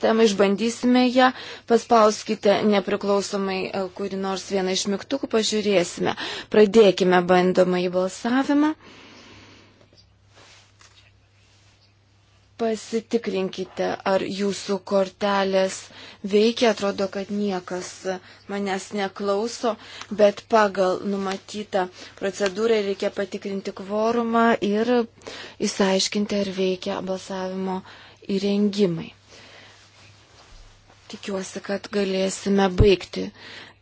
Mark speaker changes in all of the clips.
Speaker 1: temą, išbandysime ją, paspauskite nepriklausomai e, kuri nors vieną iš mygtukų, pažiūrėsime. Pradėkime bandomą į balsavimą. Pasitikrinkite, ar jūsų kortelės veikia, atrodo, kad niekas manęs neklauso, bet pagal numatytą procedūrą reikia patikrinti kvorumą ir įsiaiškinti, ar veikia balsavimo įrengimai. Tikiuosi, kad galėsime baigti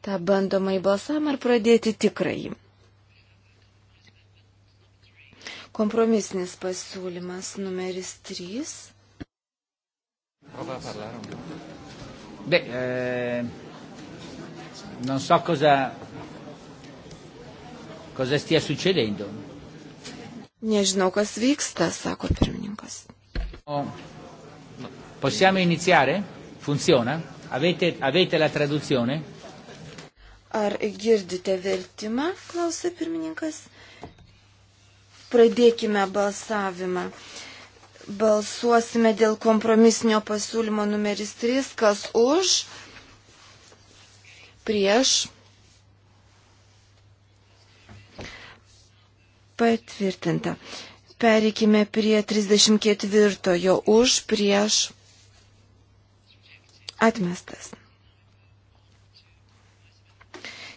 Speaker 1: tą bandomąjį balsavimą ir pradėti tikrąjį. Kompromisinis pasiūlymas numeris 3.
Speaker 2: Beh, eh, non so cosa, cosa stia succedendo.
Speaker 1: Nežinau, kas vyksta, sako pirmininkas.
Speaker 2: O, possiamo iniziare? Funziona? Avete, avete la traduzione?
Speaker 1: Ar girdite vertimą, klausė pirmininkas. Pradėkime balsavimą. Balsuosime dėl kompromisinio pasiūlymo numeris 3, kas už, prieš, patvirtinta. Pereikime prie 34 už, prieš, Atmestas.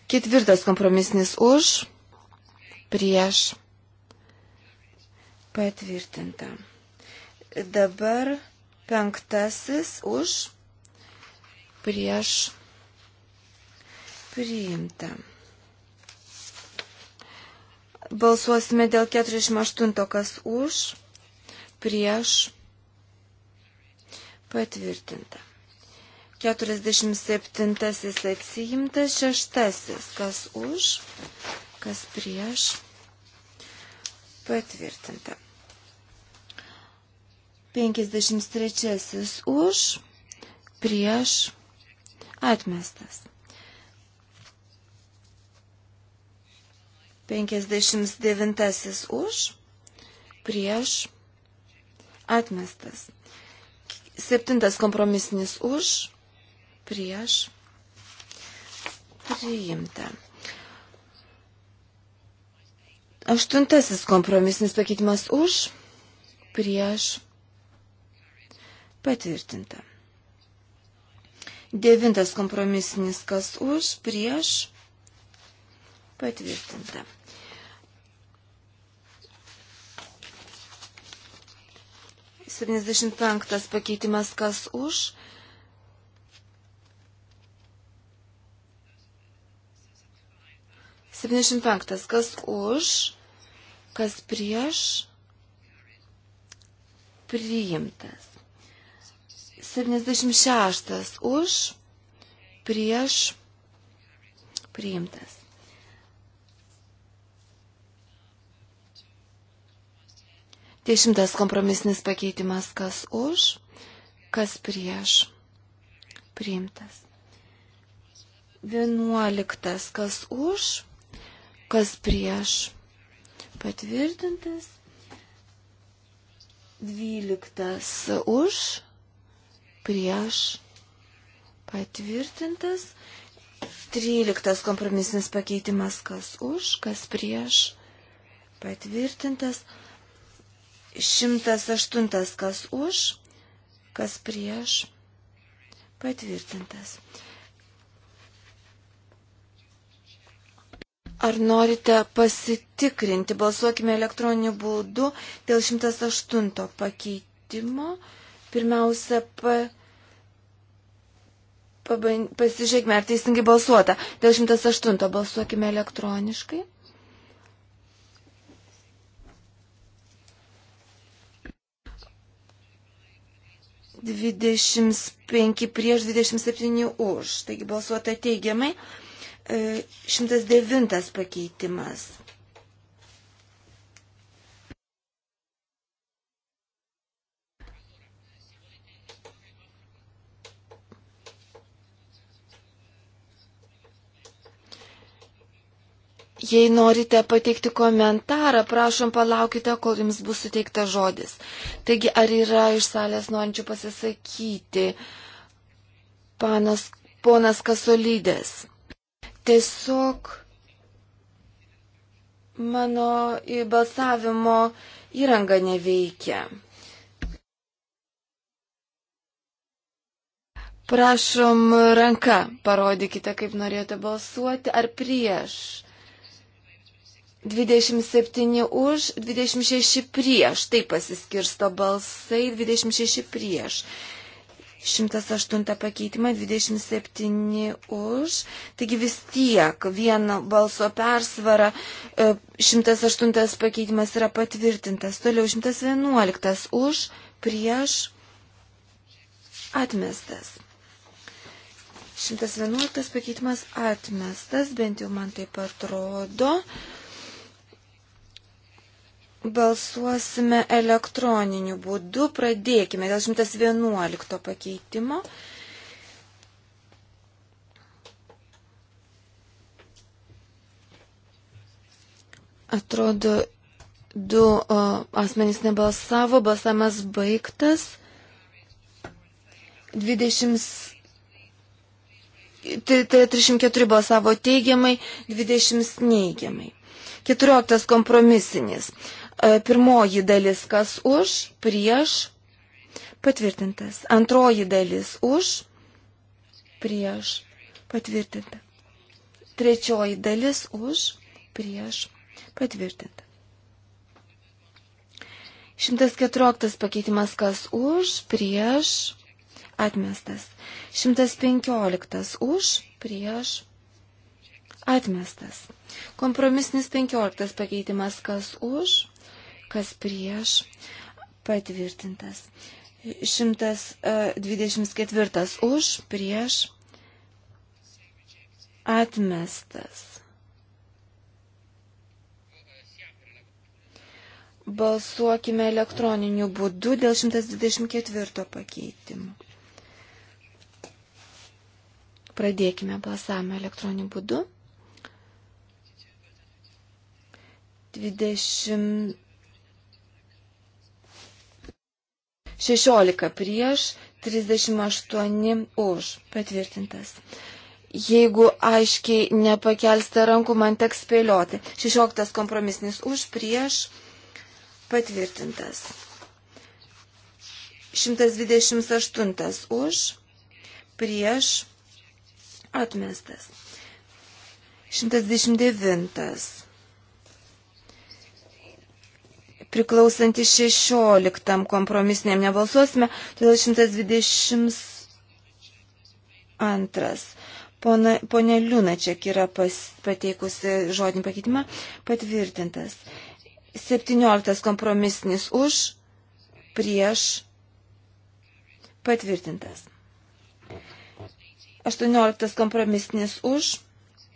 Speaker 1: Ketvirtas kompromisnis už, prieš, patvirtinta. Dabar penktasis už, prieš, priimta. Balsuosime dėl 48, kas už, prieš, patvirtinta. 47 atsiimtas, 6 kas už, kas prieš, patvirtinta. 53 už, prieš, atmestas. 59 už, prieš, atmestas. Septintas kompromisinis už, prieš priimta. Aštuntasis kompromisinis pakeitimas už prieš patvirtinta. Devintas kompromisinis kas už prieš patvirtinta. Septyniasdešimt penktas pakeitimas kas už 75. Kas už, kas prieš, priimtas. 76. Už, prieš, priimtas. Dešimtas kompromisinis pakeitimas, kas už, kas prieš, priimtas. Vienuoliktas, kas už, kas prieš patvirtintas, dvyliktas už, prieš patvirtintas, tryliktas kompromisinis pakeitimas, kas už, kas prieš patvirtintas, šimtas aštuntas, kas už, kas prieš patvirtintas. Ar norite pasitikrinti? Balsuokime elektroniniu būdu dėl 108 pakeitimo. Pirmiausia, pa, paban, pasižiūrėkime, ar teisingai balsuota. Dėl 108 balsuokime elektroniškai. Dvidešimt penki prieš dvidešimt septyni už. Taigi balsuota teigiamai. 109 e, pakeitimas. Jei norite pateikti komentarą, prašom palaukite, kol jums bus suteikta žodis. Taigi, ar yra iš salės norinčių pasisakyti panas, ponas Kasolydės? Tiesiog mano balsavimo įranga neveikia. Prašom ranka, parodykite, kaip norėjote balsuoti, ar prieš. 27 už, 26 prieš. Taip pasiskirsto balsai, 26 prieš. 108 pakeitimą, 27 už. Taigi vis tiek vieno balso persvara 108 e, pakeitimas yra patvirtintas. Toliau 111 už, prieš, atmestas. 111 pakeitimas atmestas, bent jau man taip atrodo. Balsuosime elektroniniu būdu. Pradėkime dėl 111 pakeitimo. Atrodo, du o, asmenys nebalsavo, balsamas baigtas. 20 tai, tai 304 balsavo teigiamai, 20 neigiamai. 14 kompromisinis. E, pirmoji dalis kas už, prieš, patvirtintas. Antroji dalis už, prieš, patvirtinta. Trečioji dalis už, prieš, patvirtinta. 114 pakeitimas kas už, prieš, atmestas. 115 už, prieš, atmestas. Kompromisnis 15 pakeitimas kas už, kas prieš, patvirtintas. 124 e, už, prieš, atmestas. Balsuokime elektroniniu būdu dėl 124 pakeitimų. Pradėkime balsavimą elektroniniu būdu. 20 16 prieš, 38 už patvirtintas. Jeigu aiškiai nepakelsite rankų, man teks spėlioti. 16 kompromisnis už prieš patvirtintas. 128 už prieš atmestas. 129 priklausanti 16 kompromisiniam nebalsuosime, todėl 122. Pona, ponė Liunačiak yra pas, pateikusi žodinį pakeitimą, patvirtintas. 17 kompromisinis už, prieš, patvirtintas. 18 kompromisinis už,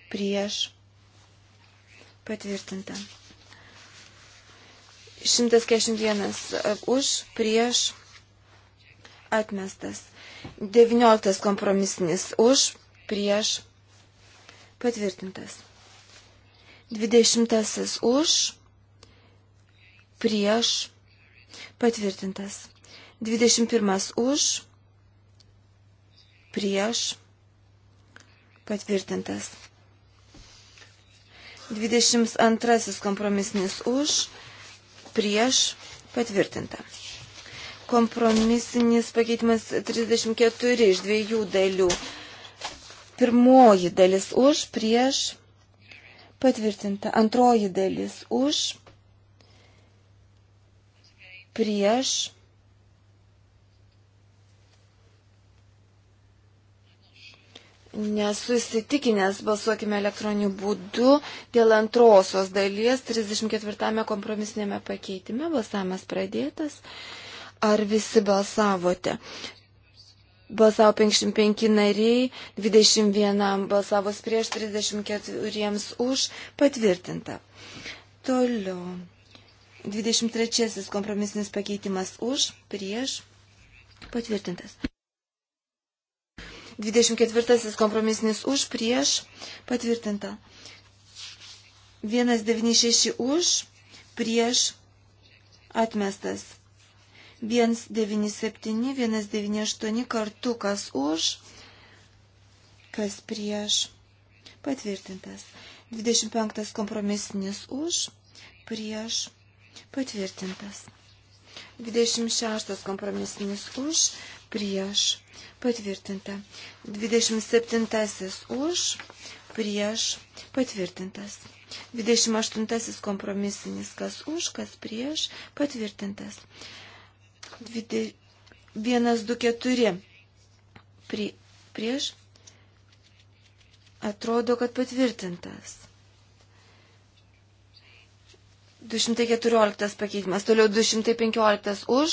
Speaker 1: prieš, patvirtintas. 141 e, už, prieš, atmestas. 19 kompromisinis už, prieš, patvirtintas. 20 už, prieš, patvirtintas. 21 už, prieš, patvirtintas. 22 kompromisinis už, prieš patvirtinta. Kompromisinis pakeitimas 34 iš dviejų dalių. Pirmoji dalis už, prieš patvirtinta. Antroji dalis už, prieš patvirtinta Nesu įsitikinęs, balsuokime elektroniniu būdu dėl antrosios dalies 34 kompromisinėme pakeitime. Balsavimas pradėtas. Ar visi balsavote? Balsavo 55 nariai, 21 balsavos prieš, 34 už patvirtinta. Toliau. 23 kompromisinis pakeitimas už, prieš patvirtintas. 24 kompromisinis už, prieš, patvirtinta. 196 už, prieš, atmestas. 197, 198 kartu, kas už, kas prieš, patvirtintas. 25 kompromisinis už, prieš, patvirtintas. 26 kompromisinis už, prieš, patvirtinta. 27 už, prieš, patvirtintas. 28 kompromisinis kas už, kas prieš, patvirtintas. 1, 2, 4 prieš, atrodo, kad patvirtintas. 214 pakeitimas, toliau 215 už.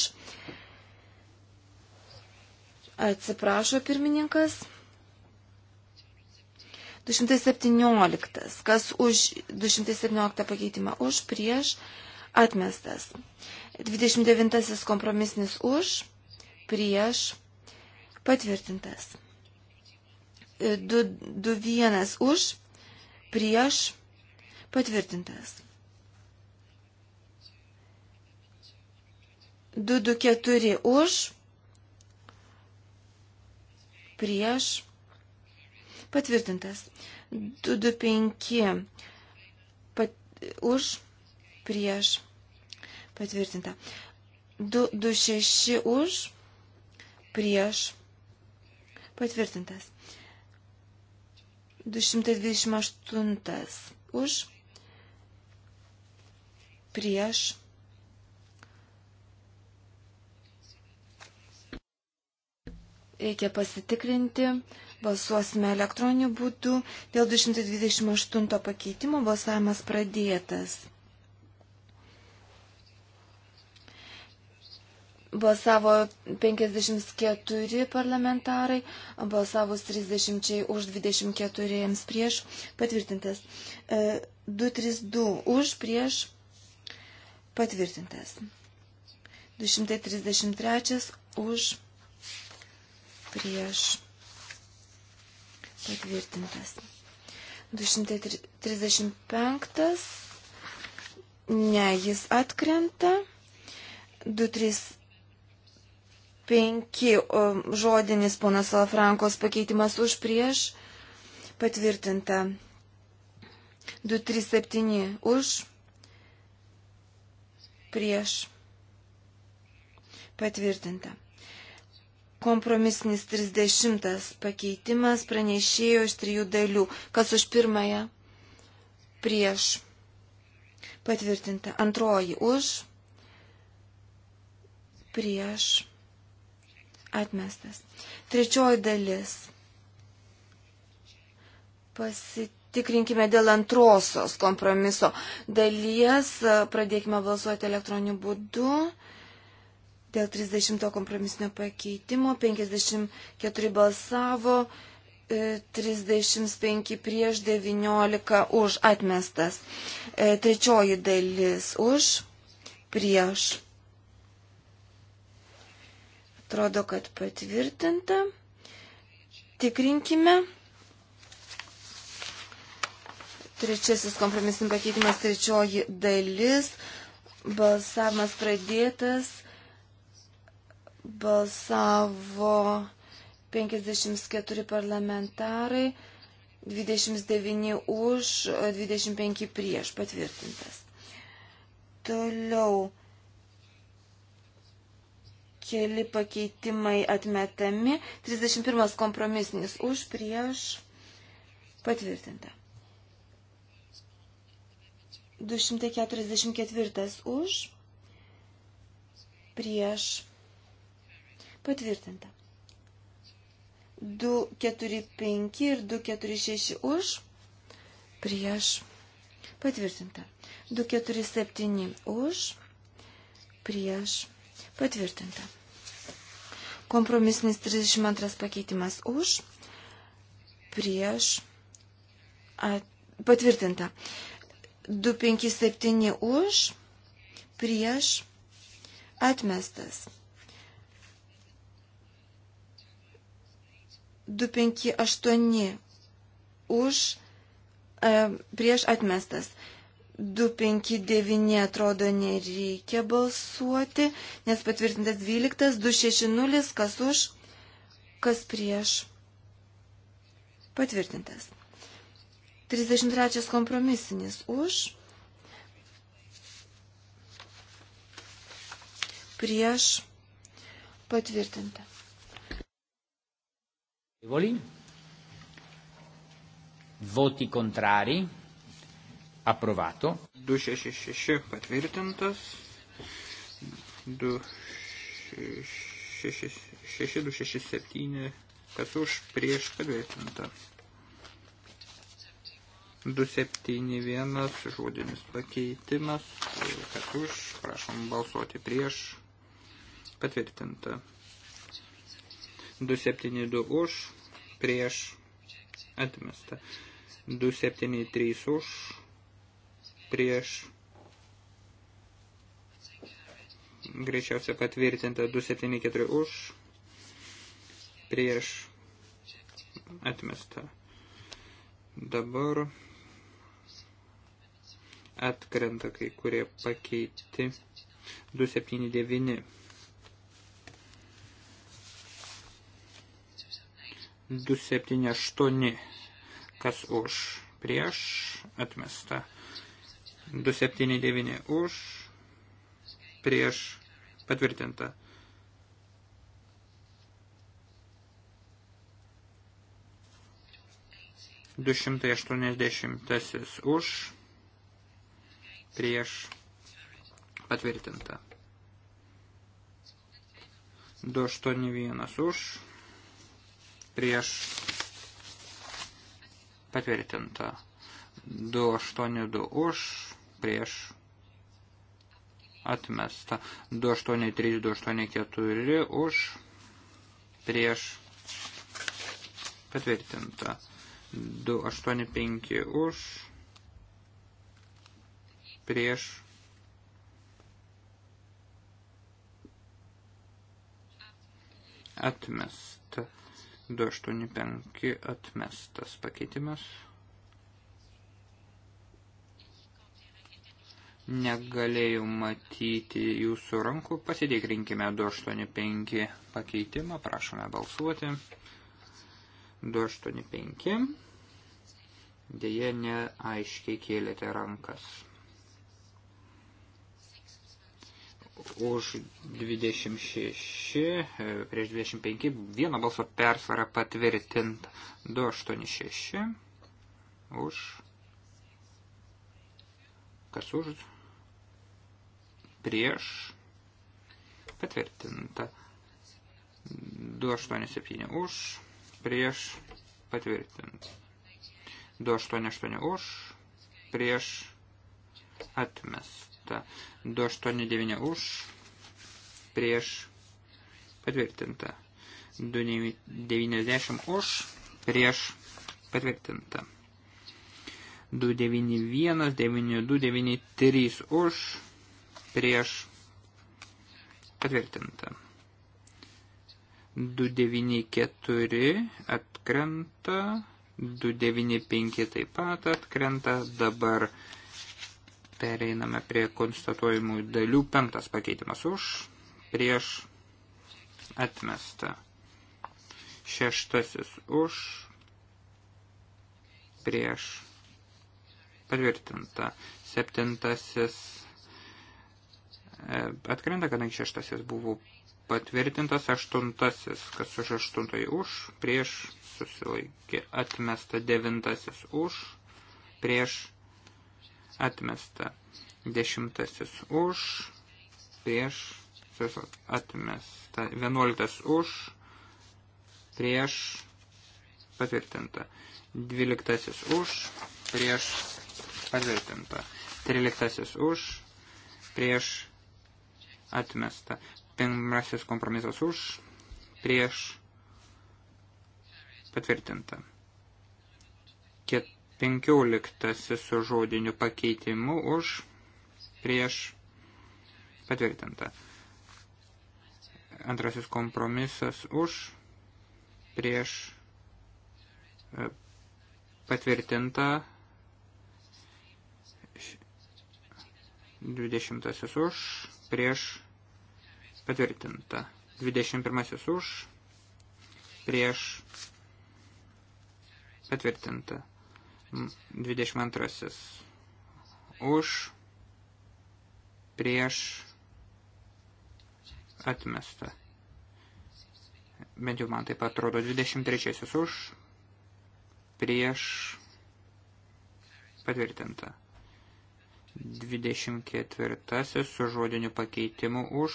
Speaker 1: Atsiprašo pirmininkas. 217. Kas už 217 pakeitimą už, prieš, atmestas. 29 kompromisnis už, prieš, patvirtintas. 21 už, prieš, patvirtintas. 224 už, prieš, patvirtintas. 225 pat, už, prieš, patvirtinta. 226 už, prieš, patvirtintas. 228 už, prieš, Reikia pasitikrinti. Balsuosime elektroniniu būdu. Dėl 228 pakeitimo balsavimas pradėtas. Balsavo 54 parlamentarai, balsavus 30 už 24 prieš patvirtintas. 232 e, už prieš patvirtintas. 233 už patvirtintas prieš patvirtintas. 235, ne, jis atkrenta. 235 žodinis ponas Salafrankos pakeitimas už prieš patvirtinta. 237 už prieš patvirtinta. Kompromisnis 30 pakeitimas pranešėjo iš trijų dalių. Kas už pirmąją? Prieš. Patvirtinta. Antroji už. Prieš. Atmestas. Trečioji dalis. Pasitikrinkime dėl antrosios kompromiso dalies. Pradėkime balsuoti elektroniniu būdu. Dėl 30 kompromisinio pakeitimo 54 balsavo, 35 e, prieš 19 už atmestas. E, trečioji dalis už, prieš. Atrodo, kad patvirtinta. Tikrinkime. Trečiasis kompromisinis pakeitimas, trečioji dalis. Balsavimas pradėtas balsavo 54 parlamentarai, 29 už, 25 prieš patvirtintas. Toliau keli pakeitimai atmetami. 31 kompromisinis už, prieš patvirtinta. 244 už, prieš patvirtinta Patvirtinta. 245 ir 246 už. Prieš. Patvirtinta. 247 už. Prieš. Patvirtinta. Kompromisinis 32 pakeitimas už. Prieš. At, patvirtinta. 257 už. Prieš. Atmestas. 258 už e, prieš atmestas. 259 atrodo nereikia balsuoti, nes patvirtintas 12, 260, kas už, kas prieš. Patvirtintas. 33 kompromisinis už, prieš, patvirtinta.
Speaker 2: Voti contrari. Approvato. 266 patvirtintas. 6267 kas už prieš patvirtinta. 271 žodinis pakeitimas, kas už, prašom balsuoti prieš patvirtinta. 272 už, prieš atmesta. 273 už, prieš greičiausia patvirtinta 274 už, prieš atmesta. Dabar atkrenta kai kurie pakeiti 279 278, kas už, prieš, atmesta. 279 už, prieš, patvirtinta. Du šimtai aštuoniasdešimtasis už, prieš, patvirtinta. 281 už, prieš patvirtinta. 282 už, prieš atmesta. 283, 284 už, prieš patvirtinta. 285 už, prieš atmesta. 285 atmestas pakeitimas. Negalėjau matyti jūsų rankų. Pasidėkrinkime 285 pakeitimą. Prašome balsuoti. 285. Deja, neaiškiai kėlėte rankas. už 26, e, prieš 25, vieno balso persvara patvirtint 286, už, kas už, prieš, patvirtinta 287 už, prieš, patvirtinta 288 už, prieš, atmest patvirtinta. 289 už, prieš patvirtinta. 290 už, prieš patvirtinta. 291, 92, 93 už, prieš patvirtinta. 294 atkrenta, 295 taip pat atkrenta, dabar 295. Pereiname prie konstatuojimų dalių. Penktas pakeitimas už, prieš, atmesta. Šeštasis už, prieš, patvirtinta. Septintasis e, atkrenta, kadangi šeštasis buvo patvirtintas. Aštuntasis, kas už aštuntąjį už, prieš, susilaikė. Atmesta devintasis už, prieš, atmesta. Dešimtasis už, prieš, atmesta. Vienuoliktas už, prieš, patvirtinta. Dvyliktasis už, prieš, patvirtinta. Tryliktasis už, prieš, atmesta. Pirmasis kompromisas už, prieš, patvirtinta. Kitas 15 su žodiniu pakeitimu už prieš patvirtinta. Antrasis kompromisas už prieš e, patvirtinta 20 už prieš patvirtinta. 21 už prieš patvirtinta. 22. Už, prieš, atmesta. Bent jau man taip atrodo. 23. Už, prieš, patvirtinta. 24. Su žodiniu pakeitimu už,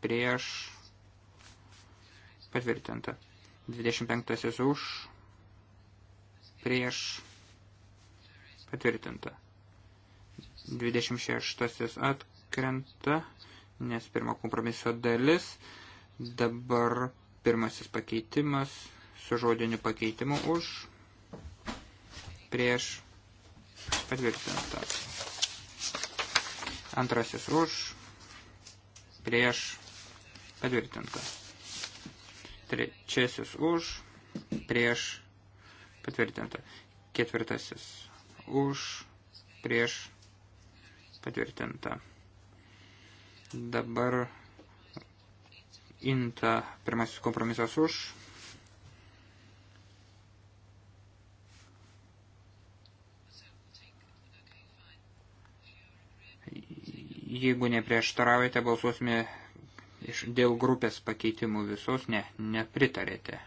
Speaker 2: prieš, patvirtinta. 25 už, prieš patvirtinta. 26 atkrenta, nes pirmo kompromiso dalis. Dabar pirmasis pakeitimas su žodiniu pakeitimu už prieš patvirtinta. Antrasis už prieš patvirtinta. Trečiasis už prieš patvirtinta. Ketvirtasis už, prieš, patvirtinta. Dabar inta pirmasis kompromisas už. Jeigu neprieštaraujate, balsuosime iš, dėl grupės pakeitimų visos, ne, nepritarėte.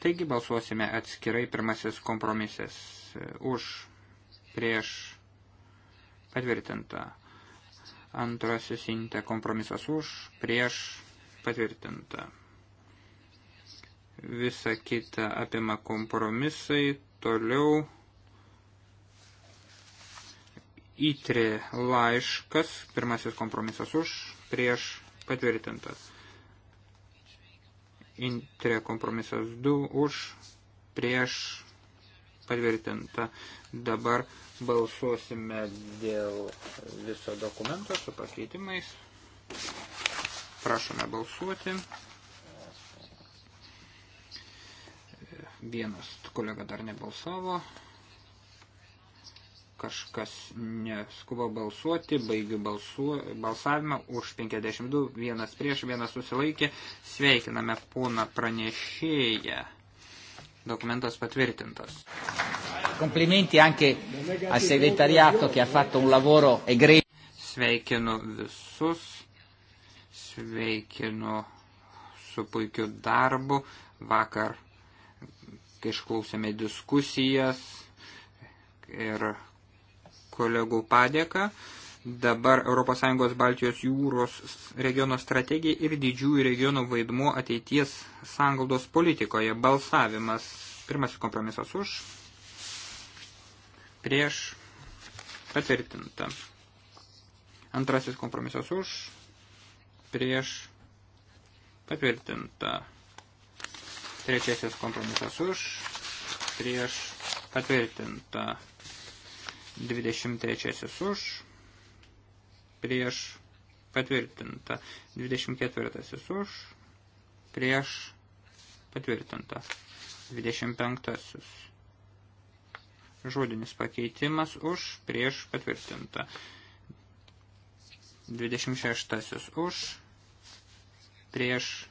Speaker 2: Taigi balsuosime atskirai pirmasis kompromisas e, už prieš patvirtintą. Antrasis inte kompromisas už prieš patvirtintą. Visa kita apima kompromisai. Toliau įtrė laiškas. Pirmasis kompromisas už prieš patvirtintas. Intre kompromisas 2 už prieš patvirtinta. Dabar balsuosime dėl viso dokumento su pakeitimais. Prašome balsuoti. Vienas kolega dar nebalsavo kažkas neskuba balsuoti, baigiu balsu, balsavimą už 52, vienas prieš, vienas susilaikė, sveikiname pūną pranešėją. Dokumentas patvirtintas. Komplimenti anche al segretariato che ha fatto un lavoro egregio. Sveikinu visus, sveikinu su puikiu darbu. Vakar, kai išklausėme diskusijas, ir kolegų padėką. Dabar ES Baltijos jūros regiono strategija ir didžiųjų regionų vaidmuo ateities sangaldos politikoje. Balsavimas. Pirmasis kompromisas už. Prieš. Patvirtinta. Antrasis kompromisas už. Prieš. Patvirtinta. Trečiasis kompromisas už. Prieš. Patvirtinta. 23 už, prieš patvirtinta, 24 už, prieš patvirtinta, 25 žodinis pakeitimas už, prieš patvirtinta, 26 už, prieš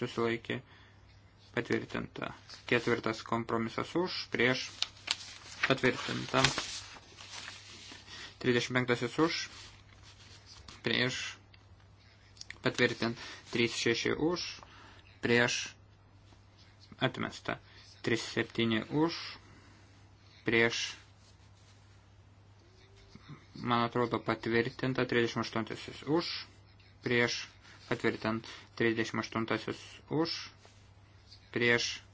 Speaker 2: susilaikė patvirtinta, ketvirtas kompromisas už, prieš patvirtinta. 35 už, prieš, patvirtint, 36 už, prieš, atmesta, 37 už, prieš, man atrodo, patvirtinta, 38 už, prieš, patvirtint, 38 už, prieš,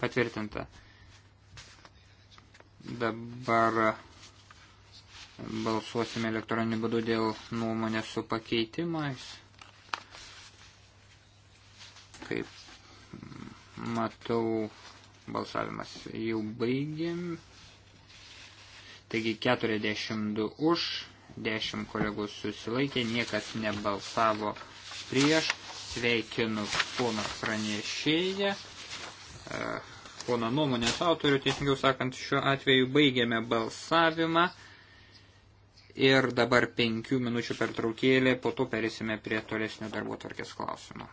Speaker 2: patvirtinta. Dabar balsuosime elektroniniu būdu dėl nuomonės su pakeitimais. Kaip matau, balsavimas jau baigėm. Taigi 42 už, 10 kolegų susilaikė, niekas nebalsavo prieš. Sveikinu poną pranešėją. E, pono nuomonės autorių, teisingiau sakant, šiuo atveju baigėme balsavimą. Ir dabar penkių minučių pertraukėlė, po to perėsime prie tolesnio darbo tvarkės klausimo.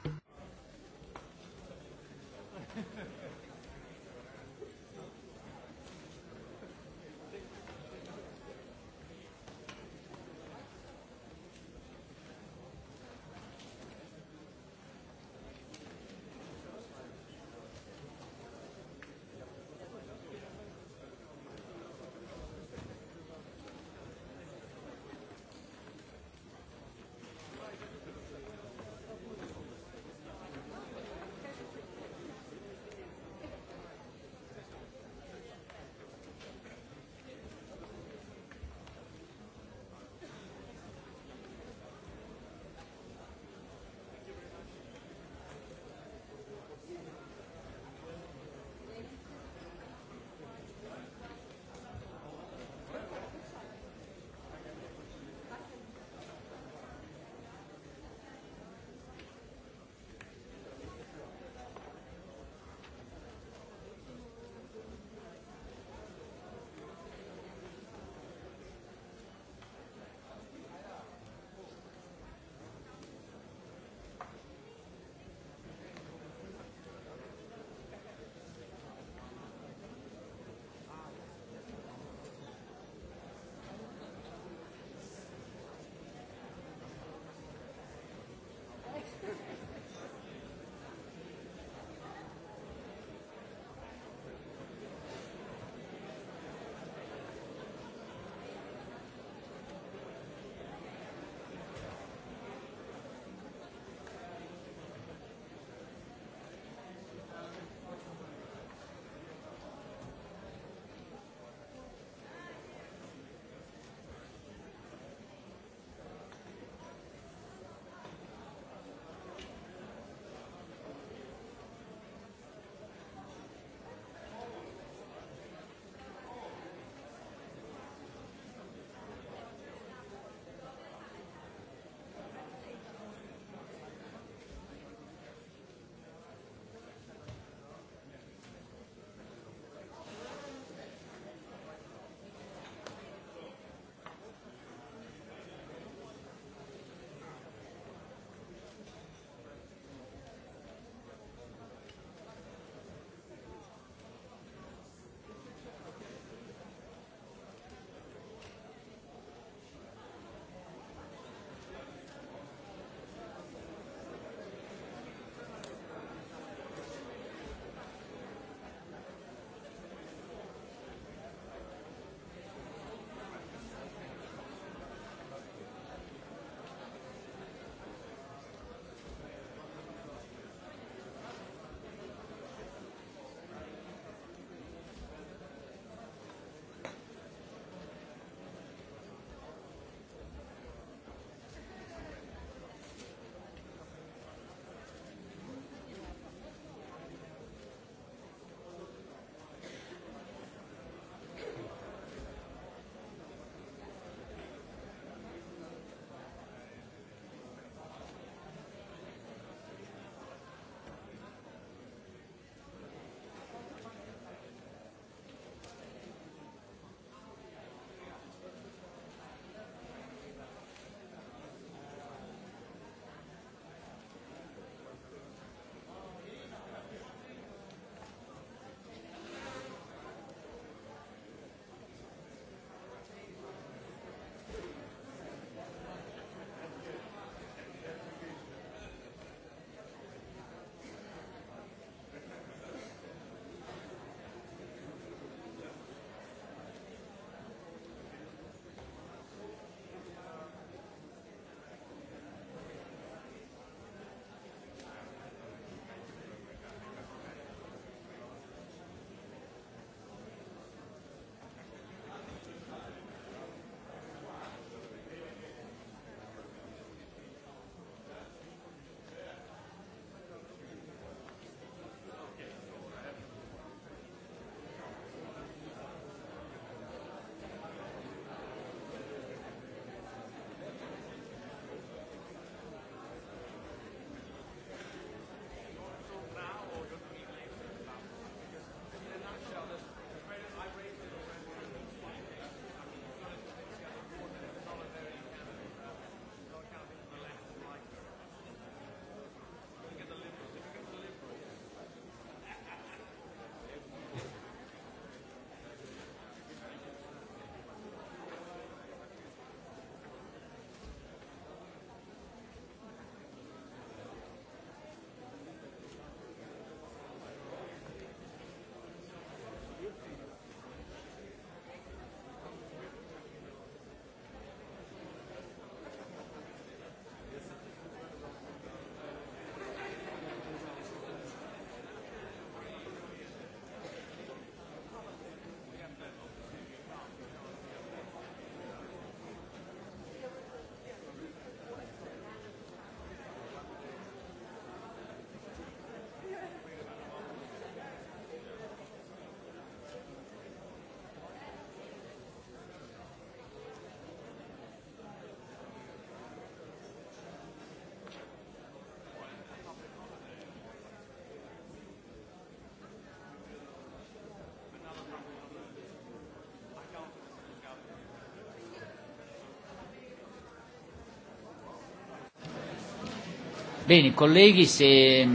Speaker 2: Bene, colleghi, se...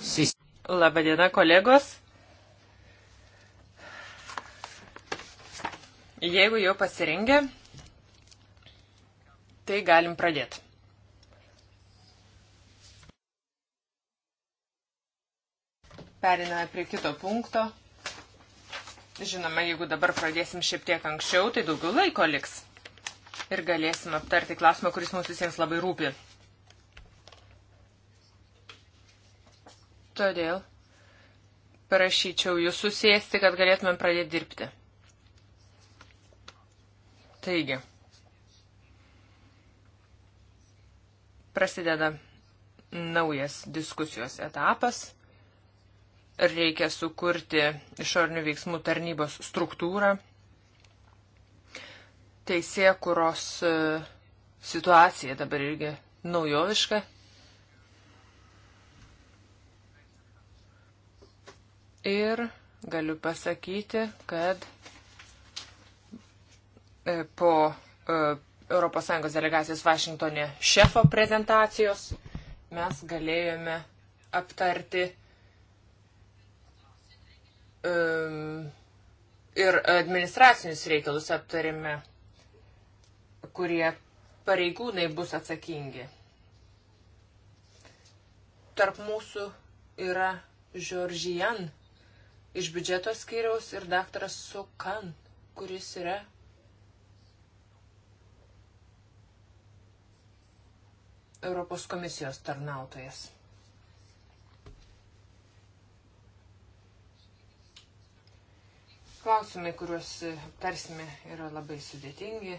Speaker 3: se... Labadiena, kolegos. Jeigu jau pasirengę, tai galim pradėti. Periname prie kito punkto. Žinoma, jeigu dabar pradėsim šiek tiek anksčiau, tai daugiau laiko liks. Ir galėsim aptarti klausimą, kuris mums visiems labai rūpi. Todėl prašyčiau jūs susėsti, kad galėtumėm pradėti dirbti. Taigi, prasideda naujas diskusijos etapas. Reikia sukurti išorinių veiksmų tarnybos struktūrą. Teisė, kuros e, situacija dabar irgi naujoviška, ir galiu pasakyti, kad e, po ES delegacijos Vašingtonė šefo prezentacijos mes galėjome aptarti um, ir administracinius reikalus aptarėme, kurie pareigūnai bus atsakingi. Tarp mūsų yra Žoržijan iš biudžeto skyriaus ir daktaras Sukan, kuris yra Europos komisijos tarnautojas. Klausimai, kuriuos tarsime, yra labai sudėtingi.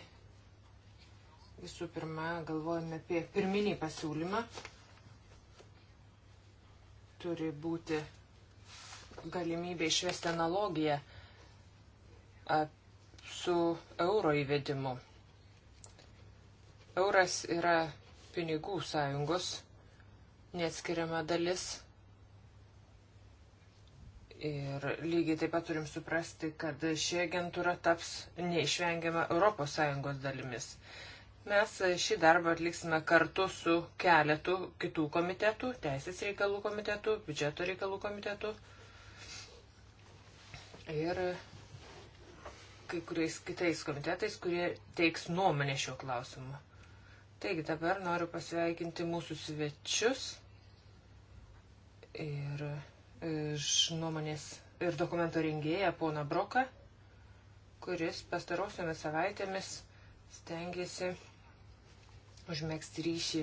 Speaker 3: Visų pirma, galvojame apie pirminį pasiūlymą. Turi būti galimybę išvesti analogiją su euro įvedimu. Euras yra pinigų sąjungos neatskiriama dalis. Ir lygiai taip pat turim suprasti, kad ši agentūra taps neišvengiama ES dalimis. Mes šį darbą atliksime kartu su keletu kitų komitetų, Teisės reikalų komitetų, Biudžeto reikalų komitetų ir kai kuriais kitais komitetais, kurie teiks nuomonę šiuo klausimu. Taigi dabar noriu pasveikinti mūsų svečius ir iš e, nuomonės ir dokumento rengėją poną Broką, kuris pastarosiomis savaitėmis stengiasi užmėgsti ryšį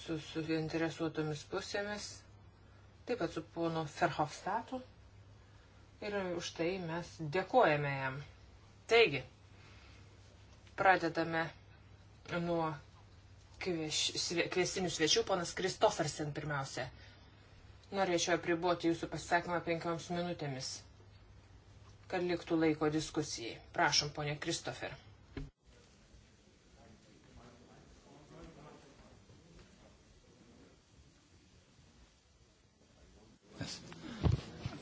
Speaker 3: su suinteresuotomis pusėmis taip pat su ponu Ferhofstatu ir už tai mes dėkojame jam. Taigi, pradedame nuo kviesinių svečių, ponas Kristofersen pirmiausia. Norėčiau apriboti jūsų pasisakymą penkioms minutėmis, kad liktų laiko diskusijai. Prašom, ponė Kristofer.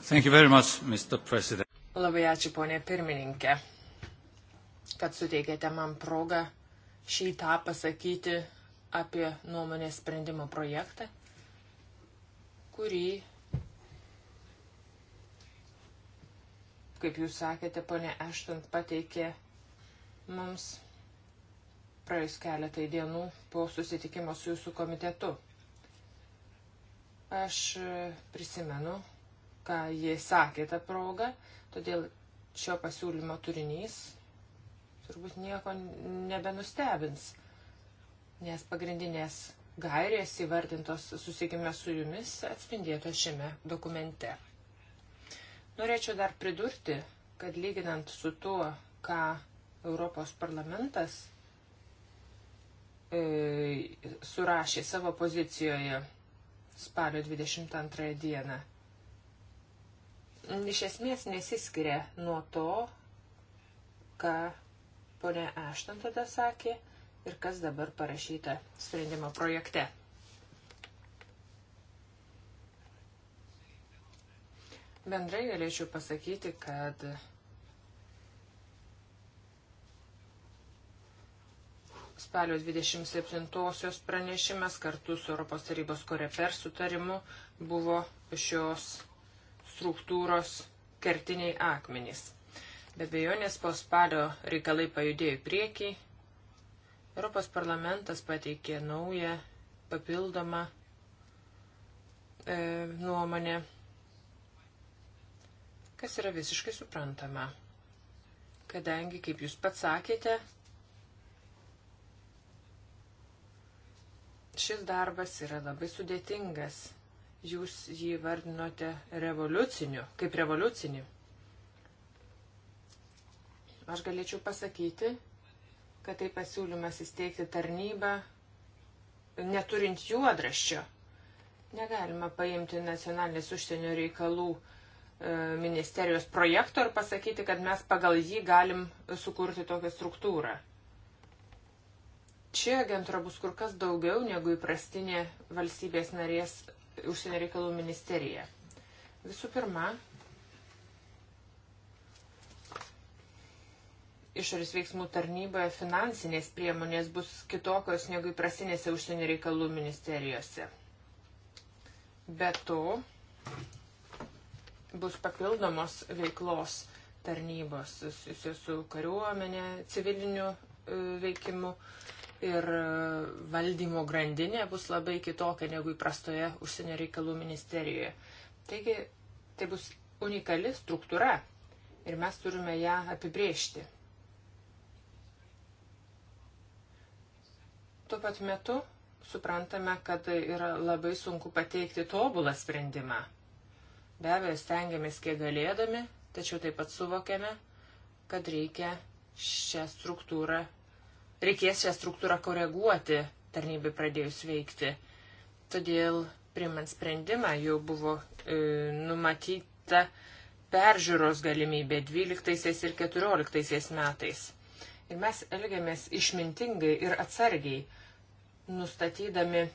Speaker 2: Much,
Speaker 3: Labai ačiū, ponė pirmininkė, kad suteikėte man progą šį tą pasakyti apie nuomonės sprendimo projektą, kurį, kaip jūs sakėte, ponė Ešton pateikė mums praėjus keletai dienų po susitikimo su jūsų komitetu. Aš prisimenu ką jie sakė tą progą, todėl šio pasiūlymo turinys turbūt nieko nebenustebins, nes pagrindinės gairės įvardintos susikime su jumis atspindėtos šiame dokumente. Norėčiau dar pridurti, kad lyginant su tuo, ką Europos parlamentas e, surašė savo pozicijoje spalio 22 dieną, iš esmės nesiskiria nuo to, ką ponė Aštan tada sakė ir kas dabar parašyta sprendimo projekte. Bendrai galėčiau pasakyti, kad spalio 27-osios pranešimas kartu su Europos tarybos koreper sutarimu buvo šios struktūros kertiniai akmenys. Be bejonės po spalio reikalai pajudėjo į priekį. Europos parlamentas pateikė naują papildomą e, nuomonę, kas yra visiškai suprantama. Kadangi, kaip jūs pats sakėte, šis darbas yra labai sudėtingas Jūs jį vardinote revoliuciniu, kaip revoliuciniu. Aš galėčiau pasakyti, kad tai pasiūlymas įsteigti tarnybą neturint juodraščio. Negalima paimti nacionalinės užsienio reikalų e, ministerijos projekto ir pasakyti, kad mes pagal jį galim sukurti tokią struktūrą. Čia agentūra bus kur kas daugiau negu įprastinė valstybės narės užsienio reikalų ministerija. Visų pirma, išorės veiksmų tarnyboje finansinės priemonės bus kitokios negu įprasinėse užsienio reikalų ministerijose. Be to, bus papildomos veiklos tarnybos susijusios su kariuomenė, civiliniu e, veikimu. E, ir e, valdymo grandinė bus labai kitokia negu įprastoje užsienio reikalų ministerijoje. Taigi tai bus unikali struktūra ir mes turime ją apibriežti. Tuo pat metu suprantame, kad yra labai sunku pateikti tobulą sprendimą. Be abejo, stengiamės kiek galėdami, tačiau taip pat suvokiame, kad reikia šią struktūrą reikės šią struktūrą koreguoti tarnybai pradėjus veikti. Todėl, primant sprendimą, jau buvo e, numatyta peržiūros galimybė 12 ir 14 metais. Ir mes elgiamės išmintingai ir atsargiai, nustatydami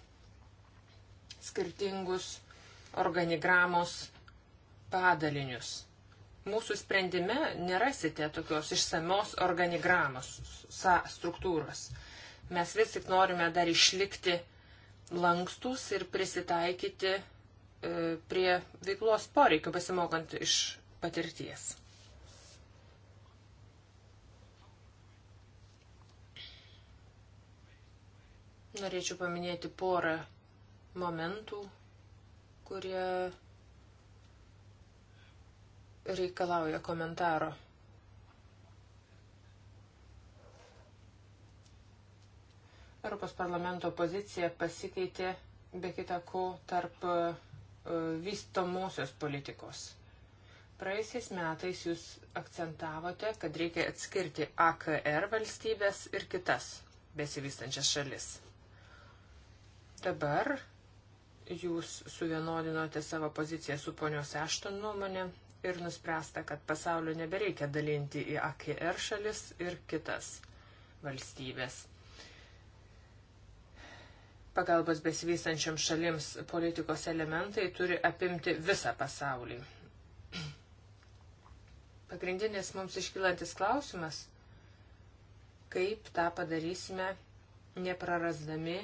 Speaker 3: skirtingus organigramos padalinius. Mūsų sprendime nerasite tokios išsamios organigramos struktūros. Mes vis tik norime dar išlikti lankstus ir prisitaikyti e, prie veiklos poreikių, pasimokant iš patirties. Norėčiau paminėti porą momentų, kurie reikalauja komentaro. Europos parlamento pozicija pasikeitė be kita ko tarp e, vystomosios politikos. Praėjusiais metais jūs akcentavote, kad reikia atskirti AKR valstybės ir kitas besivystančias šalis. Dabar jūs suvienodinote savo poziciją su ponios Ešton nuomonė ir nuspręsta, kad pasaulio nebereikia dalinti į AKR šalis ir kitas valstybės. Pagalbos besivystančiam šalims politikos elementai turi apimti visą pasaulį. Pagrindinis mums iškylantis klausimas, kaip tą padarysime neprarasdami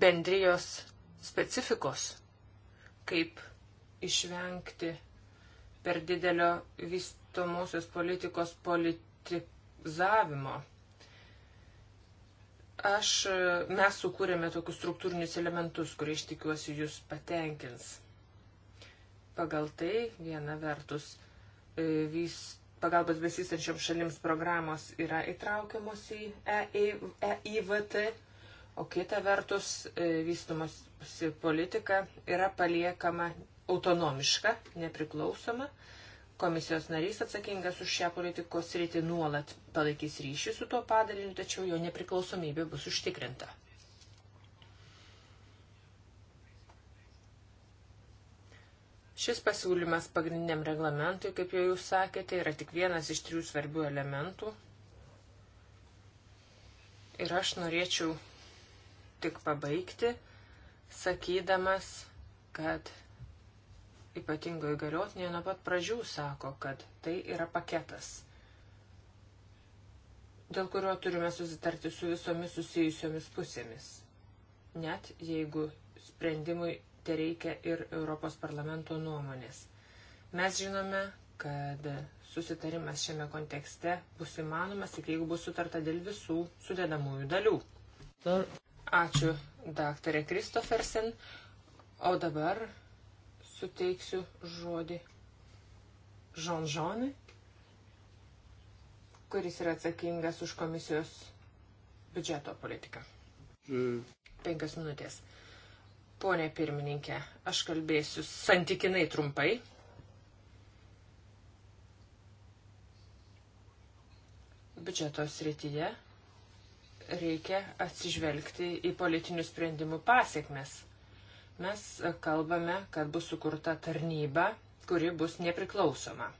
Speaker 3: bendrijos specifikos, kaip išvengti per didelio vystomosios politikos politizavimo. Aš, mes sukūrėme tokius struktūrinius elementus, kurie iš tikiuosi jūs patenkins. Pagal tai, viena vertus, e, vis, pagalbos besistančiam šalims programos yra įtraukiamos į EIVT. E, e, o kita vertus e, vystumosi politika yra paliekama autonomiška, nepriklausoma. Komisijos narys atsakingas už šią politikos rytį nuolat palaikys ryšį su tuo padaliniu, tačiau jo nepriklausomybė bus užtikrinta. Šis pasiūlymas pagrindiniam reglamentui, kaip jau jūs sakėte, yra tik vienas iš trijų svarbių elementų. Ir aš norėčiau tik pabaigti, sakydamas, kad ypatingo įgaliotinė nuo pat pradžių sako, kad tai yra paketas, dėl kurio turime susitarti su visomis susijusiomis pusėmis, net jeigu sprendimui te reikia ir Europos parlamento nuomonės. Mes žinome, kad susitarimas šiame kontekste bus įmanomas tik jeigu bus sutarta dėl visų sudedamųjų dalių. Ačiū, daktarė Kristofersen. O dabar suteiksiu žodį Žonžonui, kuris yra atsakingas už komisijos biudžeto politiką. Mm. Penkias minutės. Pone pirmininkė, aš kalbėsiu santykinai trumpai. Biudžeto srityje reikia atsižvelgti į politinių sprendimų pasiekmes. Mes kalbame, kad bus sukurta tarnyba, kuri bus nepriklausoma.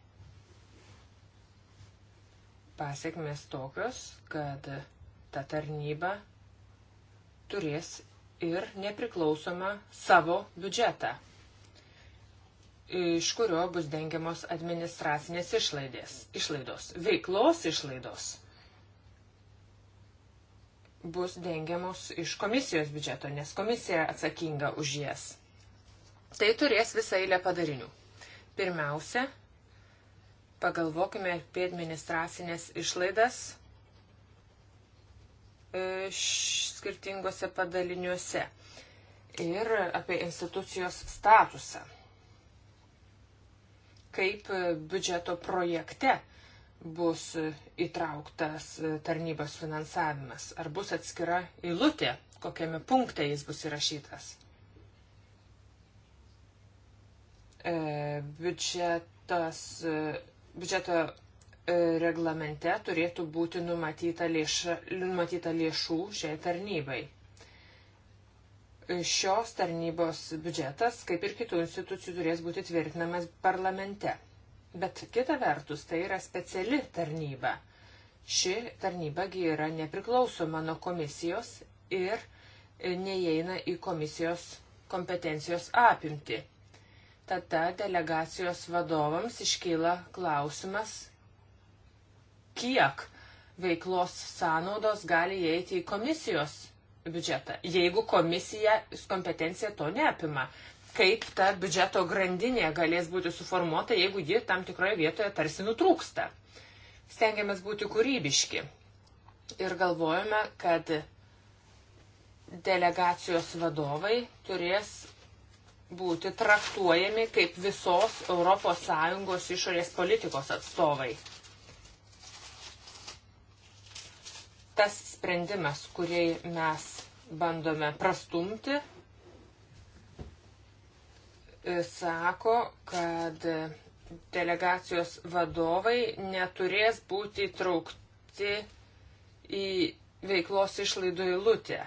Speaker 3: Pasiekmes tokios, kad ta tarnyba turės ir nepriklausomą savo biudžetą, iš kurio bus dengiamos administracinės išlaidės, išlaidos, veiklos išlaidos bus dengiamos iš komisijos biudžeto, nes komisija atsakinga už jas. Tai turės visą eilę padarinių. Pirmiausia, pagalvokime apie administracinės išlaidas e, skirtingose padaliniuose ir apie institucijos statusą. Kaip biudžeto projekte bus įtrauktas tarnybos finansavimas? Ar bus atskira eilutė, kokiame punkte jis bus įrašytas? E, biudžetas, e, biudžeto e, reglamente turėtų būti numatyta, lėša, numatyta lėšų šiai tarnybai. Šios tarnybos biudžetas, kaip ir kitų institucijų, turės būti tvirtinamas parlamente. Bet kita vertus, tai yra speciali tarnyba. Ši tarnybagi yra nepriklausoma nuo komisijos ir neįeina į komisijos kompetencijos apimti. Tada delegacijos vadovams iškyla klausimas, kiek veiklos sąnaudos gali įeiti į komisijos biudžetą, jeigu komisija kompetencija to neapima kaip ta biudžeto grandinė galės būti suformuota, jeigu ji tam tikroje vietoje tarsi nutrūksta. Stengiamės būti kūrybiški ir galvojame, kad delegacijos vadovai turės būti traktuojami kaip visos ES išorės politikos atstovai. Tas sprendimas, kurį mes bandome prastumti, sako, kad delegacijos vadovai neturės būti traukti į veiklos išlaidų eilutę.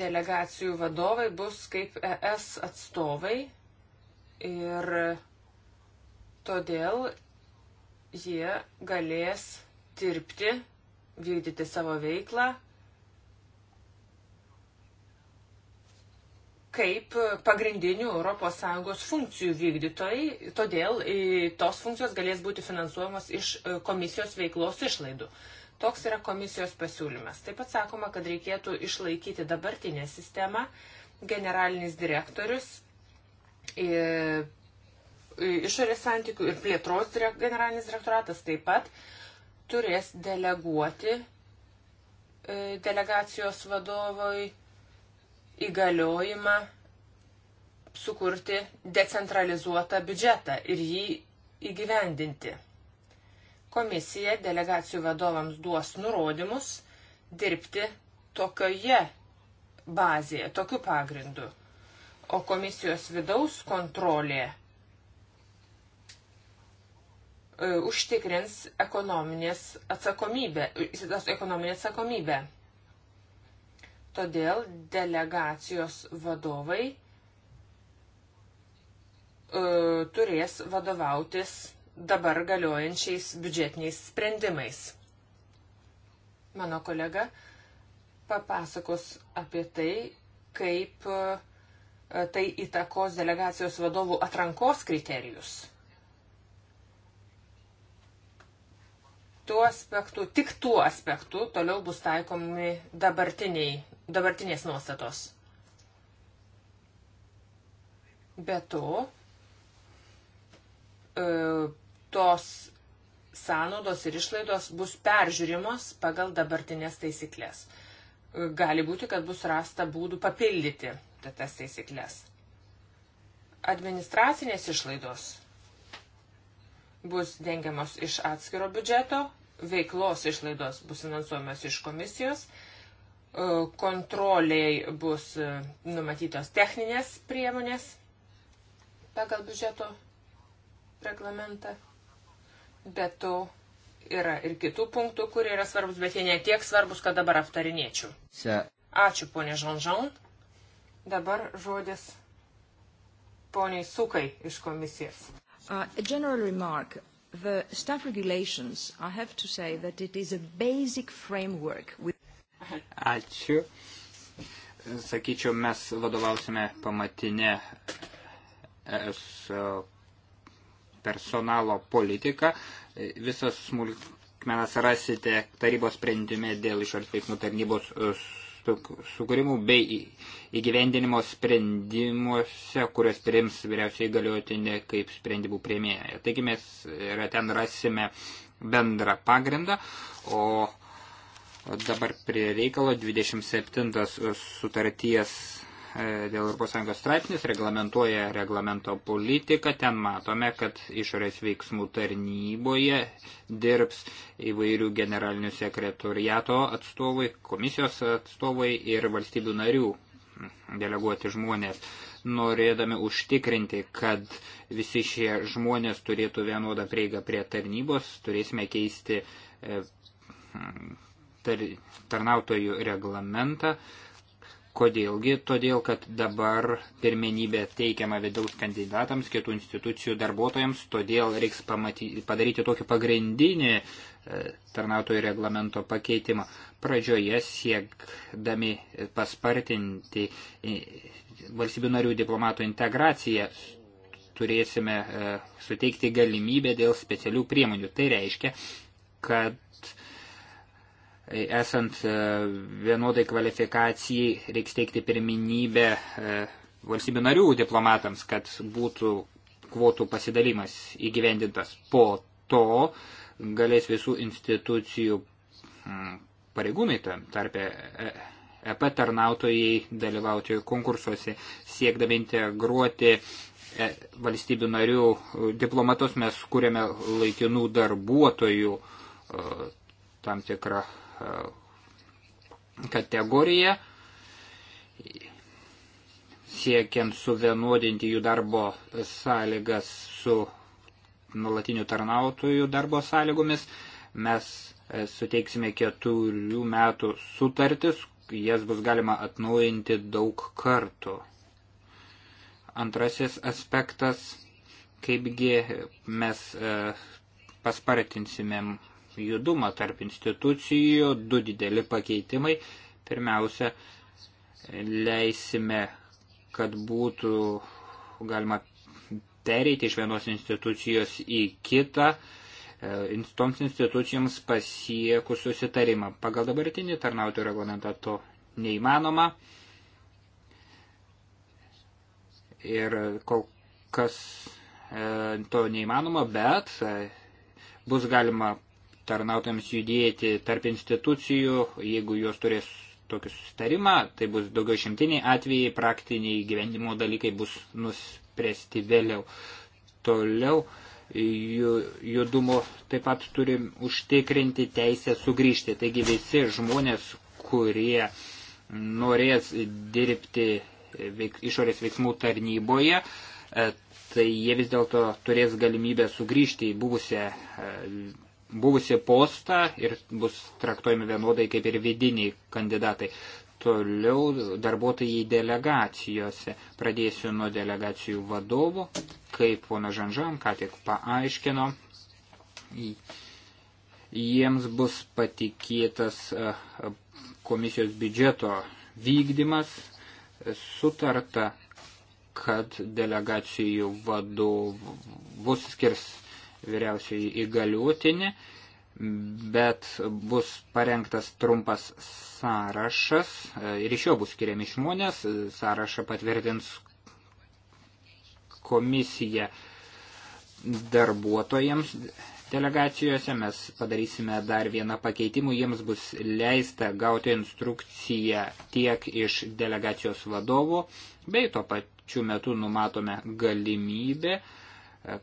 Speaker 3: Delegacijų vadovai bus kaip ES atstovai ir todėl jie galės dirbti, vykdyti savo veiklą kaip pagrindinių ES funkcijų vykdytojai, todėl tos funkcijos galės būti finansuojamos iš e, komisijos veiklos išlaidų. Toks yra komisijos pasiūlymas. Taip pat sakoma, kad reikėtų išlaikyti dabartinę sistemą. Generalinis direktorius išorės santykių ir plėtros direkt, generalinis direktoratas taip pat turės deleguoti e, delegacijos vadovui įgaliojimą sukurti decentralizuotą biudžetą ir jį įgyvendinti. Komisija delegacijų vadovams duos nurodymus dirbti tokioje bazėje, tokiu pagrindu. O komisijos vidaus kontrolė e, užtikrins ekonominės atsakomybę, ekonominę atsakomybę. Todėl delegacijos vadovai e, turės vadovautis dabar galiojančiais biudžetiniais sprendimais. Mano kolega papasakos apie tai, kaip e, tai įtakos delegacijos vadovų atrankos kriterijus. tuo aspektu, tik tuo aspektu toliau bus taikomi dabartiniai dabartinės nuostatos. Be to, e, tos sąnaudos ir išlaidos bus peržiūrimos pagal dabartinės taisyklės. E, gali būti, kad bus rasta būdų papildyti tas taisyklės. Administracinės išlaidos bus dengiamos iš atskiro biudžeto, veiklos išlaidos bus finansuojamos iš komisijos, E, kontroliai bus e, numatytos techninės priemonės pagal biudžeto reglamentą. Be to yra ir kitų punktų, kurie yra svarbus, bet jie netiek svarbus, kad dabar aptarinėčiau. Ačiū, ponė Žonžon. Dabar žodis poniai Sukai iš komisijos.
Speaker 1: Uh, the staff regulations,
Speaker 3: I have to say that it is a basic framework. With
Speaker 2: Ačiū. Sakyčiau, mes vadovausime pamatinę ES e, personalo politiką. Visas smulkmenas rasite tarybos sprendime dėl išorės veiksmų tarnybos e, sukūrimų bei įgyvendinimo sprendimuose, kurios priims vyriausiai galiotinė kaip sprendimų prieimėja. Taigi mes e, ten rasime bendrą pagrindą, o Dabar prie reikalo 27 sutarties e, dėl ES straipsnis reglamentuoja reglamento politiką. Ten matome, kad išorės veiksmų tarnyboje dirbs įvairių generalinių sekretoriato atstovai, komisijos atstovai ir valstybių narių deleguoti žmonės, norėdami užtikrinti, kad visi šie žmonės turėtų vienodą prieigą prie tarnybos, turėsime keisti e, tar, tarnautojų reglamentą. Kodėlgi? Todėl, kad dabar pirmenybė teikiama vidaus kandidatams, kitų institucijų darbuotojams, todėl reiks pamatyti, padaryti tokį pagrindinį e, tarnautojų reglamento pakeitimą. Pradžioje siekdami paspartinti e, valstybių narių diplomato integraciją turėsime e, suteikti galimybę dėl specialių priemonių. Tai reiškia, kad E, esant e, vienodai kvalifikacijai reiks teikti pirminybę e, valstybių narių diplomatams, kad būtų kvotų pasidalymas įgyvendintas. Po to galės visų institucijų pareigūnai, tarpe EP tarnautojai, dalyvauti konkursuose, siekdami integruoti valstybių narių diplomatus, mes kūrėme laikinų darbuotojų tam tikrą E, kategoriją, siekiant suvienodinti jų darbo sąlygas su nuolatinių tarnautojų darbo sąlygomis. Mes e, suteiksime keturių metų sutartis, jas bus galima atnaujinti daug kartų. Antrasis aspektas, kaipgi mes e, paspartinsime judumą tarp institucijų, du dideli pakeitimai. Pirmiausia, leisime, kad būtų galima pereiti iš vienos institucijos į kitą, e, toms institucijoms pasiekus susitarimą. Pagal dabartinį tarnautojų reglamentą to neįmanoma. Ir kol kas e, to neįmanoma, bet e, bus galima tarnautams judėti tarp institucijų, jeigu jos turės tokį sustarimą, tai bus daugiau šimtiniai atvejai, praktiniai gyvenimo dalykai bus nuspręsti vėliau. Toliau judumo taip pat turim užtikrinti teisę sugrįžti. Taigi visi žmonės, kurie norės dirbti veik, išorės veiksmų tarnyboje, e, tai jie vis dėlto turės galimybę sugrįžti į buvusią e, buvusi postą ir bus traktuojami vienodai kaip ir vidiniai kandidatai. Toliau darbuotojai delegacijose. Pradėsiu nuo delegacijų vadovų, kaip pona Žanžan ką tik paaiškino. Jiems bus patikėtas e, komisijos biudžeto vykdymas, sutarta, kad delegacijų vadovus skirs vyriausiai įgaliutinį, bet bus parengtas trumpas sąrašas e, ir iš jo bus skiriami žmonės, sąrašą patvirtins komisija darbuotojams delegacijose, mes padarysime dar vieną pakeitimų, jiems bus leista gauti instrukciją tiek iš delegacijos vadovų, bei tuo pačiu metu numatome galimybę uh,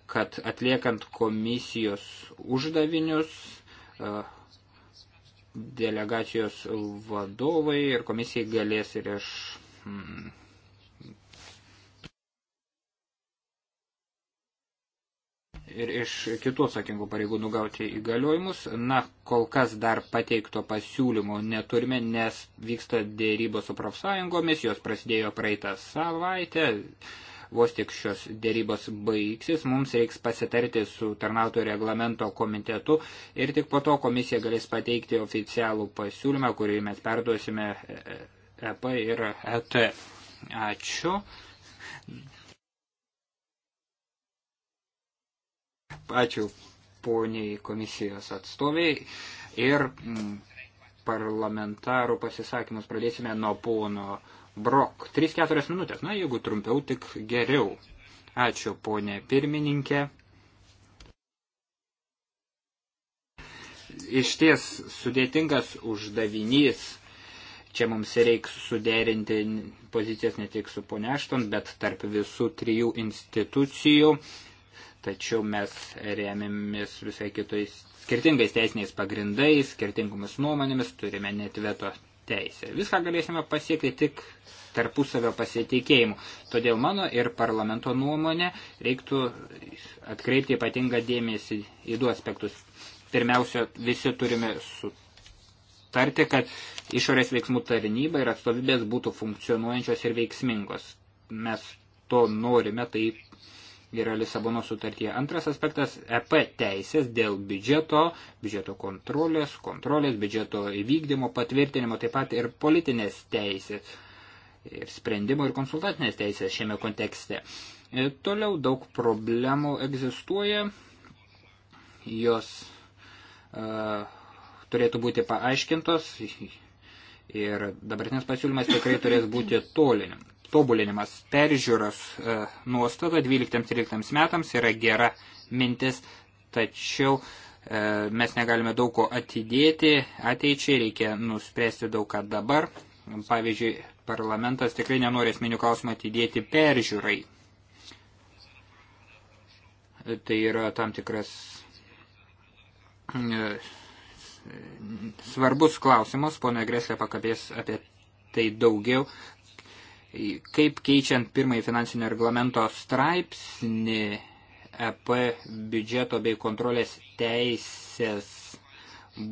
Speaker 2: kad atliekant komisijos uždavinius e, delegacijos vadovai ir komisijai galės ir iš hmm, ir iš kitų atsakingų pareigūnų gauti įgaliojimus. Na, kol kas dar pateikto pasiūlymo neturime, nes vyksta dėrybos su profsąjungomis, jos prasidėjo praeitą savaitę. Vos tik šios dėrybos baigsis, mums reiks pasitarti su tarnautojų reglamento komitetu ir tik po to komisija galės pateikti oficialų pasiūlymą, kurį mes perduosime EP ir ET. Ačiū. Ačiū poniai komisijos atstoviai ir mm, parlamentarų pasisakymus pradėsime nuo pono Brok, 3-4 minutės. Na, jeigu trumpiau, tik geriau. Ačiū, ponė pirmininkė. Iš ties sudėtingas uždavinys. Čia mums reiks suderinti pozicijas ne tik su ponė Ašton, bet tarp visų trijų institucijų. Tačiau mes remiamis visai kitais skirtingais teisiniais pagrindais, skirtingomis nuomonėmis, turime net veto teisė. Viską galėsime pasiekti tik tarpusavio pasiteikėjimu. Todėl mano ir parlamento nuomonė reiktų atkreipti ypatingą dėmesį į du aspektus. Pirmiausia, visi turime sutarti, kad išorės veiksmų tarnyba ir atstovybės būtų funkcionuojančios ir veiksmingos. Mes to norime, tai yra Lisabono sutartyje. Antras aspektas - EP teisės dėl biudžeto, biudžeto kontrolės, kontrolės, biudžeto įvykdymo, patvirtinimo, taip pat ir politinės teisės ir sprendimo ir konsultacinės teisės šiame kontekste. E, toliau daug problemų egzistuoja, jos uh, turėtų būti paaiškintos ir dabartinis pasiūlymas tikrai turės būti tolinim, tobulinimas, peržiūros e, nuostata 12-13 metams yra gera mintis, tačiau e, mes negalime daug ko atidėti, ateičiai reikia nuspręsti daug ką dabar. Pavyzdžiui, parlamentas tikrai nenori esminių klausimų atidėti peržiūrai. Tai yra tam tikras e, svarbus klausimas, ponia Greslė pakabės apie tai daugiau, kaip keičiant pirmąjį finansinio reglamento straipsnį EP biudžeto bei kontrolės teisės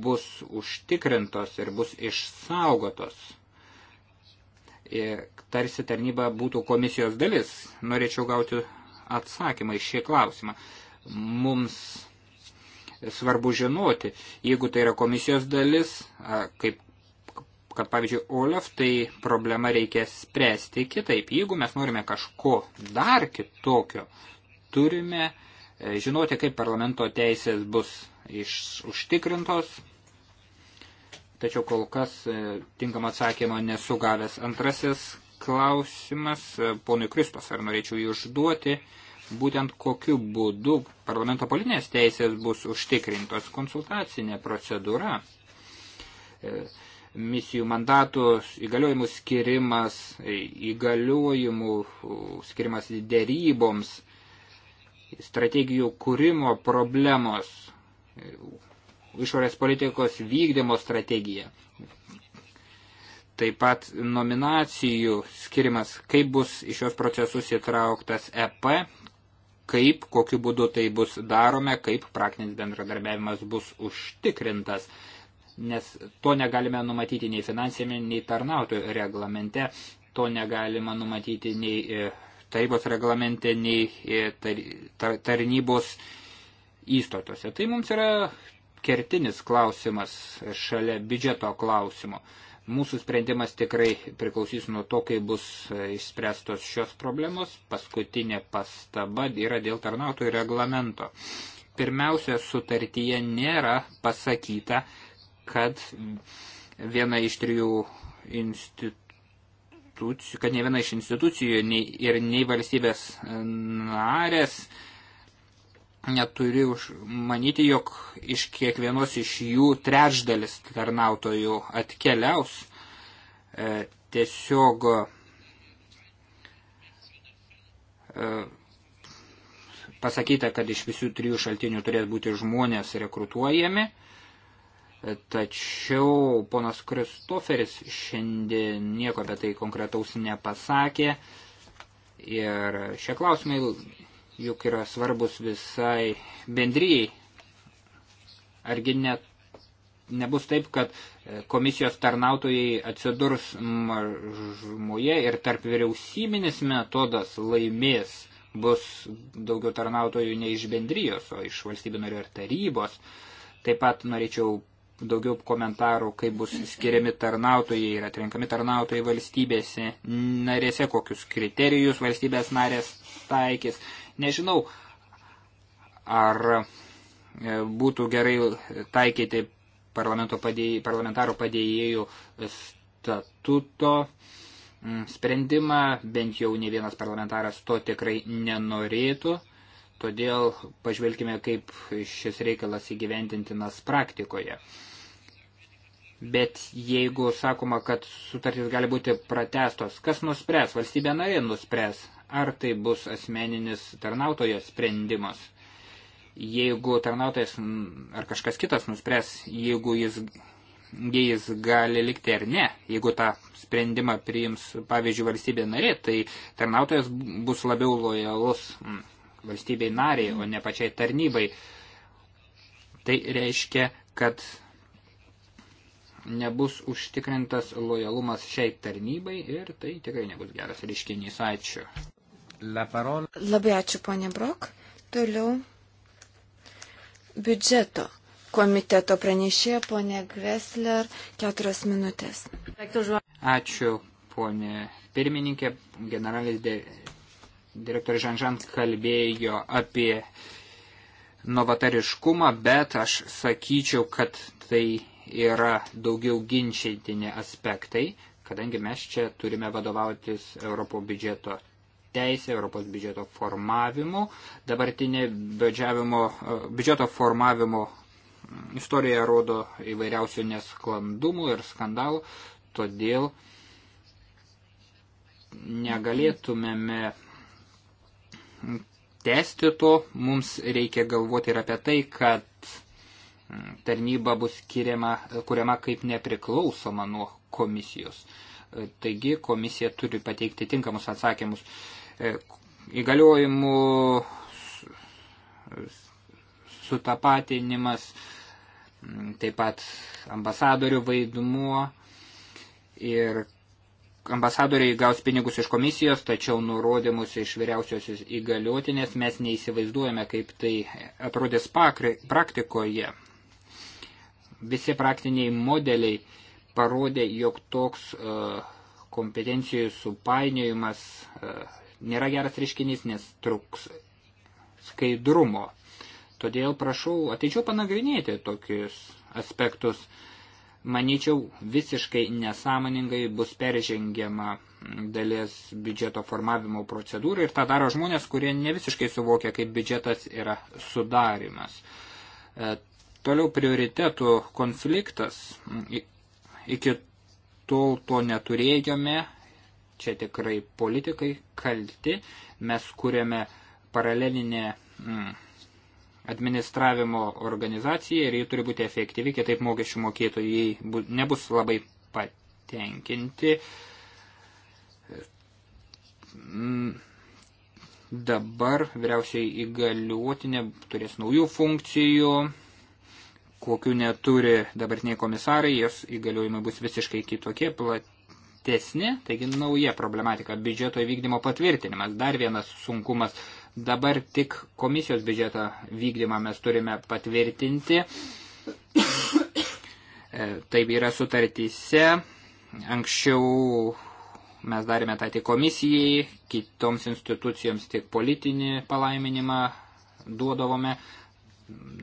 Speaker 2: bus užtikrintos ir bus išsaugotos. Ir tarsi tarnyba būtų komisijos dalis. Norėčiau gauti atsakymą iš šį klausimą. Mums svarbu žinoti, jeigu tai yra komisijos dalis, kaip kad, pavyzdžiui, OLAF tai problema reikia spręsti kitaip. Jeigu mes norime kažko dar kitokio, turime e, žinoti, kaip parlamento teisės bus iš, užtikrintos. Tačiau kol kas e, tinkamą atsakymą nesu gavęs. Antrasis klausimas, e, ponui Kristos, ar norėčiau jį užduoti, būtent kokiu būdu parlamento politinės teisės bus užtikrintos konsultacinė procedūra misijų mandatų įgaliojimų skirimas, įgaliojimų skirimas dėryboms, strategijų kūrimo problemos, išorės politikos vykdymo strategija. Taip pat nominacijų skirimas, kaip bus iš jos procesus įtrauktas EP, kaip, kokiu būdu tai bus darome, kaip praktinis bendradarbiavimas bus užtikrintas nes to negalime numatyti nei finansėme, nei tarnautojų reglamente, to negalima numatyti nei e, tarybos reglamente, nei e, tarnybos įstatuose. Tai mums yra kertinis klausimas šalia biudžeto klausimo. Mūsų sprendimas tikrai priklausys nuo to, kai bus e, išspręstos šios problemos. Paskutinė pastaba yra dėl tarnautojų reglamento. Pirmiausia, sutartyje nėra pasakyta, kad viena iš trijų institucijų, kad ne viena iš institucijų nei, ir nei valstybės narės neturi už, manyti, jog iš kiekvienos iš jų trečdalis tarnautojų atkeliaus. E, tiesiog e, pasakyta, kad iš visų trijų šaltinių turės būti žmonės rekrutuojami. E, tačiau ponas Kristoferis šiandien nieko apie tai konkretaus nepasakė ir šie klausimai juk yra svarbus visai bendryjai. Argi net nebus taip, kad komisijos tarnautojai atsidurs mažumoje ir tarp vyriausybinis metodas laimės bus daugiau tarnautojų ne iš bendrijos, o iš valstybių narių ir tarybos. Taip pat norėčiau daugiau komentarų, kaip bus skiriami tarnautojai ir atrenkami tarnautojai valstybėse narėse, kokius kriterijus valstybės narės taikys. Nežinau, ar e, būtų gerai taikyti padėjai, parlamentarų padėjėjų statuto mm, sprendimą, bent jau ne vienas parlamentaras to tikrai nenorėtų. Todėl pažvelkime, kaip šis reikalas įgyventintinas praktikoje. Bet jeigu sakoma, kad sutartys gali būti pratestos, kas nuspręs? Valstybė narė nuspręs, ar tai bus asmeninis tarnautojo sprendimas. Jeigu tarnautojas ar kažkas kitas nuspręs, jeigu jis, jei jis gali likti ar ne, jeigu tą sprendimą priims, pavyzdžiui, valstybė narė, tai tarnautojas bus labiau lojalus mm, valstybei nariai, o ne pačiai tarnybai. Tai reiškia, kad nebus užtikrintas lojalumas šiai tarnybai ir tai tikrai nebus geras reiškinys. Ačiū. Labai
Speaker 1: ačiū, ponė Brok. Toliau biudžeto komiteto pranešė ponė Gressler, keturios minutės.
Speaker 2: Ačiū, ponė pirmininkė. Generalinis de... direktorius Žanžan kalbėjo apie novatariškumą, bet aš sakyčiau, kad tai yra daugiau ginčiaitini aspektai, kadangi mes čia turime vadovautis Europos biudžeto teisė, Europos biudžeto formavimu. Dabartinė e, biudžeto formavimo istorija rodo įvairiausių nesklandumų ir skandalų, todėl negalėtumėme tęsti to, mums reikia galvoti ir apie tai, kad tarnyba bus skiriama, kuriama kaip nepriklausoma nuo komisijos. E, taigi komisija turi pateikti tinkamus atsakymus. E, įgaliojimų sutapatinimas, taip pat ambasadorių vaidmuo ir ambasadoriai gaus pinigus iš komisijos, tačiau nurodymus iš vyriausiosios įgaliotinės mes neįsivaizduojame, kaip tai atrodys praktikoje. Visi praktiniai modeliai parodė, jog toks e, kompetencijų supainiojimas e, nėra geras reiškinys, nes truks skaidrumo. Todėl prašau ateičiau panagrinėti tokius aspektus. Manyčiau, visiškai nesąmoningai bus peržengiama dalies biudžeto formavimo procedūra ir tą daro žmonės, kurie ne visiškai suvokia, kaip biudžetas yra sudarimas. E, Toliau prioritetų konfliktas. Iki tol to neturėjome, čia tikrai politikai kalti, mes kūrėme paralelinę mm, administravimo organizaciją ir ji turi būti efektyvi, kitaip mokesčių mokėtojai nebus labai patenkinti. Mm, dabar vyriausiai įgaliuotinė turės naujų funkcijų kokiu neturi dabartiniai komisarai, jos įgaliojimai bus visiškai kitokie, platesni, taigi nauja problematika - biudžeto įvykdymo patvirtinimas. Dar vienas sunkumas - dabar tik komisijos biudžeto vykdymą mes turime patvirtinti. E, taip yra sutartyse. Anksčiau mes darėme tą tik komisijai, kitoms institucijoms tik politinį palaiminimą duodavome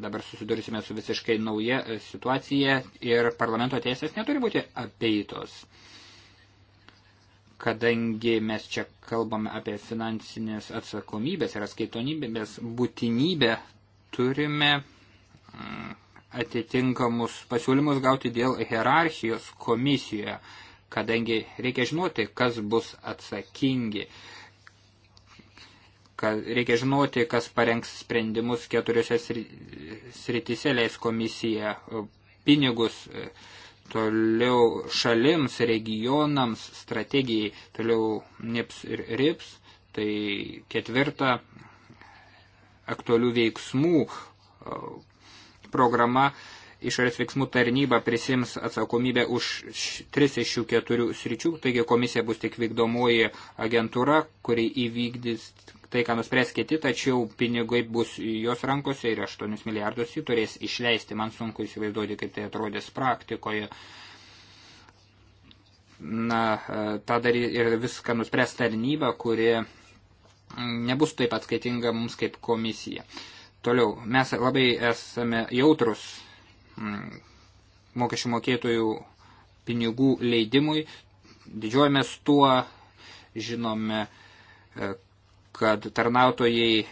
Speaker 2: dabar susidursime su visiškai nauja e, situacija ir parlamento teisės neturi būti apeitos. Kadangi mes čia kalbame apie finansinės atsakomybės ir atskaitonybės būtinybę, turime mm, atitinkamus pasiūlymus gauti dėl hierarchijos komisijoje, kadangi reikia žinoti, kas bus atsakingi. Uh, reikia žinoti, kas parengs sprendimus keturiose srityse, leis komisija e, pinigus e, toliau šalims, regionams, strategijai, toliau NIPS ir RIPS, tai ketvirta aktualių veiksmų e, programa išorės veiksmų tarnyba prisims atsakomybę už tris iš šių keturių sričių, taigi komisija bus tik vykdomoji agentūra, kuri įvykdys tai, ką nuspręs kiti, tačiau pinigai bus jos rankose ir 8 milijardus jį turės išleisti. Man sunku įsivaizduoti, kaip tai atrodys praktikoje. Na, e, tą dar ir viską nuspręs tarnyba, kuri nebus taip atskaitinga mums kaip komisija. Toliau, mes labai esame jautrus mm, mokesčių mokėtojų pinigų leidimui, didžiuojamės tuo, žinome, e, kad tarnautojai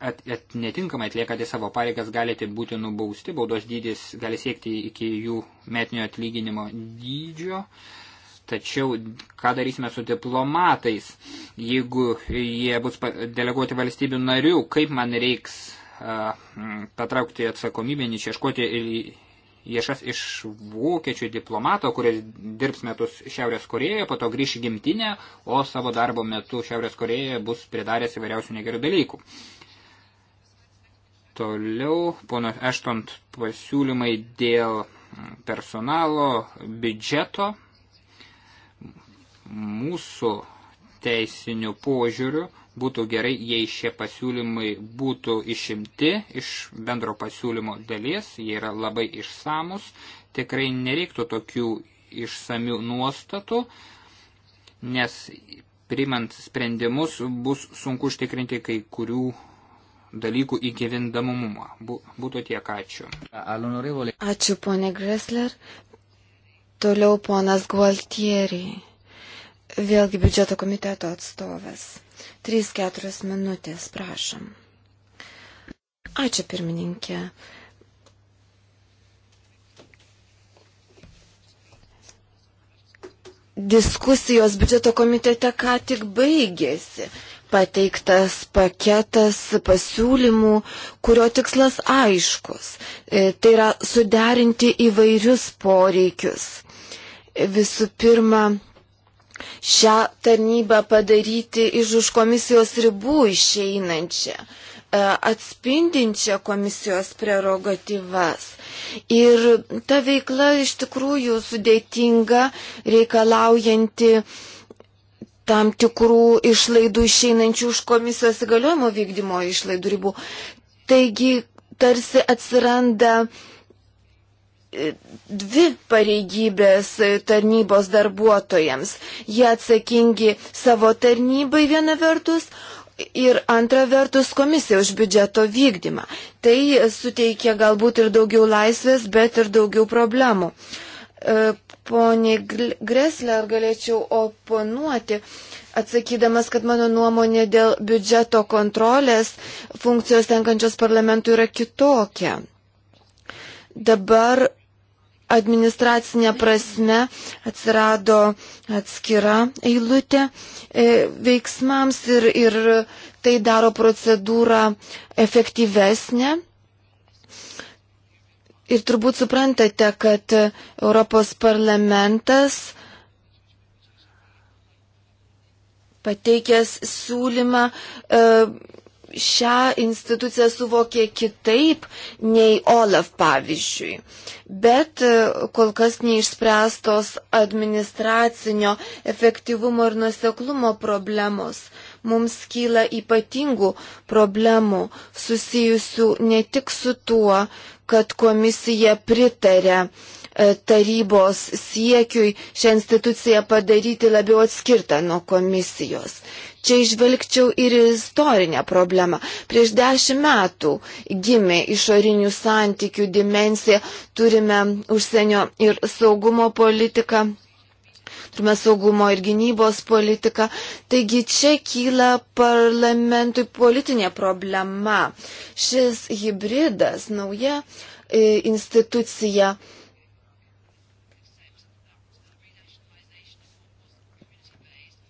Speaker 2: at, at, netinkamai atliekantys savo pareigas galite būti nubausti, baudos dydis gali siekti iki jų metinio atlyginimo dydžio. Tačiau ką darysime su diplomatais, jeigu jie bus deleguoti valstybių narių, kaip man reiks patraukti atsakomybę, išieškoti Iešas iš vokiečių diplomato, kuris dirbs metus Šiaurės Korejoje, po to grįš į gimtinę, o savo darbo metu Šiaurės Korejoje bus pridaręs įvairiausių negerų dalykų. Toliau, pono Eštont pasiūlymai dėl personalo biudžeto mūsų teisinių požiūrių Būtų gerai, jei šie pasiūlymai būtų išimti iš bendro pasiūlymo dalies, jie yra labai išsamus, tikrai nereiktų tokių išsamių nuostatų, nes primant sprendimus bus sunku užtikrinti kai kurių dalykų įgyvindamumą. Būtų tiek ačiū. Ačiū,
Speaker 1: ponė Gressler. Toliau ponas Gualtieri, vėlgi biudžeto komiteto atstovas. 3-4 minutės, prašom. Ačiū pirmininkė. Diskusijos biudžeto komitete ką tik baigėsi. Pateiktas paketas pasiūlymų, kurio tikslas aiškus. E, tai yra suderinti įvairius poreikius. Visų pirma, šią tarnybą padaryti iš už komisijos ribų išeinančią, e, atspindinčią komisijos prerogatyvas. Ir ta veikla iš tikrųjų sudėtinga, reikalaujanti tam tikrų išlaidų išeinančių už komisijos įgaliojimo vykdymo išlaidų ribų. Taigi tarsi atsiranda uh, dvi pareigybės tarnybos darbuotojams. Jie atsakingi savo tarnybai viena vertus, ir antra vertus komisija už biudžeto vykdymą. Tai suteikia galbūt ir daugiau laisvės, bet ir daugiau problemų. E, Pone Gresler, galėčiau oponuoti, atsakydamas, kad mano nuomonė dėl biudžeto kontrolės funkcijos tenkančios parlamentui yra kitokia. Dabar administracinė prasme atsirado atskira eilutė e, veiksmams ir, ir tai daro procedūrą efektyvesnę. Ir turbūt suprantate, kad Europos parlamentas pateikęs siūlymą e, šią instituciją suvokė kitaip nei Olaf pavyzdžiui. Bet e, kol kas neišspręstos administracinio efektyvumo ir nuseklumo problemos. Mums kyla ypatingų problemų susijusių ne tik su tuo, kad komisija pritarė e, tarybos siekiui šią instituciją padaryti labiau atskirtą nuo komisijos čia išvelgčiau ir istorinę problemą. Prieš dešimt metų gimė išorinių santykių dimensija, turime užsienio ir saugumo politiką turime saugumo ir gynybos politiką. Taigi čia kyla parlamentui politinė problema. Šis hybridas, nauja e, institucija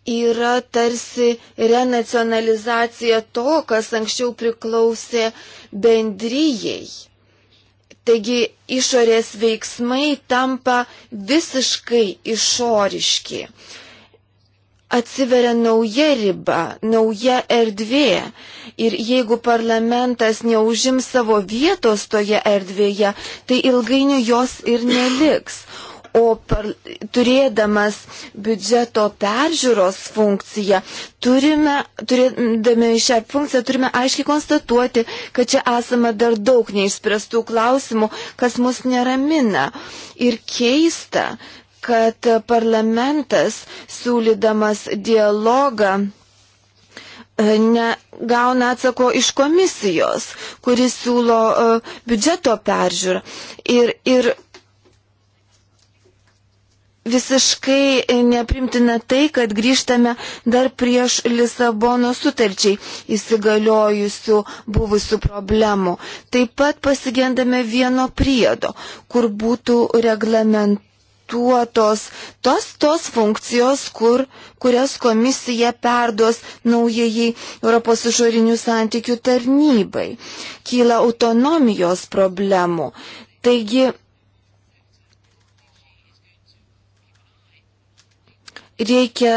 Speaker 1: yra tarsi renacionalizacija to, kas anksčiau priklausė bendryjei. Taigi išorės veiksmai tampa visiškai išoriški. Atsiveria nauja riba, nauja erdvė. Ir jeigu parlamentas neužims savo vietos toje erdvėje, tai ilgainiui jos ir neliks o par, turėdamas biudžeto peržiūros funkciją, turime, turėdami šią funkciją, turime aiškiai konstatuoti, kad čia esame dar daug neišspręstų klausimų, kas mus neramina. Ir keista, kad parlamentas, siūlydamas dialogą, negauna atsako iš komisijos, kuris siūlo uh, biudžeto peržiūrą. Ir, ir visiškai neprimtina tai, kad grįžtame dar prieš Lisabono sutarčiai įsigaliojusių buvusių problemų. Taip pat pasigendame vieno priedo, kur būtų reglamentuotos tos, tos funkcijos, kur, kurias komisija perduos naujai Europos išorinių santykių tarnybai. Kyla autonomijos problemų. Taigi reikia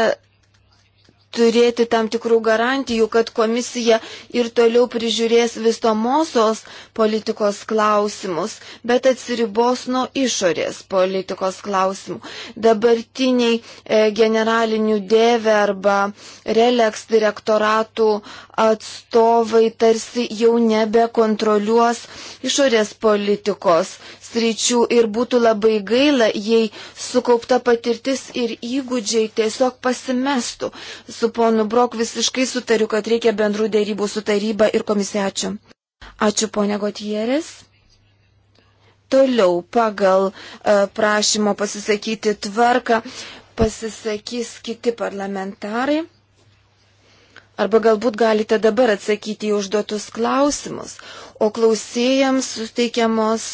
Speaker 1: turėti tam tikrų garantijų, kad komisija ir toliau prižiūrės visomosios politikos klausimus, bet atsiribos nuo išorės politikos klausimų. Dabartiniai e, generalinių dėvė arba releks direktoratų atstovai tarsi jau nebekontroliuos išorės politikos sričių ir būtų labai gaila, jei sukaupta patirtis ir įgūdžiai tiesiog pasimestų. Su ponu Brok visiškai sutariu, kad reikia bendrų dėrybų su taryba ir komisija. Ačiū. Ačiū, ponė Gotieris. Toliau pagal uh, prašymo pasisakyti tvarką pasisakys kiti parlamentarai. Arba galbūt galite dabar atsakyti į užduotus klausimus, o klausėjams suteikiamos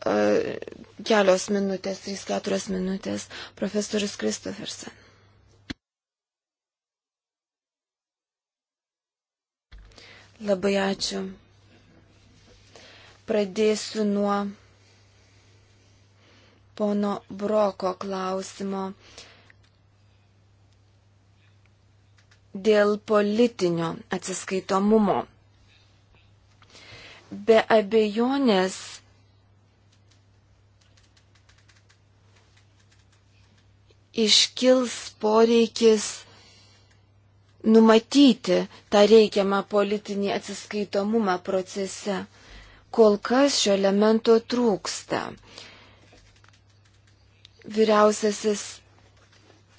Speaker 1: E, kelios minutės, 3-4 minutės, profesorius Kristofersen. Labai ačiū. Pradėsiu nuo pono Broko klausimo dėl politinio atsiskaitomumo. Be abejonės iškils poreikis numatyti tą reikiamą politinį atsiskaitomumą procese. Kol kas šio elemento trūksta. Vyriausiasis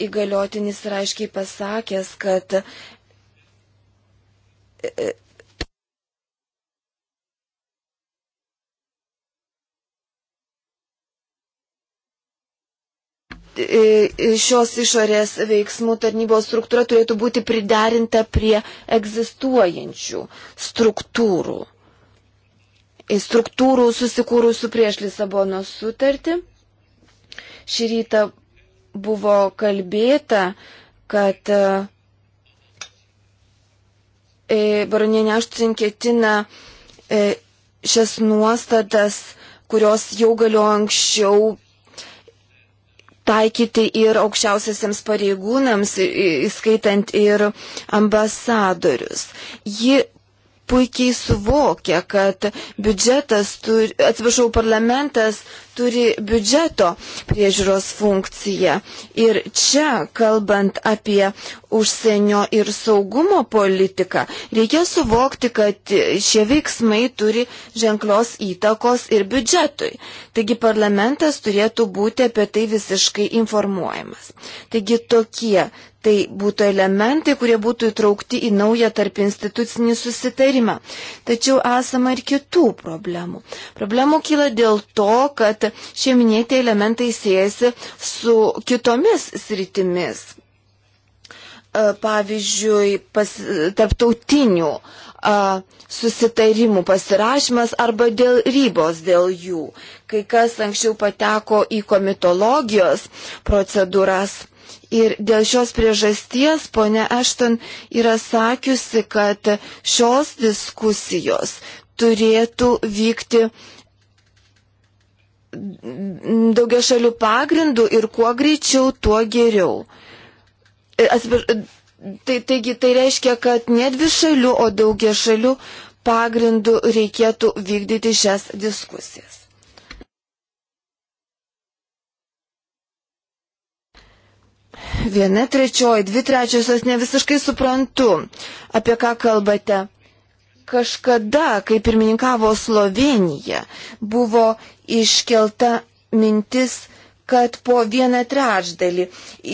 Speaker 1: įgaliotinis yra aiškiai pasakęs, kad e, e, šios išorės veiksmų tarnybos struktūra turėtų būti priderinta prie egzistuojančių struktūrų. Struktūrų susikūrusių prieš Lisabonos sutartį. Šį rytą buvo kalbėta, kad e, e, baronienė Aštrin ketina e, šias nuostatas, kurios jau galiojo anksčiau taikyti ir aukščiausiasiams pareigūnams, įskaitant ir ambasadorius. Ji puikiai suvokia, kad biudžetas, turi, atsiprašau, parlamentas turi biudžeto priežiūros funkciją. Ir čia, kalbant apie užsienio ir saugumo politiką, reikia suvokti, kad šie veiksmai turi ženklios įtakos ir biudžetui. Taigi parlamentas turėtų būti apie tai visiškai informuojamas. Taigi tokie tai būtų elementai, kurie būtų įtraukti į naują tarp institucinį susitarimą. Tačiau esama ir kitų problemų. Problemų kyla dėl to, kad šie minėti elementai siejasi su kitomis sritimis, pavyzdžiui, pas, tarptautinių a, susitarimų pasirašymas arba dėl rybos dėl jų. Kai kas anksčiau pateko į komitologijos procedūras. Ir dėl šios priežasties ponia Ešton yra sakiusi, kad šios diskusijos turėtų vykti daugia šalių pagrindų ir kuo greičiau, tuo geriau. E, Atsipir, e, tai, taigi tai reiškia, kad ne dvi šalių, o daugia šalių pagrindų reikėtų vykdyti šias diskusijas. Viena trečioji, dvi trečiosios, ne visiškai suprantu, apie ką kalbate. Kažkada, kai pirmininkavo Slovenija, buvo iškelta mintis kad po vieną trečdalį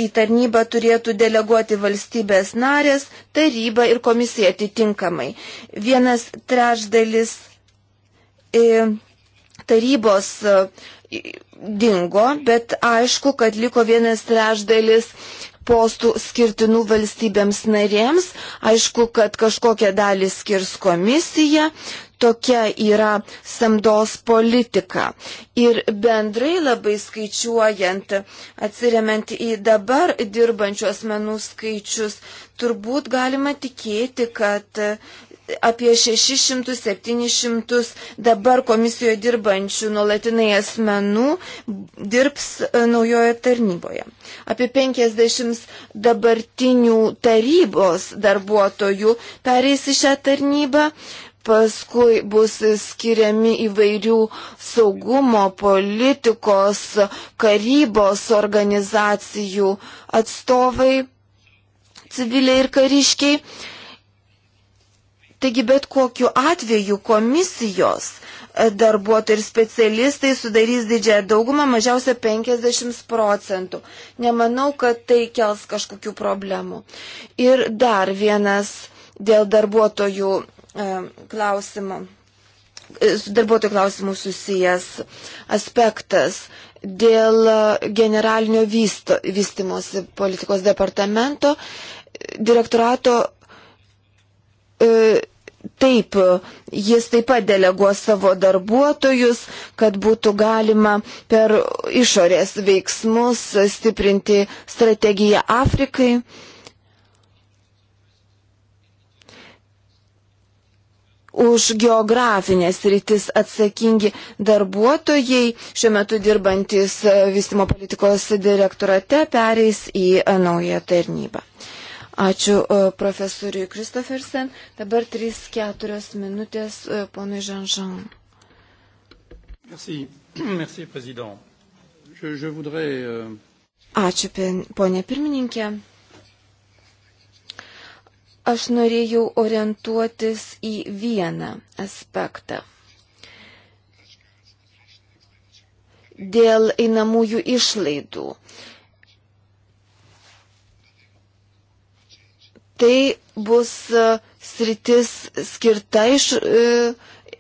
Speaker 1: į tarnybą turėtų deleguoti valstybės narės, taryba ir komisija atitinkamai. Vienas trečdalis e, tarybos e, dingo, bet aišku, kad liko vienas trečdalis postų skirtinų valstybėms narėms, aišku, kad kažkokią dalį skirs komisija, Tokia yra samdos politika. Ir bendrai labai skaičiuojant, atsiriamant į dabar dirbančių asmenų skaičius, turbūt galima tikėti, kad apie 600-700 dabar komisijoje dirbančių nuolatinai asmenų dirbs e, naujoje tarnyboje. Apie 50 dabartinių tarybos darbuotojų pereis į šią tarnybą paskui bus skiriami įvairių saugumo, politikos, karybos organizacijų atstovai, civiliai ir kariškiai. Taigi bet kokiu atveju komisijos darbuotojai ir specialistai sudarys didžiąją daugumą mažiausia 50 procentų. Nemanau, kad tai kels kažkokių problemų. Ir dar vienas dėl darbuotojų E, klausimų, e, su darbuotojų klausimų susijęs aspektas dėl generalinio vysto, vystimosi politikos departamento direktorato. E, Taip, jis taip pat deleguos savo darbuotojus, kad būtų galima per išorės veiksmus stiprinti strategiją Afrikai. E, už geografinės rytis atsakingi darbuotojai, šiuo metu dirbantis e, vystimo politikos direktorate, pereis į e, naują tarnybą. Ačiū e, profesoriui Kristofersen. Dabar 3-4 minutės ponui Žanžan.
Speaker 2: Merci. Merci,
Speaker 3: président. Je, je voudrais... Euh,
Speaker 1: Ačiū, ponė pirmininkė aš norėjau orientuotis į vieną aspektą. Dėl einamųjų išlaidų. Tai bus e, sritis skirta iš e,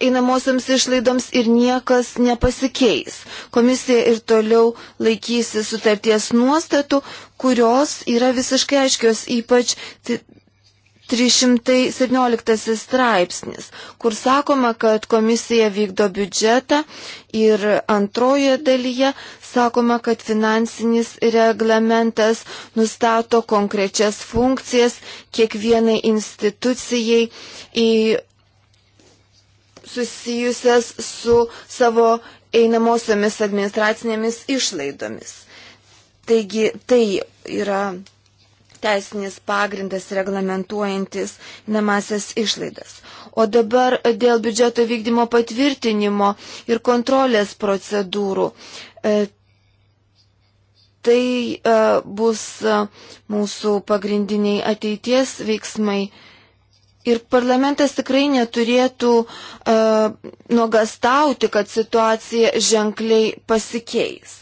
Speaker 1: einamosiams išlaidoms ir niekas nepasikeis. Komisija ir toliau laikysi sutarties nuostatų, kurios yra visiškai aiškios, ypač 317 straipsnis, kur sakoma, kad komisija vykdo biudžetą ir antrojoje dalyje sakoma, kad finansinis reglamentas nustato konkrečias funkcijas kiekvienai institucijai į susijusias su savo einamosiomis administracinėmis išlaidomis. Taigi tai yra teisinis pagrindas reglamentuojantis namasias išlaidas. O dabar dėl biudžeto vykdymo patvirtinimo ir kontrolės procedūrų. E, tai e, bus mūsų pagrindiniai ateities veiksmai. Ir parlamentas tikrai neturėtų uh, e, nuogastauti, kad situacija ženkliai pasikeis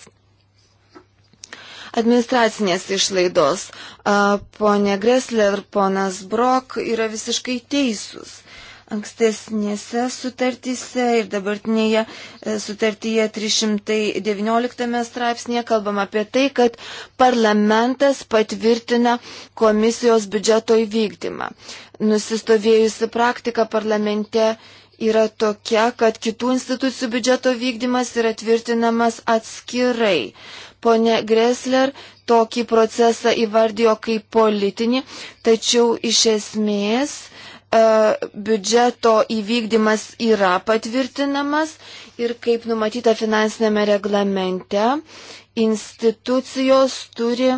Speaker 1: administracinės išlaidos. Pone Greslė ir ponas Brok yra visiškai teisūs. Ankstesnėse sutartyse ir dabartinėje e, sutartyje 319 straipsnėje kalbam apie tai, kad parlamentas patvirtina komisijos biudžeto įvykdymą. Nusistovėjusi praktika parlamente yra tokia, kad kitų institucijų biudžeto vykdymas yra tvirtinamas atskirai. Pone Gresler tokį procesą įvardijo kaip politinį, tačiau iš esmės e, biudžeto įvykdymas yra patvirtinamas ir kaip numatyta finansinėme reglamente, institucijos turi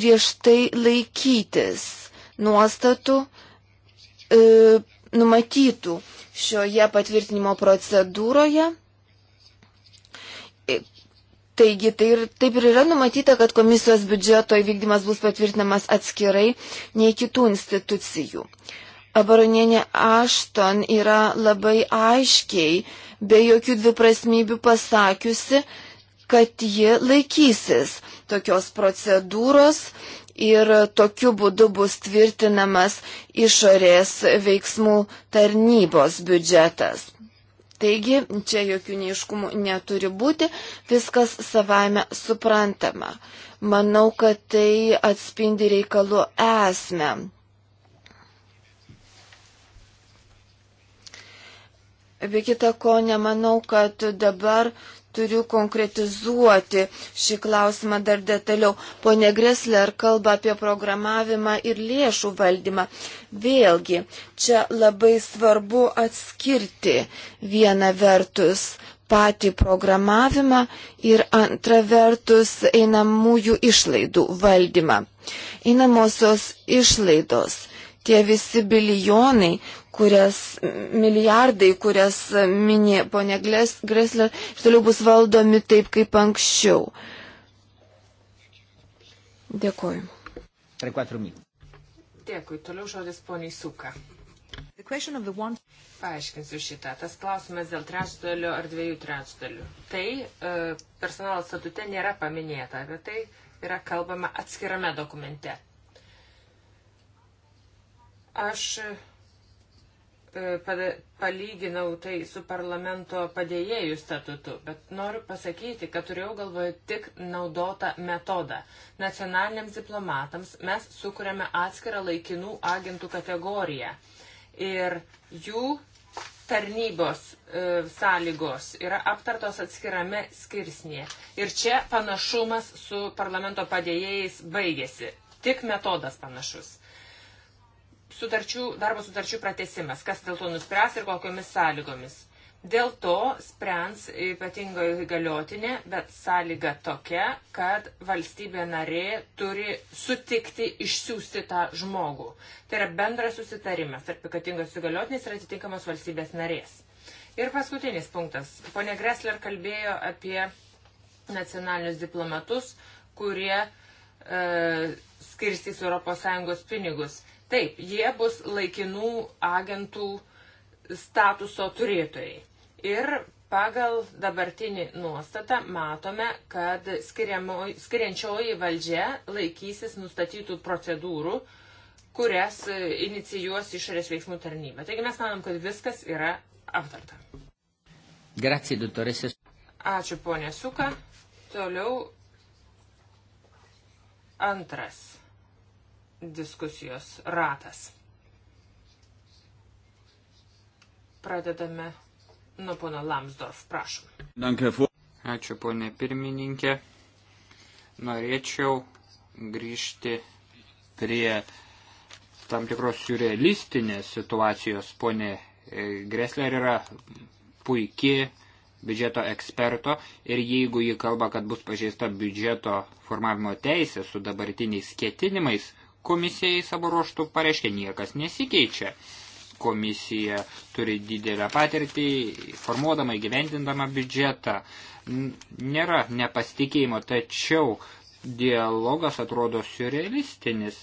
Speaker 1: griežtai laikytis nuostatų e, numatytų šioje patvirtinimo procedūroje Taigi, tai ir, taip ir yra numatyta, kad komisijos biudžeto įvykdymas bus patvirtinamas atskirai nei kitų institucijų. Baronienė Ašton yra labai aiškiai, be jokių dviprasmybių pasakiusi, kad ji laikysis tokios procedūros ir tokiu būdu bus tvirtinamas išorės veiksmų tarnybos biudžetas. Taigi, čia jokių neiškumų neturi būti, viskas savaime suprantama. Manau, kad tai atspindi reikalų esmę. Be kita ko, nemanau, kad dabar turiu konkretizuoti šį klausimą dar detaliau. Pone Gresler kalba apie programavimą ir lėšų valdymą. Vėlgi, čia labai svarbu atskirti vieną vertus patį programavimą ir antra vertus einamųjų išlaidų valdymą. Einamosios išlaidos tie visi bilijonai, kurias, milijardai, kurias minė ponė Gresler, ir toliau bus valdomi taip kaip anksčiau. Dėkuoju. 3-4 min.
Speaker 3: Dėkui. Toliau žodis poniai Suka. One... Paaiškinsiu šitą. Tas klausimas dėl trečdalių ar dviejų trečdalių. Tai e, personalo statute nėra paminėta, apie tai yra kalbama atskirame dokumente. Aš e, palyginau tai su parlamento padėjėjų statutu, bet noriu pasakyti, kad turėjau galvoje tik naudotą metodą. Nacionaliniams diplomatams mes sukūrėme atskirą laikinų agentų kategoriją ir jų tarnybos e, sąlygos yra aptartos atskirame skirsnėje. Ir čia panašumas su parlamento padėjėjais baigėsi. Tik metodas panašus sutarčių, darbo sutarčių pratesimas, kas dėl to nuspręs ir kokiamis sąlygomis. Dėl to sprens ypatingo įgaliotinė, bet sąlyga tokia, kad valstybė narė turi sutikti išsiųsti tą žmogų. Tai yra bendras susitarimas tarp ypatingos įgaliotinės ir atitinkamos valstybės narės. Ir paskutinis punktas. Pone Gressler kalbėjo apie nacionalinius diplomatus, kurie e, skirstys ES pinigus. Taip, jie bus laikinų agentų statuso turėtojai. Ir pagal dabartinį nuostatą matome, kad skiriančioji valdžia laikysis nustatytų procedūrų, kurias e, inicijuos išorės veiksmų tarnybą. Taigi mes manom, kad viskas yra aptarta.
Speaker 2: Grazie, doktorėsė.
Speaker 3: Ačiū, ponė Suka. Toliau antras diskusijos ratas. Pradedame nuo pono Lamsdorf,
Speaker 2: prašom. Ačiū, ponė pirmininkė. Norėčiau grįžti prie tam tikros surrealistinės situacijos. Ponė e, Gresler yra puikiai biudžeto eksperto ir jeigu ji kalba, kad bus pažeista biudžeto formavimo teisė su dabartiniais ketinimais, komisijai savo ruoštų pareiškia, niekas nesikeičia. Komisija turi didelę patirtį, formuodama, gyvendindama biudžetą. Nėra nepasitikėjimo, tačiau dialogas atrodo surrealistinis,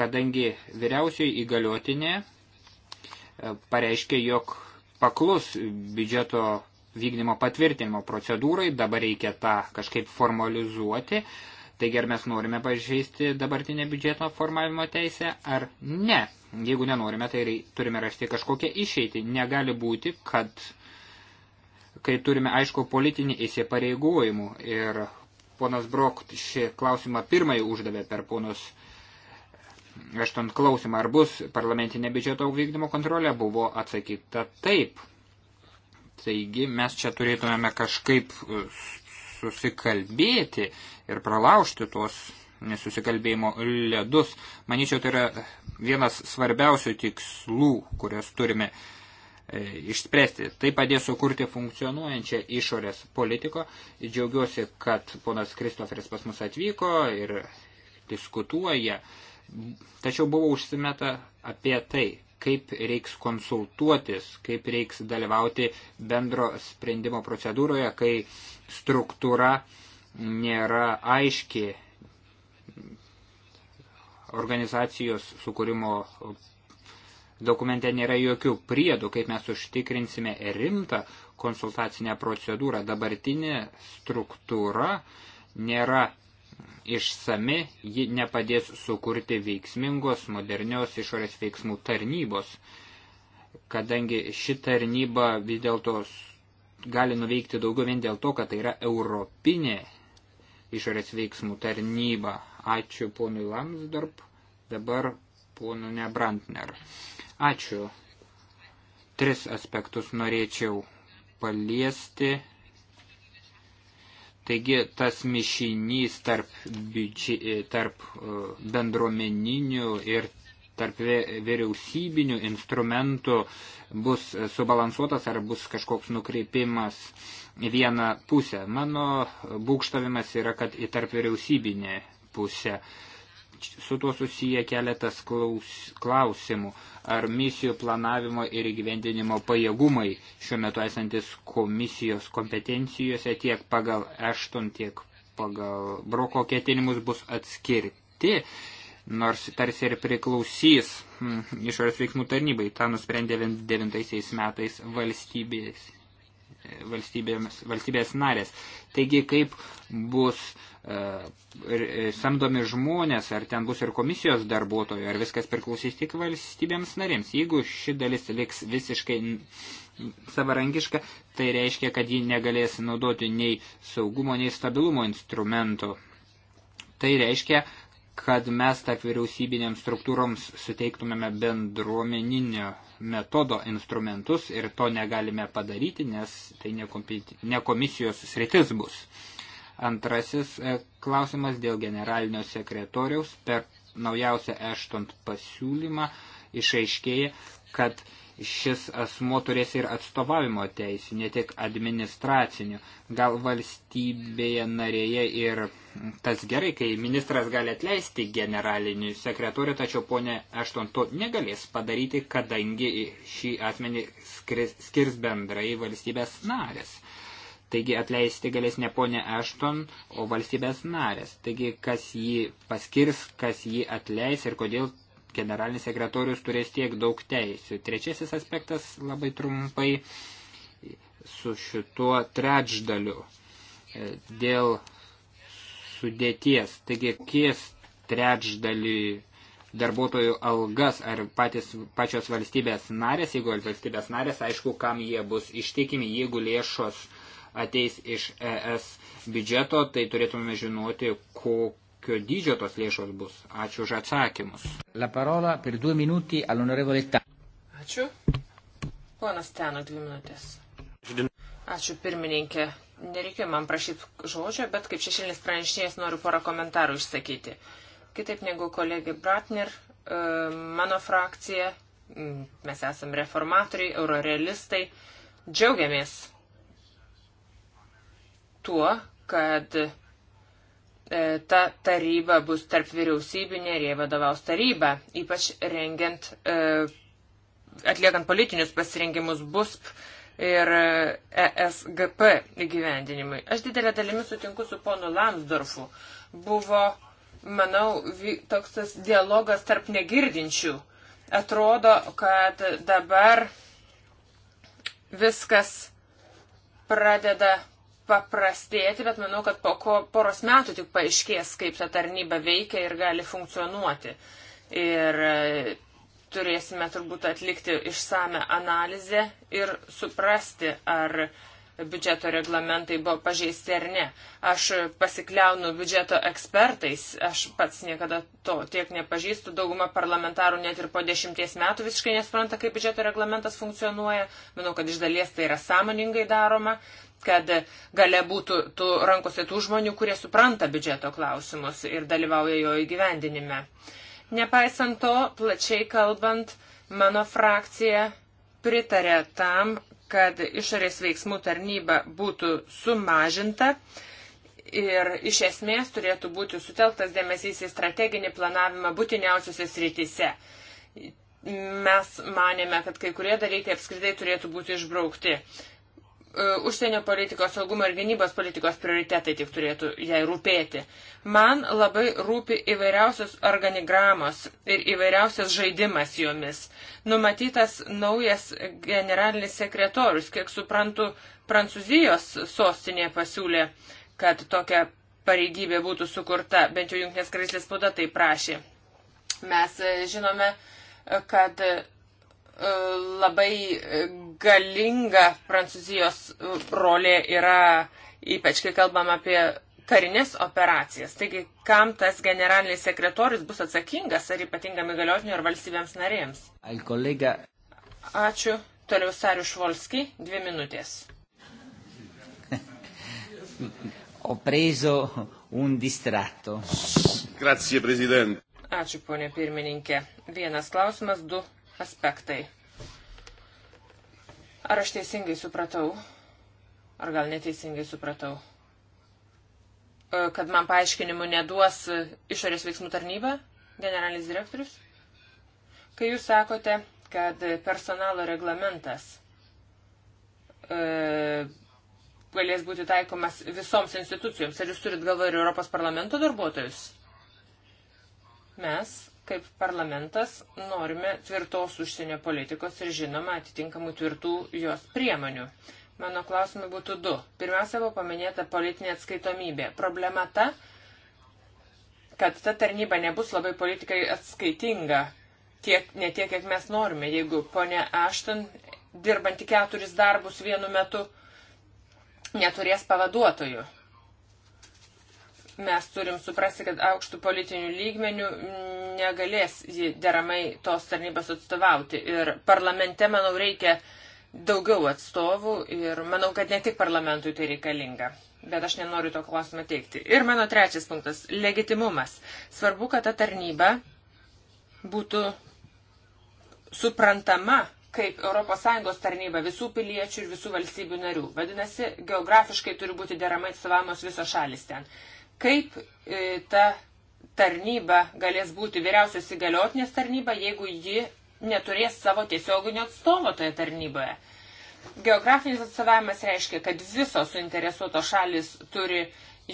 Speaker 2: kadangi vyriausiai įgaliotinė e, pareiškia, jog paklus biudžeto vykdymo patvirtinimo procedūrai, dabar reikia tą kažkaip formalizuoti, Taigi ar mes norime pažeisti dabartinę biudžeto formavimo teisę ar ne. Jeigu nenorime, tai turime rasti kažkokią išeitį. Negali būti, kad kai turime aišku politinį įsipareigojimų ir ponas Brok šį klausimą pirmąjį uždavė per ponus aštunt klausimą, ar bus parlamentinė biudžeto vykdymo kontrolė, buvo atsakyta taip. Taigi mes čia turėtumėme kažkaip susikalbėti ir pralaužti tuos nesusikalbėjimo ledus. Manyčiau, tai yra vienas svarbiausių tikslų, kurias turime e, išspręsti. Tai padės sukurti funkcionuojančią išorės politiko. Džiaugiuosi, kad ponas Kristoferis pas mus atvyko ir diskutuoja. Tačiau buvo užsimeta apie tai, kaip reiks konsultuotis, kaip reiks dalyvauti bendro sprendimo procedūroje, kai struktūra nėra aiški organizacijos sukūrimo dokumente nėra jokių priedų, kaip mes užtikrinsime rimtą konsultacinę procedūrą. Dabartinė struktūra nėra išsami, ji nepadės sukurti veiksmingos, modernios išorės veiksmų tarnybos, kadangi ši tarnyba vis dėlto gali nuveikti daugiau vien dėl to, kad tai yra europinė išorės veiksmų tarnyba. Ačiū ponui Lamsdorp, dabar ponu Nebrantner. Ačiū. Tris aspektus norėčiau paliesti Taigi tas mišinys tarp, biudži, e, tarp e, bendruomeninių ir tarp vyriausybinių instrumentų bus subalansuotas ar bus kažkoks nukreipimas vieną pusę. Mano būkštavimas yra, kad į tarp vyriausybinę pusę. Su tuo susiję keletas klaus, klausimų ar misijų planavimo ir įgyvendinimo pajėgumai šiuo metu esantis komisijos kompetencijose tiek pagal Ešton, tiek pagal Broko ketinimus bus atskirti, nors tarsi ir priklausys hmm, išorės veiksmų tarnybai. Ta nusprendė 99 metais valstybės valstybės narės. Taigi, kaip bus e, e, samdomi žmonės, ar ten bus ir komisijos darbuotojų, ar viskas priklausys tik valstybėms narėms. Jeigu ši dalis liks visiškai savarankiška, tai reiškia, kad ji negalės naudoti nei saugumo, nei stabilumo instrumentų. Tai reiškia, kad mes tarp vyriausybinėms struktūroms suteiktumėme bendruomeninio metodo instrumentus ir to negalime padaryti, nes tai ne komisijos sritis bus. Antrasis e, klausimas dėl generalinio sekretoriaus per naujausią Eštant pasiūlymą išaiškėja, kad šis asmo turės ir atstovavimo teisų, ne tik administracinių. Gal valstybėje narėje ir tas gerai, kai ministras gali atleisti generalinį sekretorių, tačiau ponė Aštonto negalės padaryti, kadangi šį asmenį skirs bendrai valstybės narės. Taigi atleisti galės ne ponė Ashton, o valstybės narės. Taigi kas jį paskirs, kas jį atleis ir kodėl generalinis sekretorius turės tiek daug teisių. Trečiasis aspektas labai trumpai su šituo trečdaliu e, dėl sudėties. Taigi, kies trečdalį darbuotojų algas ar patys, pačios valstybės narės, jeigu valstybės narės, aišku, kam jie bus ištikimi, jeigu lėšos ateis iš ES biudžeto, tai turėtume žinoti, kokiu kokio dydžio tos lėšos bus. Ačiū už atsakymus. La parola per due minuti all'onorevole
Speaker 3: Ačiū. Ponas Teno, dvi minutės. Ačiū pirmininkė. Nereikia man prašyti žodžio, bet kaip šešėlinis pranešėjas noriu porą komentarų išsakyti. Kitaip negu kolegė Bratner, e, mano frakcija, mes esame reformatoriai, eurorealistai, džiaugiamės tuo, kad E, ta taryba bus tarp vyriausybinė ir jie vadovaus taryba, ypač rengiant, e, atliekant politinius pasirinkimus BUSP ir ESGP įgyvendinimui. Aš didelę dalimi sutinku su ponu Lamsdorfu. Buvo, manau, toks tas dialogas tarp negirdinčių. Atrodo, kad dabar viskas pradeda paprastėti, bet manau, kad po ko, poros metų tik paaiškės, kaip ta tarnyba veikia ir gali funkcionuoti. Ir e, turėsime turbūt atlikti išsame analizę ir suprasti, ar biudžeto reglamentai buvo pažeisti ar ne. Aš pasikliaunu biudžeto ekspertais, aš pats niekada to tiek nepažįstu, dauguma parlamentarų net ir po dešimties metų visiškai nespranta, kaip biudžeto reglamentas funkcionuoja. Manau, kad iš dalies tai yra sąmoningai daroma, kad gale būtų tų rankose tų žmonių, kurie supranta biudžeto klausimus ir dalyvauja jo įgyvendinime. Nepaisant to, plačiai kalbant, mano frakcija pritarė tam, kad išorės veiksmų tarnyba būtų sumažinta ir iš esmės turėtų būti sutelktas dėmesys į strateginį planavimą būtiniausiose srityse. Mes manėme, kad kai kurie dalykai apskritai turėtų būti išbraukti. E, užsienio politikos, saugumo ir gynybos politikos prioritetai tik turėtų jai rūpėti. Man labai rūpi įvairiausios organigramos ir įvairiausias žaidimas jomis. Numatytas naujas generalinis sekretorius, kiek suprantu, Prancūzijos sostinė pasiūlė, kad tokia pareigybė būtų sukurta, bent jau Junktinės karalystės spauda tai prašė. Mes e, žinome, kad labai galinga Prancūzijos rolė yra, ypač kai kalbam apie karinės operacijas. Taigi, kam tas generalinis sekretorius bus atsakingas, ar ypatingam įgaliotiniu, ar valstybėms narėms?
Speaker 2: Al kolega.
Speaker 3: Ačiū. Toliau Sariu Švolski, dvi minutės.
Speaker 2: Ho preso un distratto.
Speaker 1: Grazie, prezident.
Speaker 3: Ačiū, ponė pirmininkė. Vienas klausimas, du aspektai. Ar aš teisingai supratau, ar gal neteisingai supratau, e, kad man paaiškinimų neduos išorės veiksmų tarnyba, generalinis direktorius? Kai jūs sakote, kad personalo reglamentas e, galės būti taikomas visoms institucijoms, ar jūs turit galvoje ir Europos parlamento darbuotojus? Mes kaip parlamentas norime tvirtos užsienio politikos ir žinoma atitinkamų tvirtų jos priemonių. Mano klausimai būtų du. Pirmiausia, buvo paminėta politinė atskaitomybė. Problema ta, kad ta tarnyba nebus labai politikai atskaitinga, tiek, ne tiek, kiek mes norime, jeigu ponia Ašton, dirbanti keturis darbus vienu metu, neturės pavaduotojų mes turim suprasti, kad aukštų politinių lygmenių negalės ji deramai tos tarnybos atstovauti. Ir parlamente, manau, reikia daugiau atstovų ir manau, kad ne tik parlamentui tai reikalinga. Bet aš nenoriu to klausimą teikti. Ir mano trečias punktas - legitimumas. Svarbu, kad ta tarnyba būtų suprantama kaip ES tarnyba visų piliečių ir visų valstybių narių. Vadinasi, geografiškai turi būti deramai atstovamos visos šalis ten. Kaip e, ta tarnyba galės būti vyriausios įgaliotinės tarnyba, jeigu ji neturės savo tiesioginio atstovo toje tarnyboje? Geografinis atstovavimas reiškia, kad visos suinteresuotos šalis turi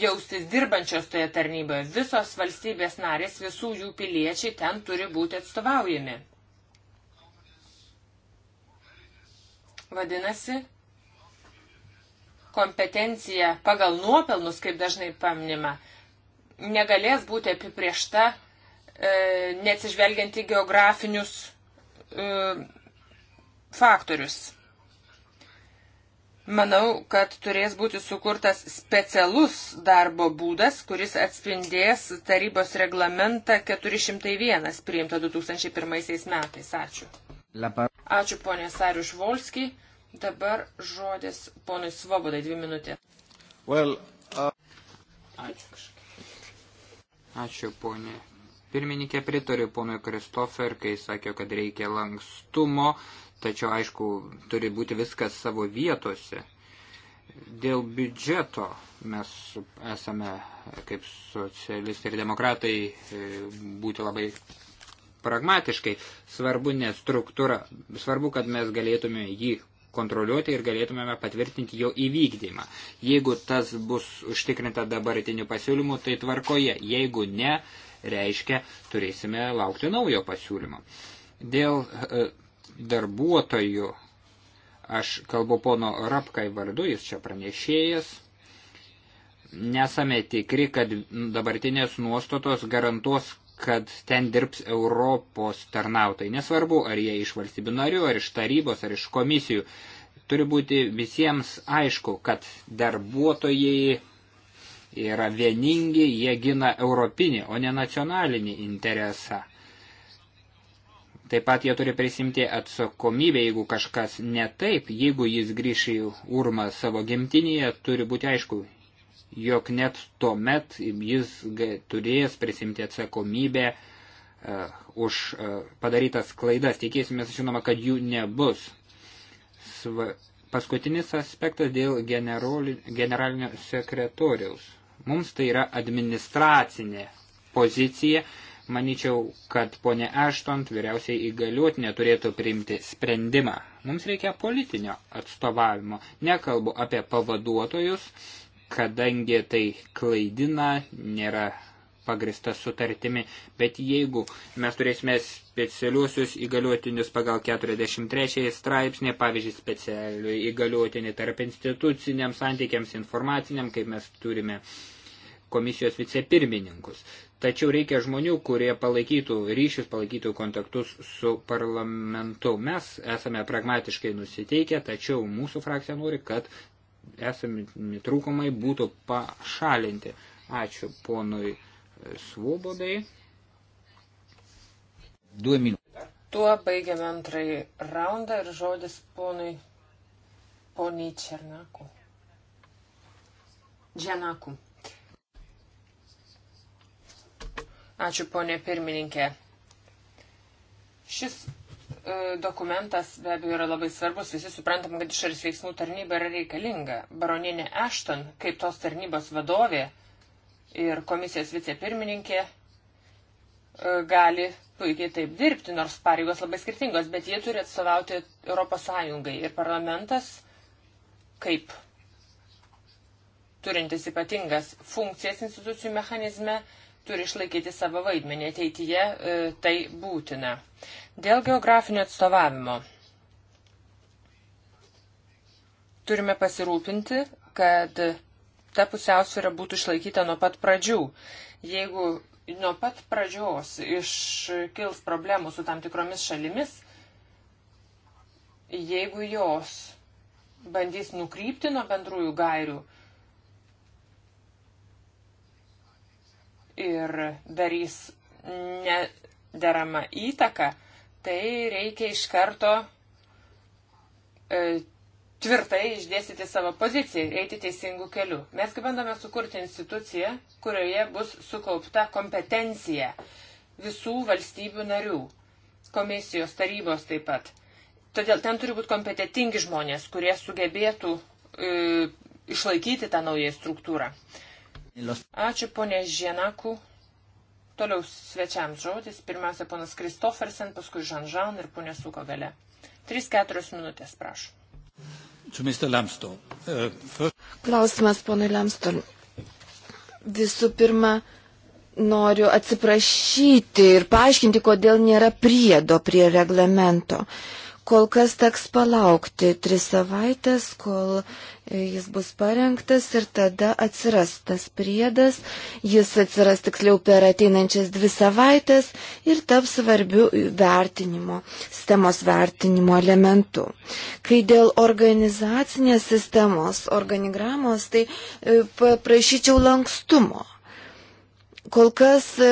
Speaker 3: jaustis dirbančios toje tarnyboje. Visos valstybės narės, visų jų piliečiai ten turi būti atstovaujami. Vadinasi, kompetencija pagal nuopelnus, kaip dažnai paminima, negalės būti apipriešta, e, neatsižvelgiant į geografinius e, faktorius. Manau, kad turės būti sukurtas specialus darbo būdas, kuris atspindės tarybos reglamentą 401 priimtą 2001 metais. Ačiū. Ačiū ponė Sariuš Volski. Dabar žodis ponui Svobodai, dvi minutė.
Speaker 2: Well, uh... Ačiū. Ačiū, ponė. Pirmininkė pritariu ponui Kristofer, kai sakė, kad reikia lankstumo, tačiau, aišku, turi būti viskas savo vietose. Dėl biudžeto mes esame, kaip socialistai ir demokratai, e, būti labai pragmatiškai. Svarbu ne struktūra, svarbu, kad mes galėtume jį kontroliuoti ir galėtumėme patvirtinti jo įvykdymą. Jeigu tas bus užtikrinta dabartiniu pasiūlymu, tai tvarkoje. Jeigu ne, reiškia, turėsime laukti naujo pasiūlymo. Dėl e, darbuotojų, aš kalbu pono Rapkai vardu, jis čia pranešėjas, nesame tikri, kad dabartinės nuostatos garantuos kad ten dirbs Europos tarnautai. Nesvarbu, ar jie iš valstybių narių, ar iš tarybos, ar iš komisijų. Turi būti visiems aišku, kad darbuotojai yra vieningi, jie gina europinį, o ne nacionalinį interesą. Taip pat jie turi prisimti atsakomybę, jeigu kažkas ne taip, jeigu jis grįš į urmą savo gimtinėje, turi būti aišku, jog net tuo met jis turės prisimti atsakomybę uh, už uh, padarytas klaidas. Tikėsime, žinoma, kad jų nebus. Sva... Paskutinis aspektas dėl generoli... generalinio sekretoriaus. Mums tai yra administracinė pozicija. Maničiau, kad ponė Aštont vyriausiai įgaliuot neturėtų priimti sprendimą. Mums reikia politinio atstovavimo. Nekalbu apie pavaduotojus, kadangi tai klaidina, nėra pagrista sutartimi, bet jeigu mes turėsime specialiuosius įgaliotinius pagal 43 straipsnį, pavyzdžiui, specialių įgaliotinį tarp instituciniams santykiams informaciniam, kaip mes turime komisijos vicepirmininkus. Tačiau reikia žmonių, kurie palaikytų ryšius, palaikytų kontaktus su parlamentu. Mes esame pragmatiškai nusiteikę, tačiau mūsų frakcija nori, kad esami trūkumai būtų pašalinti. Ačiū ponui Svobodai. Du minutės.
Speaker 3: Tuo baigiame antrąjį raundą ir žodis ponui, poniai Černaku. Dženaku. Ačiū ponė pirmininkė. Šis E, dokumentas be abejo yra labai svarbus, visi suprantam, kad išorės veiksmų tarnyba yra reikalinga. Baronienė Ashton, kaip tos tarnybos vadovė ir komisijos vicepirmininkė, e, gali puikiai taip dirbti, nors pareigos labai skirtingos, bet jie turi atstovauti Europos Sąjungai ir parlamentas kaip turintis ypatingas funkcijas institucijų mechanizme, uh, turi išlaikyti savo vaidmenį ateityje, e, tai būtina. Dėl geografinio atstovavimo turime pasirūpinti, kad ta pusiausvėra būtų išlaikyta nuo pat pradžių. Jeigu nuo pat pradžios iškils problemų su tam tikromis šalimis, jeigu jos bandys nukrypti nuo bendrųjų gairių, ir darys nederamą įtaką, tai reikia iš karto e, tvirtai išdėstyti savo poziciją ir eiti teisingų kelių. Mes kaip bandome sukurti instituciją, kurioje bus sukaupta kompetencija visų valstybių narių, komisijos tarybos taip pat. Todėl ten turi būti kompetitingi žmonės, kurie sugebėtų e, išlaikyti tą naują struktūrą. E, Ačiū ponė Žienaku. Toliau svečiams žodis. Pirmiausia, ponas Kristofersen, paskui Žanžan ir ponė Suko gale. 3-4 minutės, prašau.
Speaker 1: Uh, Klausimas, ponai Lemstol. Visų pirma, noriu atsiprašyti ir paaiškinti, kodėl nėra priedo prie reglamento. Uh, Kol kas teks palaukti tris savaitės, kol e, jis bus parengtas ir tada atsiras tas priedas. Jis atsiras tiksliau per ateinančias dvi savaitės ir taps svarbiu vertinimo, sistemos vertinimo elementu. Kai dėl organizacinės sistemos, organigramos, tai e, prašyčiau lankstumo kol kas e,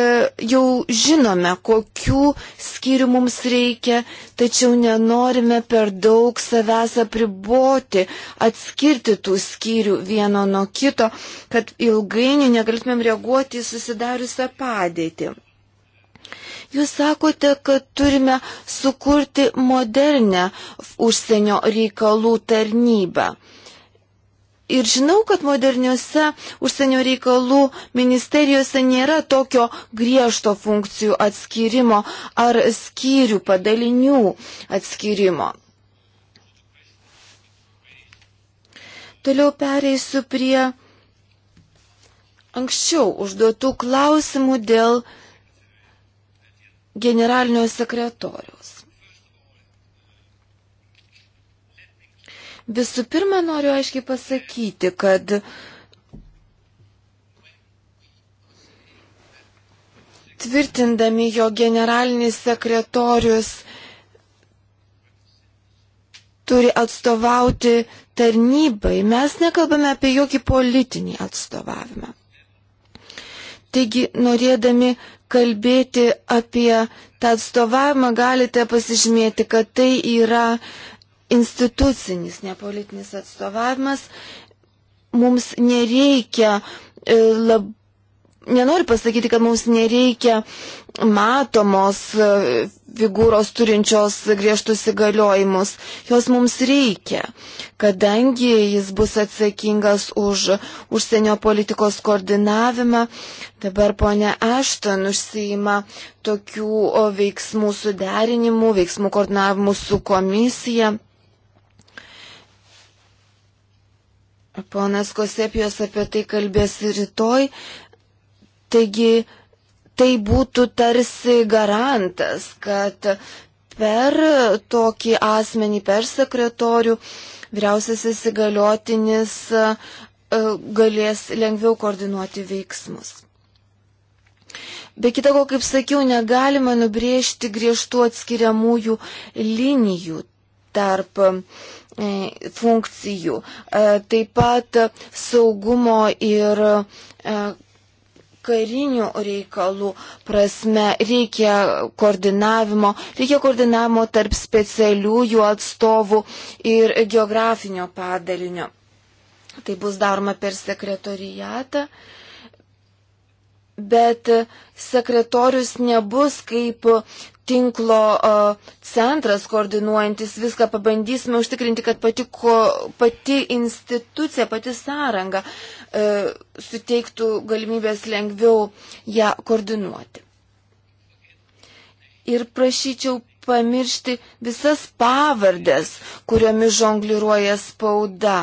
Speaker 1: jau žinome, kokių skyrių mums reikia, tačiau nenorime per daug savęs apriboti, atskirti tų skyrių vieno nuo kito, kad ilgainiui negalėtumėm reaguoti į susidariusią padėtį. Jūs sakote, kad turime sukurti modernę užsienio reikalų tarnybą. Ir žinau, kad moderniuose užsienio reikalų ministerijose nėra tokio griežto funkcijų atskirimo ar skyrių padalinių atskirimo. Toliau pereisiu prie anksčiau užduotų klausimų dėl generalinio sekretoriaus. Visų pirma, noriu aiškiai pasakyti, kad tvirtindami jo generalinis sekretorius turi atstovauti tarnybai, mes nekalbame apie jokį politinį atstovavimą. Taigi, norėdami kalbėti apie tą atstovavimą, galite pasižymėti, kad tai yra institucinis, nepolitinis atstovavimas. Mums nereikia e, lab... Nenoriu pasakyti, kad mums nereikia matomos e, figūros turinčios griežtus įgaliojimus. Jos mums reikia, kadangi jis bus atsakingas už užsienio politikos koordinavimą. Dabar ponia Ašton užsijima tokių veiksmų suderinimų, veiksmų koordinavimų su komisija. Ponas Kosepijos apie tai kalbės rytoj. Taigi tai būtų tarsi garantas, kad per tokį asmenį, per sekretorių, vyriausiasis įgaliotinis e, galės lengviau koordinuoti veiksmus. Be kita ko, kaip sakiau, negalima nubrėžti griežtų atskiriamųjų linijų tarp Mm, funkcijų. E, taip pat saugumo ir e, karinių reikalų prasme reikia koordinavimo, reikia koordinavimo tarp specialiųjų atstovų ir geografinio padalinio. Tai bus daroma per sekretorijatą, bet sekretorius nebus kaip tinklo centras koordinuojantis viską, pabandysime užtikrinti, kad pati, ko, pati institucija, pati sąranga e, suteiktų galimybės lengviau ją koordinuoti. Ir prašyčiau pamiršti visas pavardės, kuriomis žongliruoja spauda.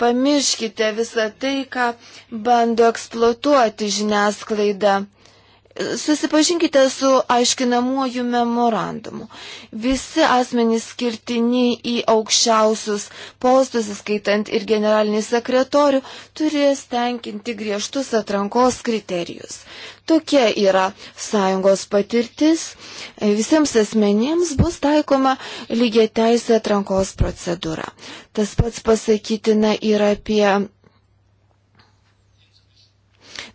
Speaker 1: Pamirškite visą tai, ką bando eksploatuoti žiniasklaida. Susipažinkite su aiškinamuoju memorandumu. Visi asmenys skirtini į aukščiausius postus, įskaitant ir generalinį sekretorių, turės tenkinti griežtus atrankos kriterijus. Tokia yra sąjungos patirtis. Visiems asmenims bus taikoma lygiai teisė atrankos procedūra. Tas pats pasakytina ir apie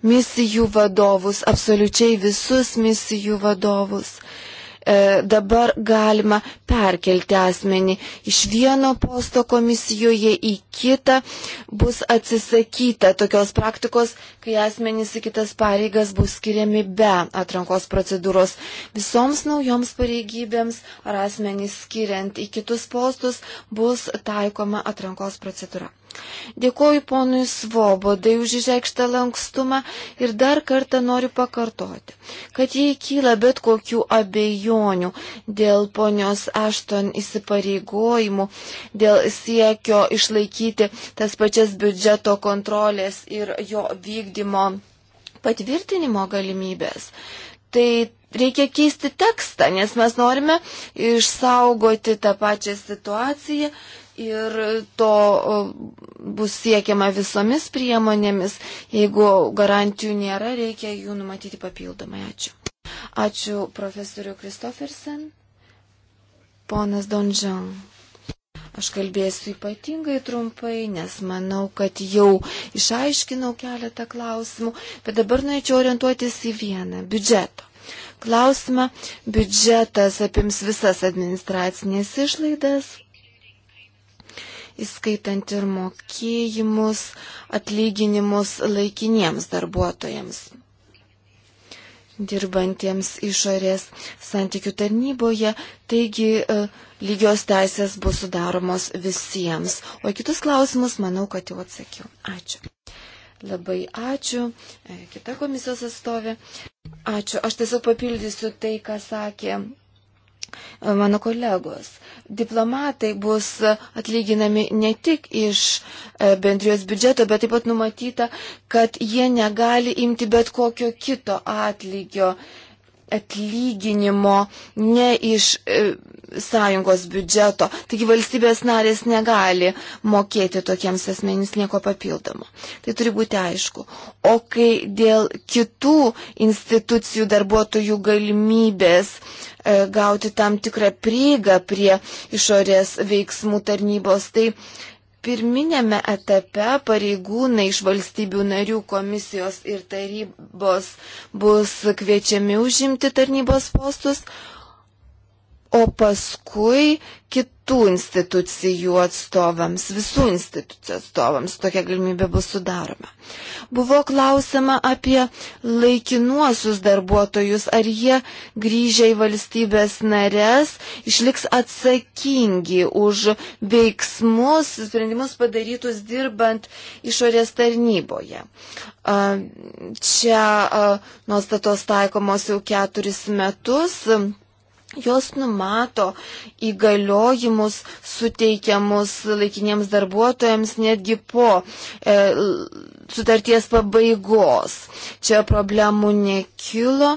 Speaker 1: misijų vadovus, absoliučiai visus misijų vadovus. E, dabar galima perkelti asmenį iš vieno posto komisijoje į kitą, bus atsisakyta tokios praktikos, kai asmenys į kitas pareigas bus skiriami be atrankos procedūros. Visoms naujoms pareigybėms ar asmenys skiriant į kitus postus bus taikoma atrankos procedūra. Dėkoju ponui Svobodai už išreikštą lankstumą ir dar kartą noriu pakartoti, kad jei kyla bet kokių abejonių dėl ponios Ašton įsipareigojimų, dėl siekio išlaikyti tas pačias biudžeto kontrolės ir jo vykdymo patvirtinimo galimybės, tai reikia keisti tekstą, nes mes norime išsaugoti tą pačią situaciją Ir to bus siekiama visomis priemonėmis. Jeigu garantijų nėra, reikia jų numatyti papildomai. Ačiū. Ačiū profesoriu Kristofersen. Ponas Donžan. Aš kalbėsiu ypatingai trumpai, nes manau, kad jau išaiškinau keletą klausimų, bet dabar norėčiau orientuotis į vieną - biudžeto klausimą. Biudžetas apims visas administracinės išlaidas, įskaitant ir mokėjimus, atlyginimus laikiniems darbuotojams, dirbantiems išorės santykių tarnyboje, taigi e, lygios teisės bus sudaromos visiems. O kitus klausimus manau, kad jau atsakiau. Ačiū. Labai ačiū. E, kita komisijos atstovė. Ačiū. Aš tiesiog papildysiu tai, ką sakė E, mano kolegos. Diplomatai bus atlyginami ne tik iš e, bendrijos biudžeto, bet taip pat numatyta, kad jie negali imti bet kokio kito atlygio atlyginimo ne iš e, sąjungos biudžeto. Taigi valstybės narės negali mokėti tokiems asmenys nieko papildomo. Tai turi būti aišku. O kai dėl kitų institucijų darbuotojų galimybės e, gauti tam tikrą prieigą prie išorės veiksmų tarnybos, tai Pirminėme etape pareigūnai iš valstybių narių komisijos ir tarybos bus kviečiami užimti tarnybos postus, o paskui kit, kitų institucijų atstovams, visų institucijų atstovams tokia galimybė bus sudaroma. Buvo klausima apie laikinuosius darbuotojus, ar jie grįžę į valstybės narės išliks atsakingi už veiksmus, sprendimus padarytus dirbant išorės tarnyboje. Čia nuostatos taikomos jau keturis metus. Jos numato įgaliojimus suteikiamus laikiniems darbuotojams netgi po e, sutarties pabaigos. Čia problemų nekilo.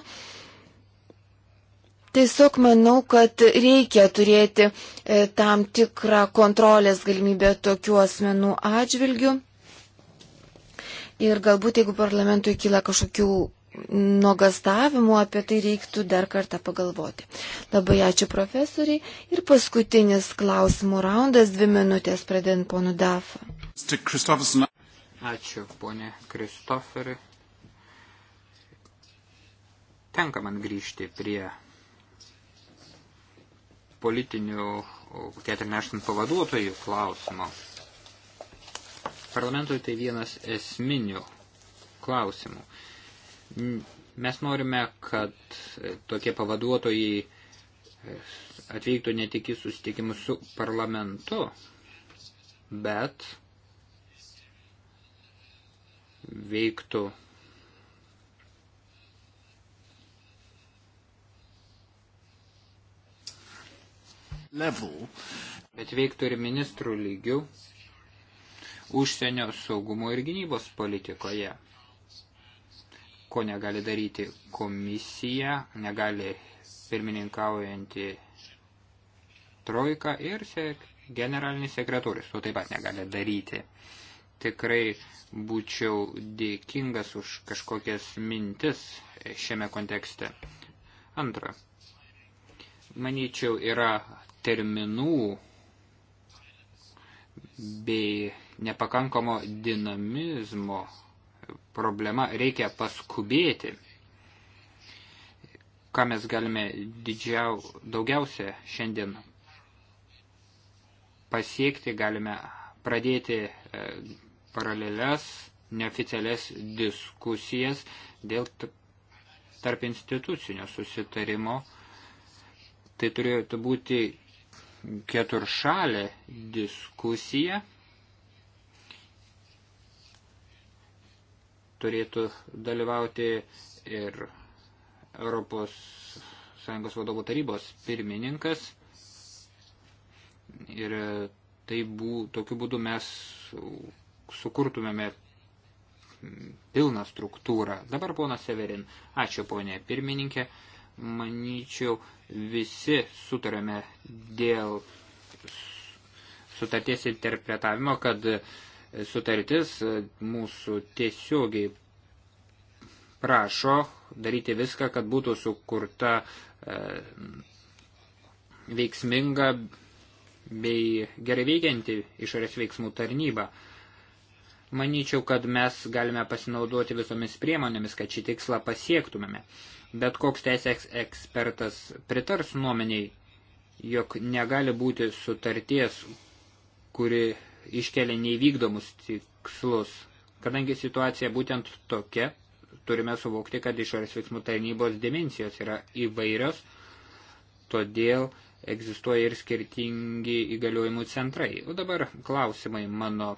Speaker 1: Tiesiog manau, kad reikia turėti e, tam tikrą kontrolės galimybę tokių asmenų atžvilgių. Ir galbūt, jeigu parlamentui kyla kažkokių nuogastavimų apie tai reiktų dar kartą pagalvoti. Labai ačiū profesoriai. Ir paskutinis klausimų raundas, dvi minutės pradedant ponų Dafą.
Speaker 2: Ačiū, ponė Kristoferi. Tenka man grįžti prie politinių keturnešant pavaduotojų klausimo. Parlamentui tai vienas esminių klausimų. Mes norime, kad e, tokie pavaduotojai e, atvyktų ne tik į susitikimus su parlamentu, bet veiktų level. Bet veiktų ir ministrų lygių užsienio saugumo ir gynybos politikoje ko negali daryti komisija, negali pirmininkaujanti trojka ir sek, generalinis sekretorius, to taip pat negali daryti. Tikrai būčiau dėkingas už kažkokias mintis šiame kontekste. Antra, manyčiau, yra terminų bei nepakankamo dinamizmo problema, reikia paskubėti. Ką mes galime didžiau, daugiausia šiandien pasiekti, galime pradėti e, paralelias, neoficialias diskusijas dėl tarp institucinio susitarimo. Tai turėtų būti keturšalė diskusija turėtų dalyvauti ir Europos Sąjungos vadovų tarybos pirmininkas. Ir tai bū, tokiu būdu mes sukurtumėme pilną struktūrą. Dabar ponas Severin, ačiū ponė pirmininkė, manyčiau visi sutarėme dėl sutarties interpretavimo, kad uh, sutartis e, mūsų tiesiogiai prašo daryti viską, kad būtų sukurta e, veiksminga bei gerai veikianti išorės veiksmų tarnyba. Manyčiau, kad mes galime pasinaudoti visomis priemonėmis, kad šį tikslą pasiektumėme. Bet koks teisės ekspertas pritars nuomeniai, jog negali būti sutarties, kuri iškelia neįvykdomus tikslus. Kadangi situacija būtent tokia, turime suvokti, kad išorės veiksmų tarnybos dimensijos yra įvairios, todėl egzistuoja ir skirtingi įgaliojimų centrai. O dabar klausimai mano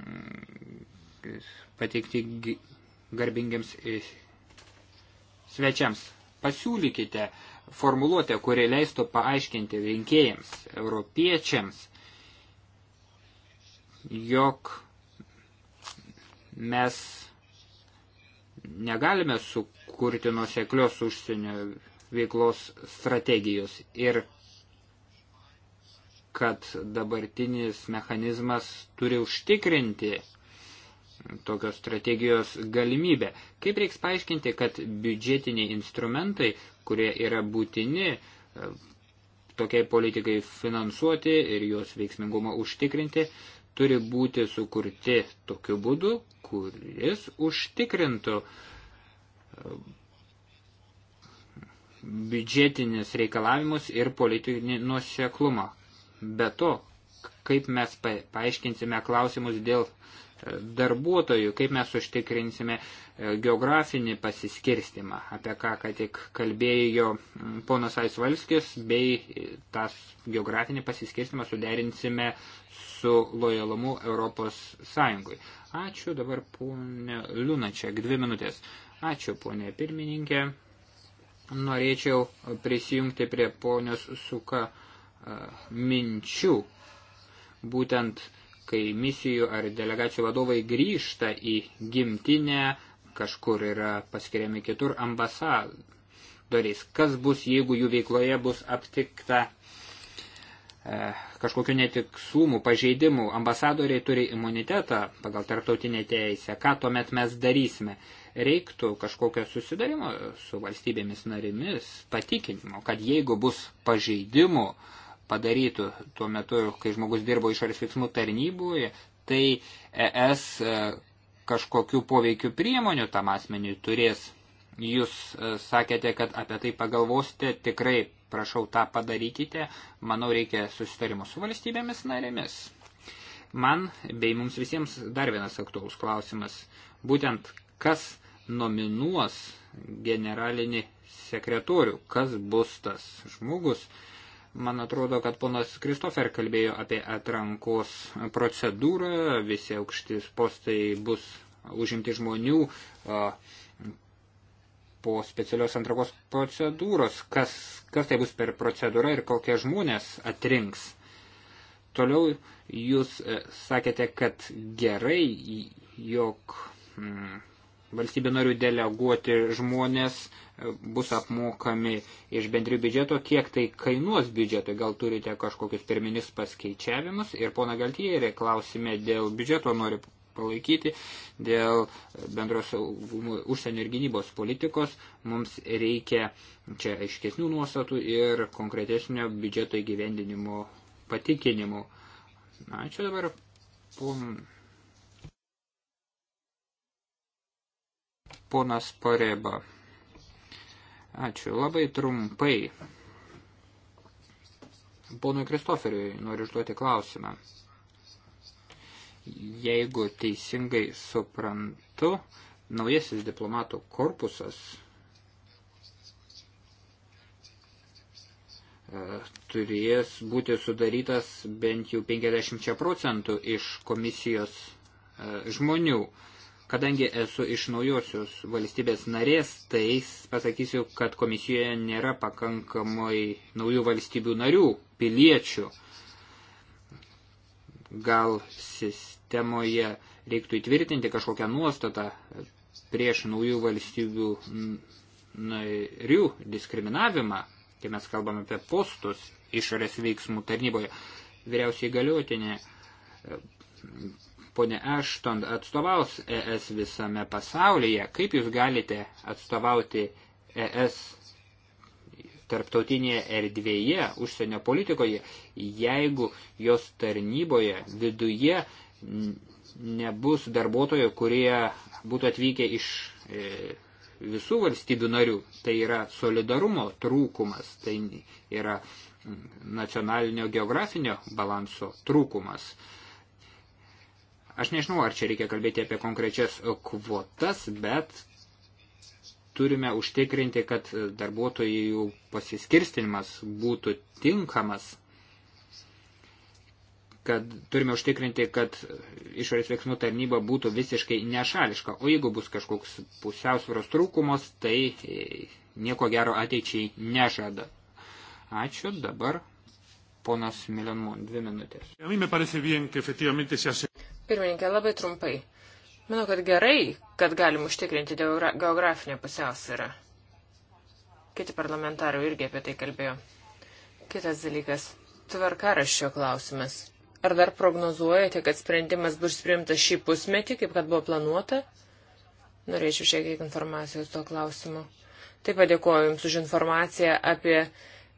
Speaker 2: mm, pateikti garbingiams e, svečiams. Pasiūlykite formuluotę, kuri leistų paaiškinti rinkėjams, europiečiams, jog mes negalime sukurti nuseklios užsienio veiklos strategijos ir kad dabartinis mechanizmas turi užtikrinti tokios strategijos galimybę. Kaip reiks paaiškinti, kad biudžetiniai instrumentai, kurie yra būtini e, tokiai politikai finansuoti ir jos veiksmingumą užtikrinti, turi būti sukurti tokiu būdu, kuris užtikrintų e, biudžetinis reikalavimus ir politinį nuoseklumą. Be to, kaip mes paaiškinsime klausimus dėl darbuotojų, kaip mes užtikrinsime e, geografinį pasiskirstimą, apie ką ką tik kalbėjo ponas Aisvalskis, bei e, tas geografinį pasiskirstimą suderinsime su lojalumu Europos Sąjungui. Ačiū dabar ponė Liunačiak, dvi minutės. Ačiū ponė pirmininkė. Norėčiau prisijungti prie ponios Suka e, minčių. Būtent uh, kai misijų ar delegacijų vadovai grįžta į gimtinę, kažkur yra paskiriami kitur ambasadoriais. Kas bus, jeigu jų veikloje bus aptikta e, kažkokiu netiksumu, pažeidimu. Ambasadoriai turi imunitetą pagal tarptautinę teisę. Ką tuomet mes darysime? Reiktų kažkokio susidarimo su valstybėmis narimis, patikinimo, kad jeigu bus pažeidimu, e, padarytų tuo metu, kai žmogus dirbo išorės veiksmų tarnyboje, tai ES e, kažkokių poveikių priemonių tam asmeniui turės. Jūs e, sakėte, kad apie tai pagalvosite, tikrai prašau tą padarykite, manau reikia susitarimų su valstybėmis narėmis. Man bei mums visiems dar vienas aktuolus klausimas, būtent kas nominuos generalinį sekretorių, kas bus tas žmogus, Man atrodo, kad ponas Kristofer kalbėjo apie atrankos procedūrą, visi aukštis postai bus užimti žmonių po specialios atrankos procedūros, kas, kas tai bus per procedūra ir kokie žmonės atrinks. Toliau jūs e, sakėte, kad gerai, jog mm, valstybė norių deleguoti žmonės e, bus apmokami iš bendrių biudžeto, kiek tai kainuos biudžetui, gal turite kažkokius pirminius paskaičiavimus ir pona Galtierė klausime dėl biudžeto noriu palaikyti, dėl bendros užsienio ir gynybos politikos mums reikia čia aiškesnių nuostatų ir konkretesnio biudžeto įgyvendinimo patikinimų. Ačiū dabar. Pum. Ponas Poreba. Ačiū. Labai trumpai. Ponui Kristoferiui noriu užduoti klausimą. Jeigu teisingai suprantu, naujasis diplomatų korpusas e, turės būti sudarytas bent jau 50 procentų iš komisijos e, žmonių. Kadangi esu iš naujosios valstybės narės, tai pasakysiu, kad komisijoje nėra pakankamai naujų valstybių narių, piliečių. Gal sistemoje reiktų įtvirtinti kažkokią nuostatą prieš naujų valstybių narių diskriminavimą, kai mes kalbame apie postus išorės veiksmų tarnyboje. Vyriausiai galiotinė ponė Ešton atstovaus ES visame pasaulyje, kaip jūs galite atstovauti ES tarptautinėje erdvėje, užsienio politikoje, jeigu jos tarnyboje viduje nebus darbuotojų, kurie būtų atvykę iš e, visų valstybių narių. Tai yra solidarumo trūkumas, tai yra nacionalinio geografinio balanso trūkumas. Aš nežinau, ar čia reikia kalbėti apie konkrečias kvotas, bet turime užtikrinti, kad darbuotojų pasiskirstinimas būtų tinkamas, kad turime užtikrinti, kad išorės veiksmų tarnyba būtų visiškai nešališka, o jeigu bus kažkoks pusiausvėros trūkumos, tai nieko gero ateičiai nežada. Ačiū, dabar ponas Milenmon, dvi minutės.
Speaker 3: Pirmininkė, labai trumpai. Manau, kad gerai, kad galim užtikrinti geografinę pusiausvyrą. Kiti parlamentarai irgi apie tai kalbėjo. Kitas dalykas - tvarkaraščio klausimas. Ar dar prognozuojate, kad sprendimas bus priimtas šį pusmetį, kaip kad buvo planuota? Norėčiau šiek tiek informacijos to klausimu. Taip padėkoju Jums už informaciją apie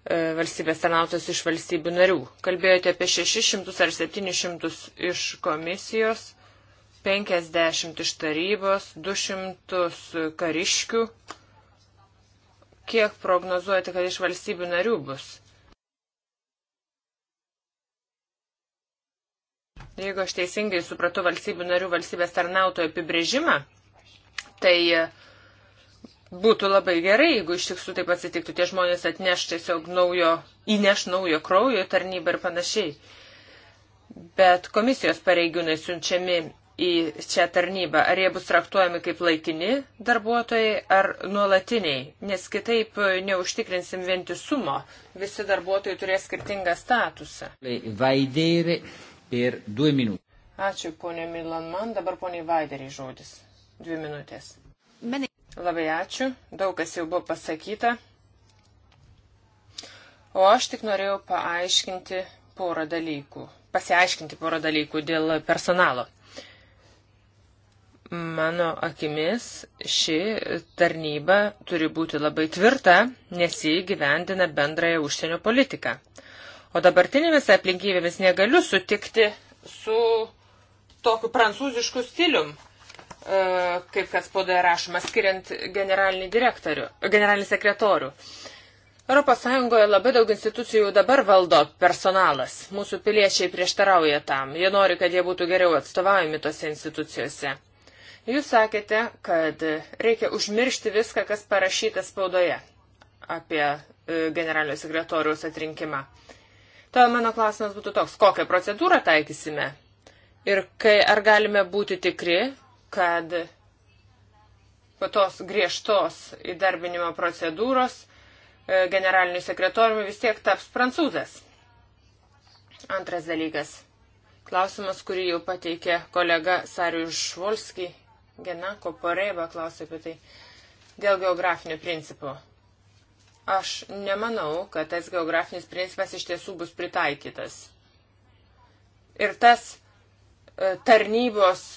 Speaker 3: E, valstybės tarnautojus iš valstybių narių. Kalbėjote apie 600 ar 700 iš komisijos, 50 iš tarybos, 200 kariškių. Kiek prognozuojate, kad iš valstybių narių bus? Jeigu aš teisingai supratau valstybių narių valstybės tarnautojų apibrėžimą, tai uh, Būtų labai gerai, jeigu iš tiesų taip atsitiktų, tie žmonės atneš tiesiog naujo, įneš naujo kraujo tarnybą ir panašiai. Bet komisijos pareigūnai siunčiami į čia tarnybą, ar jie bus traktuojami kaip laikini darbuotojai ar nuolatiniai, nes kitaip neužtikrinsim vientisumo, visi darbuotojai turės skirtingą statusą. Ačiū, ponė Milan, man dabar ponė Vaideriai žodis. Dvi minutės. Many Labai ačiū, daug kas jau buvo pasakyta. O aš tik norėjau paaiškinti porą dalykų, pasiaiškinti porą dalykų dėl personalo. Mano akimis ši tarnyba turi būti labai tvirta, nes jį gyvendina bendrąją užsienio politiką. O dabartinėmis aplinkybėmis negaliu sutikti su tokiu prancūzišku stilium, E, kaip kad spaudoje rašoma, skiriant generalinį direktorių, generalinį sekretorių. ES labai daug institucijų dabar valdo personalas. Mūsų piliečiai prieštarauja tam. Jie nori, kad jie būtų geriau atstovaujami tose institucijose. Jūs sakėte, kad reikia užmiršti viską, kas parašyta spaudoje apie e, generalinio sekretoriaus atrinkimą. Tavo mano klausimas būtų toks, kokią procedūrą taikysime ir kai, ar galime būti tikri, kad po tos griežtos įdarbinimo procedūros e, generaliniu sekretoriumi vis tiek taps prancūzas. Antras dalykas. Klausimas, kurį jau pateikė kolega Sarius Švolski, Gena Koporeba klausė apie tai, dėl geografinio principo. Aš nemanau, kad tas geografinis principas iš tiesų bus pritaikytas. Ir tas e, tarnybos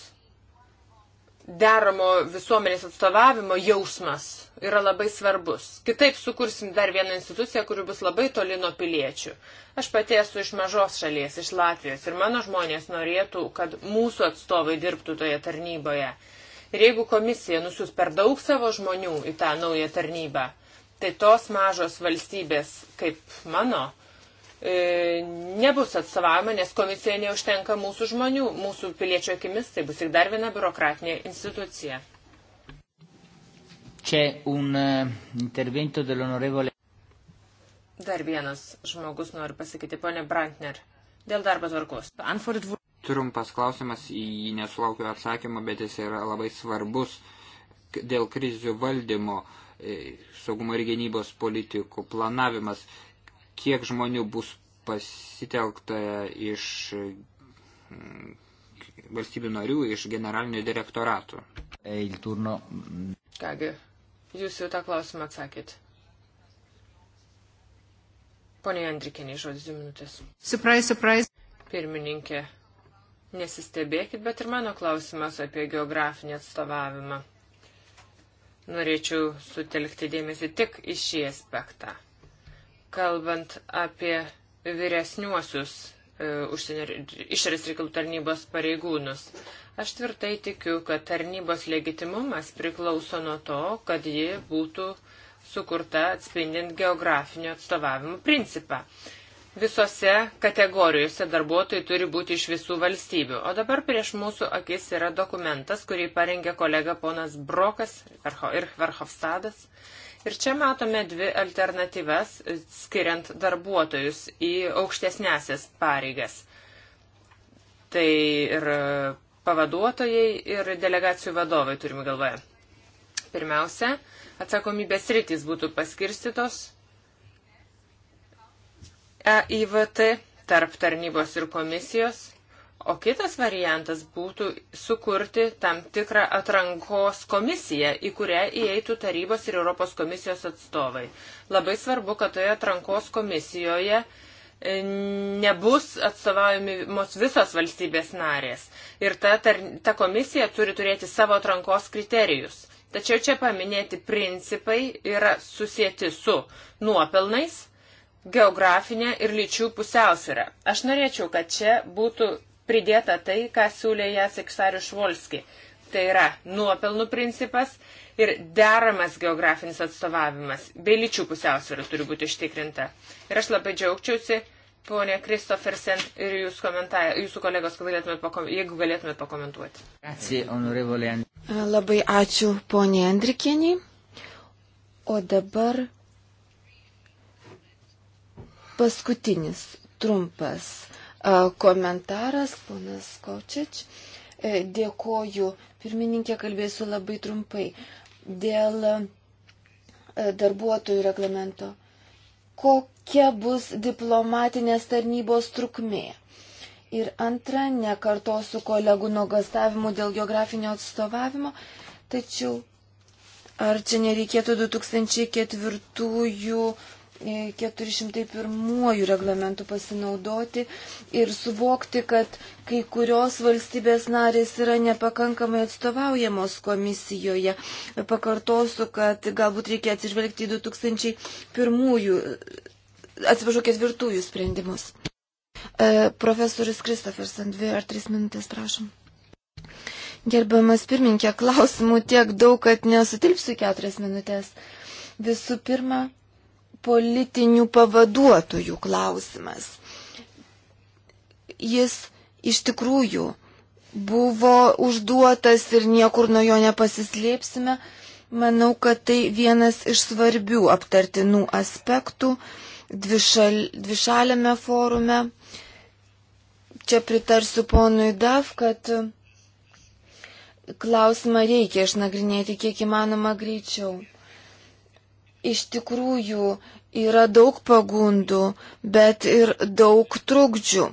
Speaker 3: deramo visuomenės atstovavimo jausmas yra labai svarbus. Kitaip sukursim dar vieną instituciją, kuri bus labai toli nuo piliečių. Aš pati esu iš mažos šalies, iš Latvijos ir mano žmonės norėtų, kad mūsų atstovai dirbtų toje tarnyboje. Ir jeigu komisija nusius per daug savo žmonių į tą naują tarnybą, tai tos mažos valstybės kaip mano E, nebus atstovavimo, nes komisija neužtenka mūsų žmonių, mūsų piliečio akimis, tai bus tik dar viena biurokratinė institucija.
Speaker 2: Čia un e, intervento dell'onorevole.
Speaker 3: Dar vienas žmogus nori pasakyti, ponė Brantner, dėl darbo
Speaker 2: tvarkos. Trumpas klausimas, į jį nesulaukiu atsakymą, bet jis yra labai svarbus dėl krizių valdymo e, saugumo ir gynybos politikų planavimas kiek žmonių bus pasitelkta iš mm, valstybių narių, iš generalinio direktorato. Eil turno.
Speaker 3: Kągi, jūs jau tą klausimą atsakėt. Pone Andrikiniai, žodis dvi minutės.
Speaker 2: Surprise, surprise.
Speaker 3: Pirmininkė, nesistebėkit, bet ir mano klausimas apie geografinį atstovavimą. Norėčiau sutelkti dėmesį tik į šį aspektą kalbant apie vyresniuosius e, užsienio išorės reikalų tarnybos pareigūnus. Aš tvirtai tikiu, kad tarnybos legitimumas priklauso nuo to, kad ji būtų sukurta atspindint geografinio atstovavimo principą. Visose kategorijose darbuotojai turi būti iš visų valstybių. O dabar prieš mūsų akis yra dokumentas, kurį parengė kolega ponas Brokas ir Verhofstadas. Verho Ir čia matome dvi alternatyvas, skiriant darbuotojus į aukštesnėsias pareigas. Tai ir pavaduotojai, ir delegacijų vadovai turime galvoje. Pirmiausia, atsakomybės rytis būtų paskirstytos EIVT tarp tarnybos ir komisijos O kitas variantas būtų sukurti tam tikrą atrankos komisiją, į kurią įeitų tarybos ir Europos komisijos atstovai. Labai svarbu, kad toje atrankos komisijoje e, nebus atstovaujamos visos valstybės narės. Ir ta, ta komisija turi turėti savo atrankos kriterijus. Tačiau čia paminėti principai yra susijęti su nuopelnais, geografinė ir lyčių pusiausvyrą. Aš norėčiau, kad čia būtų pridėta tai, ką siūlė Jasek Sarius Volski. Tai yra nuopelnų principas ir deramas geografinis atstovavimas, bei lyčių pusiausvėra turi būti ištikrinta. Ir aš labai džiaugčiausi, ponė Kristofersen, ir jūs jūsų kolegos, galėtumėt pakom, jeigu galėtumėt pakomentuoti.
Speaker 1: Labai ačiū ponė Andrikieniai. O dabar paskutinis trumpas komentaras, ponas Kočič. E, dėkoju. Pirmininkė, kalbėsiu labai trumpai. Dėl e, darbuotojų reglamento. Kokia bus diplomatinės tarnybos trukmė? Ir antra, nekartosiu kolegų nuogastavimų dėl geografinio atstovavimo, tačiau ar čia nereikėtų 2004 401 e, reglamentų pasinaudoti ir suvokti, kad kai kurios valstybės narės yra nepakankamai atstovaujamos komisijoje. Pakartosiu, kad galbūt reikia atsižvelgti į 2001, atsiprašau, ketvirtųjų sprendimus. E, profesorius Kristofersen, dvi ar tris minutės, prašom. Gerbiamas pirmininkė, klausimų tiek daug, kad nesutilpsiu keturias minutės. Visų pirma, politinių pavaduotojų klausimas. Jis iš tikrųjų buvo užduotas ir niekur nuo jo nepasislėpsime. Manau, kad tai vienas iš svarbių aptartinų aspektų dvišal, dvišalėme forume. Čia pritarsiu ponui Dav, kad klausimą reikia išnagrinėti kiek įmanoma greičiau iš tikrųjų yra daug pagundų, bet ir daug trukdžių.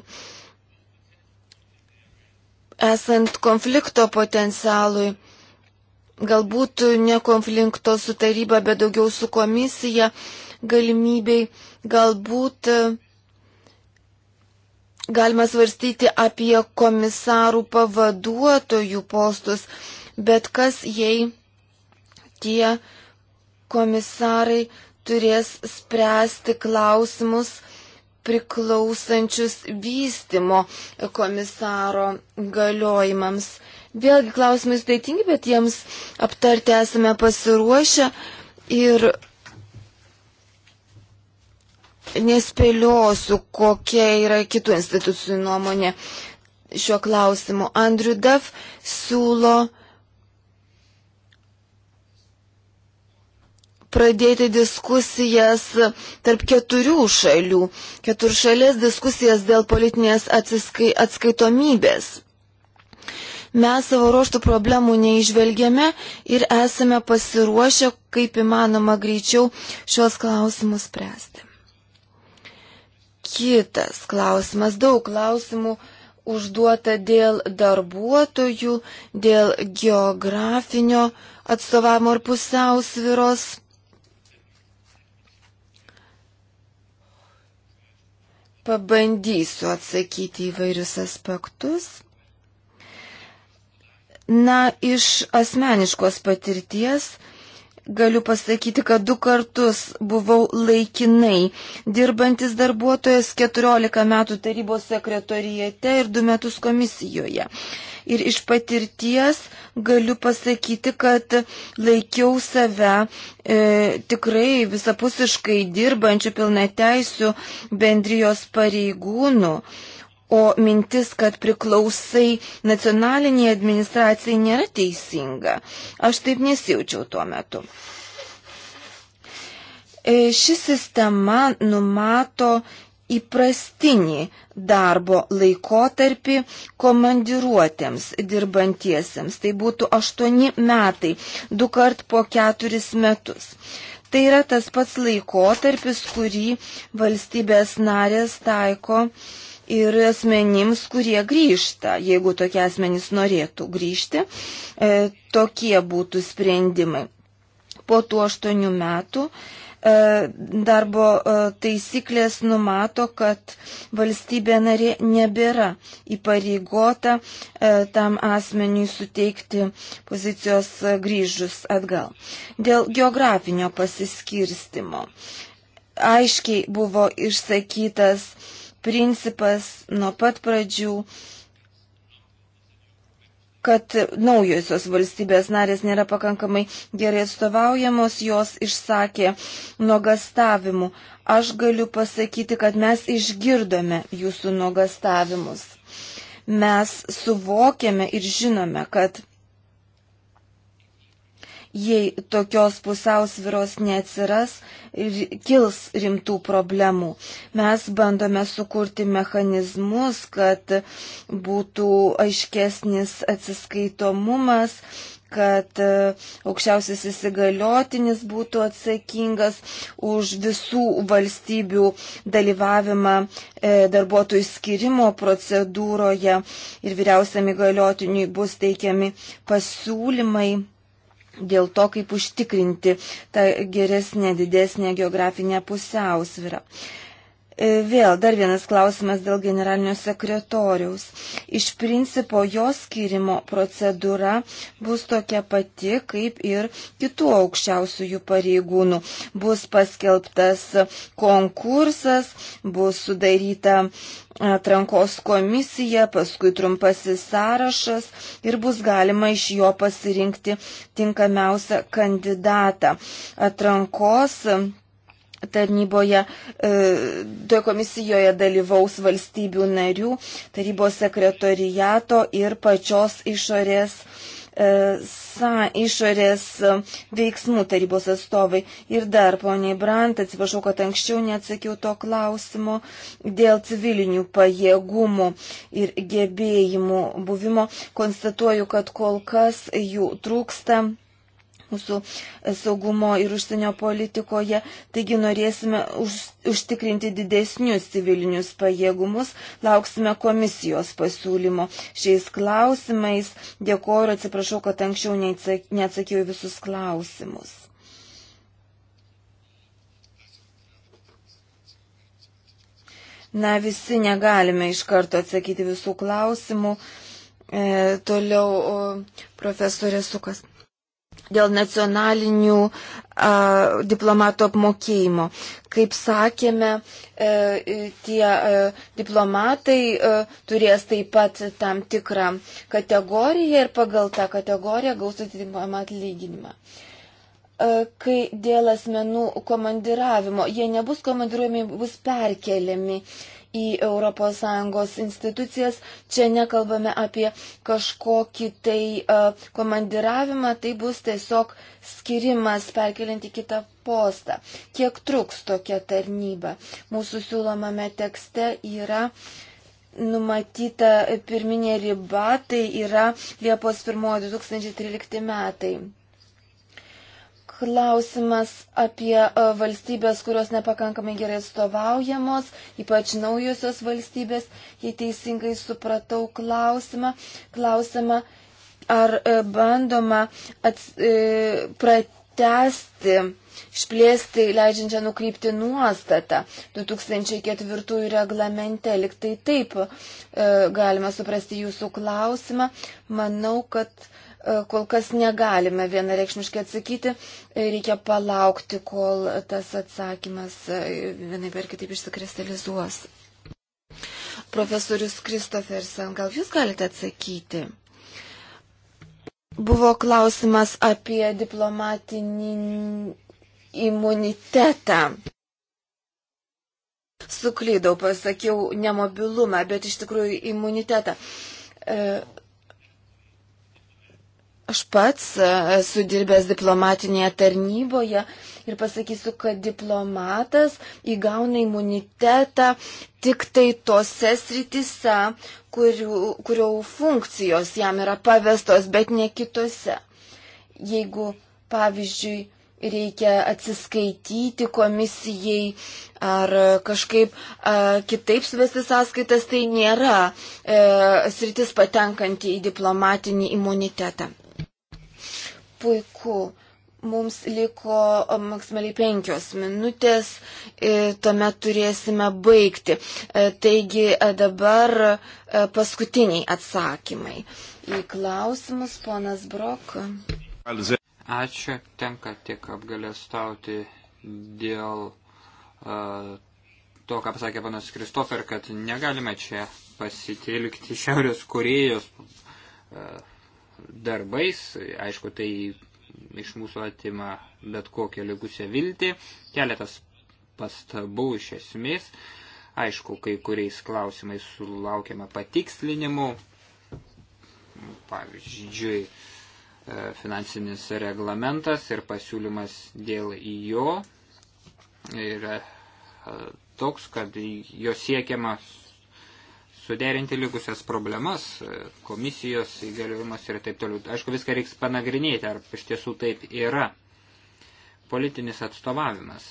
Speaker 1: Esant konflikto potencialui, galbūt ne konflikto su taryba, bet daugiau su komisija galimybei, galbūt e, galima svarstyti apie komisarų pavaduotojų postus, bet kas jei tie komisarai turės spręsti klausimus priklausančius vystimo komisaro galiojimams. Vėlgi klausimai sudėtingi, bet jiems aptarti esame pasiruošę ir nespėliosiu, kokia yra kitų institucijų nuomonė šiuo klausimu. Andrew Duff siūlo pradėti diskusijas tarp keturių šalių, keturšalės diskusijas dėl politinės atsiskai, atskaitomybės. Mes savo ruoštų problemų neižvelgėme ir esame pasiruošę, kaip įmanoma greičiau, šios klausimus spręsti. Kitas klausimas, daug klausimų užduota dėl darbuotojų, dėl geografinio atstovavimo ir pusiausviros. Pabandysiu atsakyti į vairius aspektus. Na, iš asmeniškos patirties galiu pasakyti, kad du kartus buvau laikinai dirbantis darbuotojas 14 metų tarybos sekretorijate ir 2 metus komisijoje. Ir iš patirties galiu pasakyti, kad laikiau save e, tikrai visapusiškai dirbančių pilnateisių bendrijos pareigūnų. O mintis, kad priklausai nacionaliniai administracijai nėra teisinga. Aš taip nesijaučiau tuo metu. E, ši sistema numato įprastinį darbo laikotarpį komandiruotėms dirbantiesiems. Tai būtų 8 metai, du kart po 4 metus. Tai yra tas pats laikotarpis, kurį valstybės narės taiko ir asmenims, kurie grįžta, jeigu tokie asmenys norėtų grįžti, e, tokie būtų sprendimai. Po tų aštuonių metų e, E, darbo e, taisyklės numato, kad valstybė narė nebėra įpareigota e, tam asmeniui suteikti pozicijos grįžus atgal. Dėl geografinio pasiskirstimo aiškiai buvo išsakytas principas nuo pat pradžių kad naujosios valstybės narės nėra pakankamai gerai atstovaujamos, jos išsakė nuogastavimų. Aš galiu pasakyti, kad mes išgirdome jūsų nuogastavimus. Mes suvokėme ir žinome, kad Jei tokios pusiausviros neatsiras, kils rimtų problemų. Mes bandome sukurti mechanizmus, kad būtų aiškesnis atsiskaitomumas, kad e, aukščiausias įsigaliotinis būtų atsakingas už visų valstybių dalyvavimą e, darbuotojų skirimo procedūroje ir vyriausiam įgaliotiniui bus teikiami pasiūlymai dėl to, kaip užtikrinti tą geresnę, didesnę geografinę pusiausvyrą. Uh, Vėl dar vienas klausimas dėl generalinio sekretoriaus. Iš principo jos skirimo procedūra bus tokia pati, kaip ir kitų aukščiausiųjų pareigūnų. Bus paskelbtas konkursas, bus sudaryta atrankos komisija, paskui trumpasis sąrašas ir bus galima iš jo pasirinkti tinkamiausią kandidatą. Atrankos tarnyboje, e, toje komisijoje dalyvaus valstybių narių, tarybos sekretoriato ir pačios išorės, e, sa, išorės veiksmų tarybos atstovai. Ir dar, poniai Brant, atsiprašau, kad anksčiau neatsakiau to klausimo dėl civilinių pajėgumų ir gebėjimų buvimo. Konstatuoju, kad kol kas jų trūksta mūsų saugumo ir užsienio politikoje. Taigi norėsime už, užtikrinti didesnius civilinius pajėgumus. Lauksime komisijos pasiūlymo šiais klausimais. Dėkoju ir atsiprašau, kad anksčiau neatsakiau visus klausimus. Na, visi negalime iš karto atsakyti visų klausimų. E, toliau o, profesorė Sukas dėl nacionalinių a, diplomatų apmokėjimo. Kaip sakėme, e, tie e, diplomatai e, turės taip pat tam tikrą kategoriją ir pagal tą kategoriją gaus atitinkamą atlyginimą. E, kai dėl asmenų komandiravimo, jie nebus komandiruojami, bus perkeliami. E, į ES institucijas. Čia nekalbame apie kažkokį tai e, komandiravimą, tai bus tiesiog skirimas perkeliant į kitą postą. Kiek truks tokia tarnyba? Mūsų siūlomame tekste yra numatyta pirminė riba, tai yra Liepos 1-2013 metai. Klausimas apie e, valstybės, kurios nepakankamai gerai atstovaujamos, ypač naujosios valstybės, jei teisingai supratau klausimą. Klausimą, ar e, bandoma ats, e, pratesti, išplėsti leidžiančią nukrypti nuostatą 2004 reglamente. Liktai taip e, galima suprasti jūsų klausimą. Manau, kad e, E, kol kas negalime vienareikšmiškai atsakyti. E, reikia palaukti, kol tas atsakymas e, vienai per kitaip išsikristalizuos. Profesorius Kristofersen, gal jūs galite atsakyti? Buvo klausimas apie diplomatinį imunitetą. Suklydau, pasakiau ne mobilumą, bet iš tikrųjų imunitetą. E, Aš pats e, esu dirbęs diplomatinėje tarnyboje ir pasakysiu, kad diplomatas įgauna imunitetą tik tai tose sritise, kurių, kurių funkcijos jam yra pavestos, bet ne kitose. Jeigu, pavyzdžiui, reikia atsiskaityti komisijai ar kažkaip a, kitaip suvesti sąskaitas, tai nėra e, sritis patenkanti į diplomatinį imunitetą. Puiku. Mums liko maksimaliai penkios minutės, tuomet turėsime baigti. E, taigi e, dabar e, paskutiniai atsakymai. Į klausimus, ponas Brok.
Speaker 2: Ačiū, tenka tik apgalėstauti dėl uh, to, ką pasakė panas Kristofer, kad negalime čia pasitelkti Šiaurės Korejos. Uh, darbais. Aišku, tai iš mūsų atima bet kokią likusią viltį. Keletas pastabų iš esmės. Aišku, kai kuriais klausimais sulaukiame patikslinimų. Pavyzdžiui, e, finansinis reglamentas ir pasiūlymas dėl jo yra e, toks, kad jo siekiama suderinti likusias problemas, e, komisijos įgaliojimas ir taip toliau. Aišku, viską reiks panagrinėti, ar iš tiesų taip yra. Politinis atstovavimas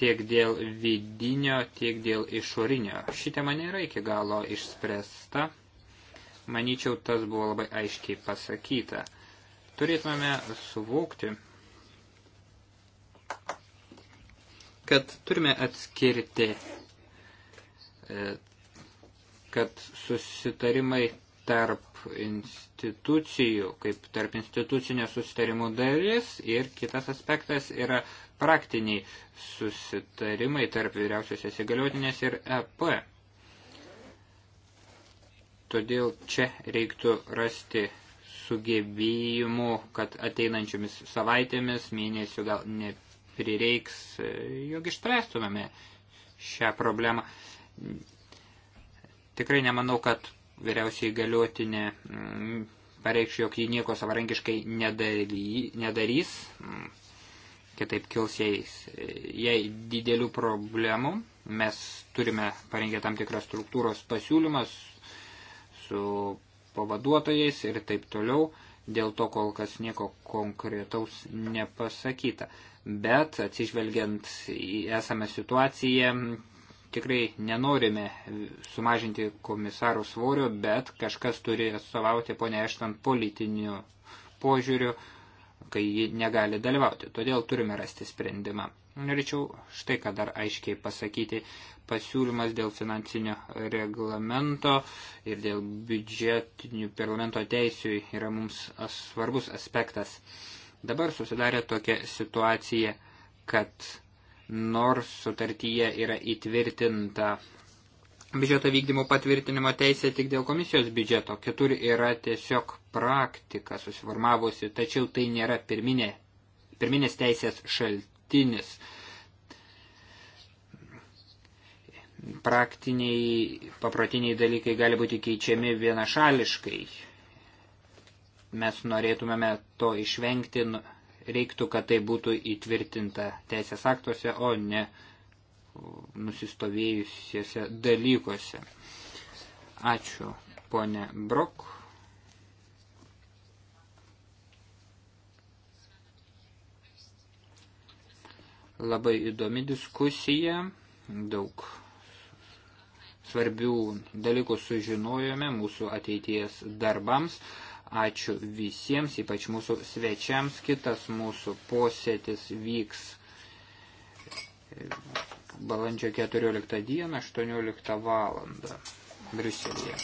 Speaker 2: tiek dėl vidinio, tiek dėl išorinio. Ši tema nėra iki galo išspręsta. Manyčiau, tas buvo labai aiškiai pasakyta. Turėtume suvokti, kad turime atskirti e, kad susitarimai tarp institucijų, kaip tarp institucinio susitarimų dalis ir kitas aspektas yra praktiniai susitarimai tarp vyriausiosios įgaliotinės ir EP. Todėl čia reiktų rasti sugebėjimų, kad ateinančiomis savaitėmis, mėnesių gal neprireiks, e, jog išspręstumėme šią problemą. Tikrai nemanau, kad vyriausiai galiotinė mm, pareikš, jog ji nieko savarankiškai nedarys, mm, kitaip kils jai, jai didelių problemų. Mes turime parengę tam tikras struktūros pasiūlymas su pavaduotojais ir taip toliau. Dėl to kol kas nieko konkretaus nepasakyta. Bet atsižvelgiant į esamą situaciją, Tikrai nenorime sumažinti komisarų svorio, bet kažkas turi atstovauti ponę Eštant politiniu požiūriu, kai ji negali dalyvauti. Todėl turime rasti sprendimą. Norėčiau štai ką dar aiškiai pasakyti. Pasiūlymas dėl finansinio reglamento ir dėl biudžetinių parlamento teisių yra mums svarbus aspektas. Dabar susidarė tokia situacija, kad nors sutartyje yra įtvirtinta biudžeto vykdymo patvirtinimo teisė tik dėl komisijos biudžeto, kitur yra tiesiog praktika susiformavusi, tačiau tai nėra pirminė, pirminės teisės šaltinis. Praktiniai, paprotiniai dalykai gali būti keičiami vienašališkai. Mes norėtumėme to išvengti nu- reiktų, kad tai būtų įtvirtinta teisės aktuose, o ne nusistovėjusiuose dalykuose. Ačiū, ponė Brok. Labai įdomi diskusija, daug svarbių dalykų sužinojome mūsų ateities darbams. Ačiū visiems, ypač mūsų svečiams. Kitas mūsų posėtis vyks balandžio 14 dieną, 18 valandą Briuselėje.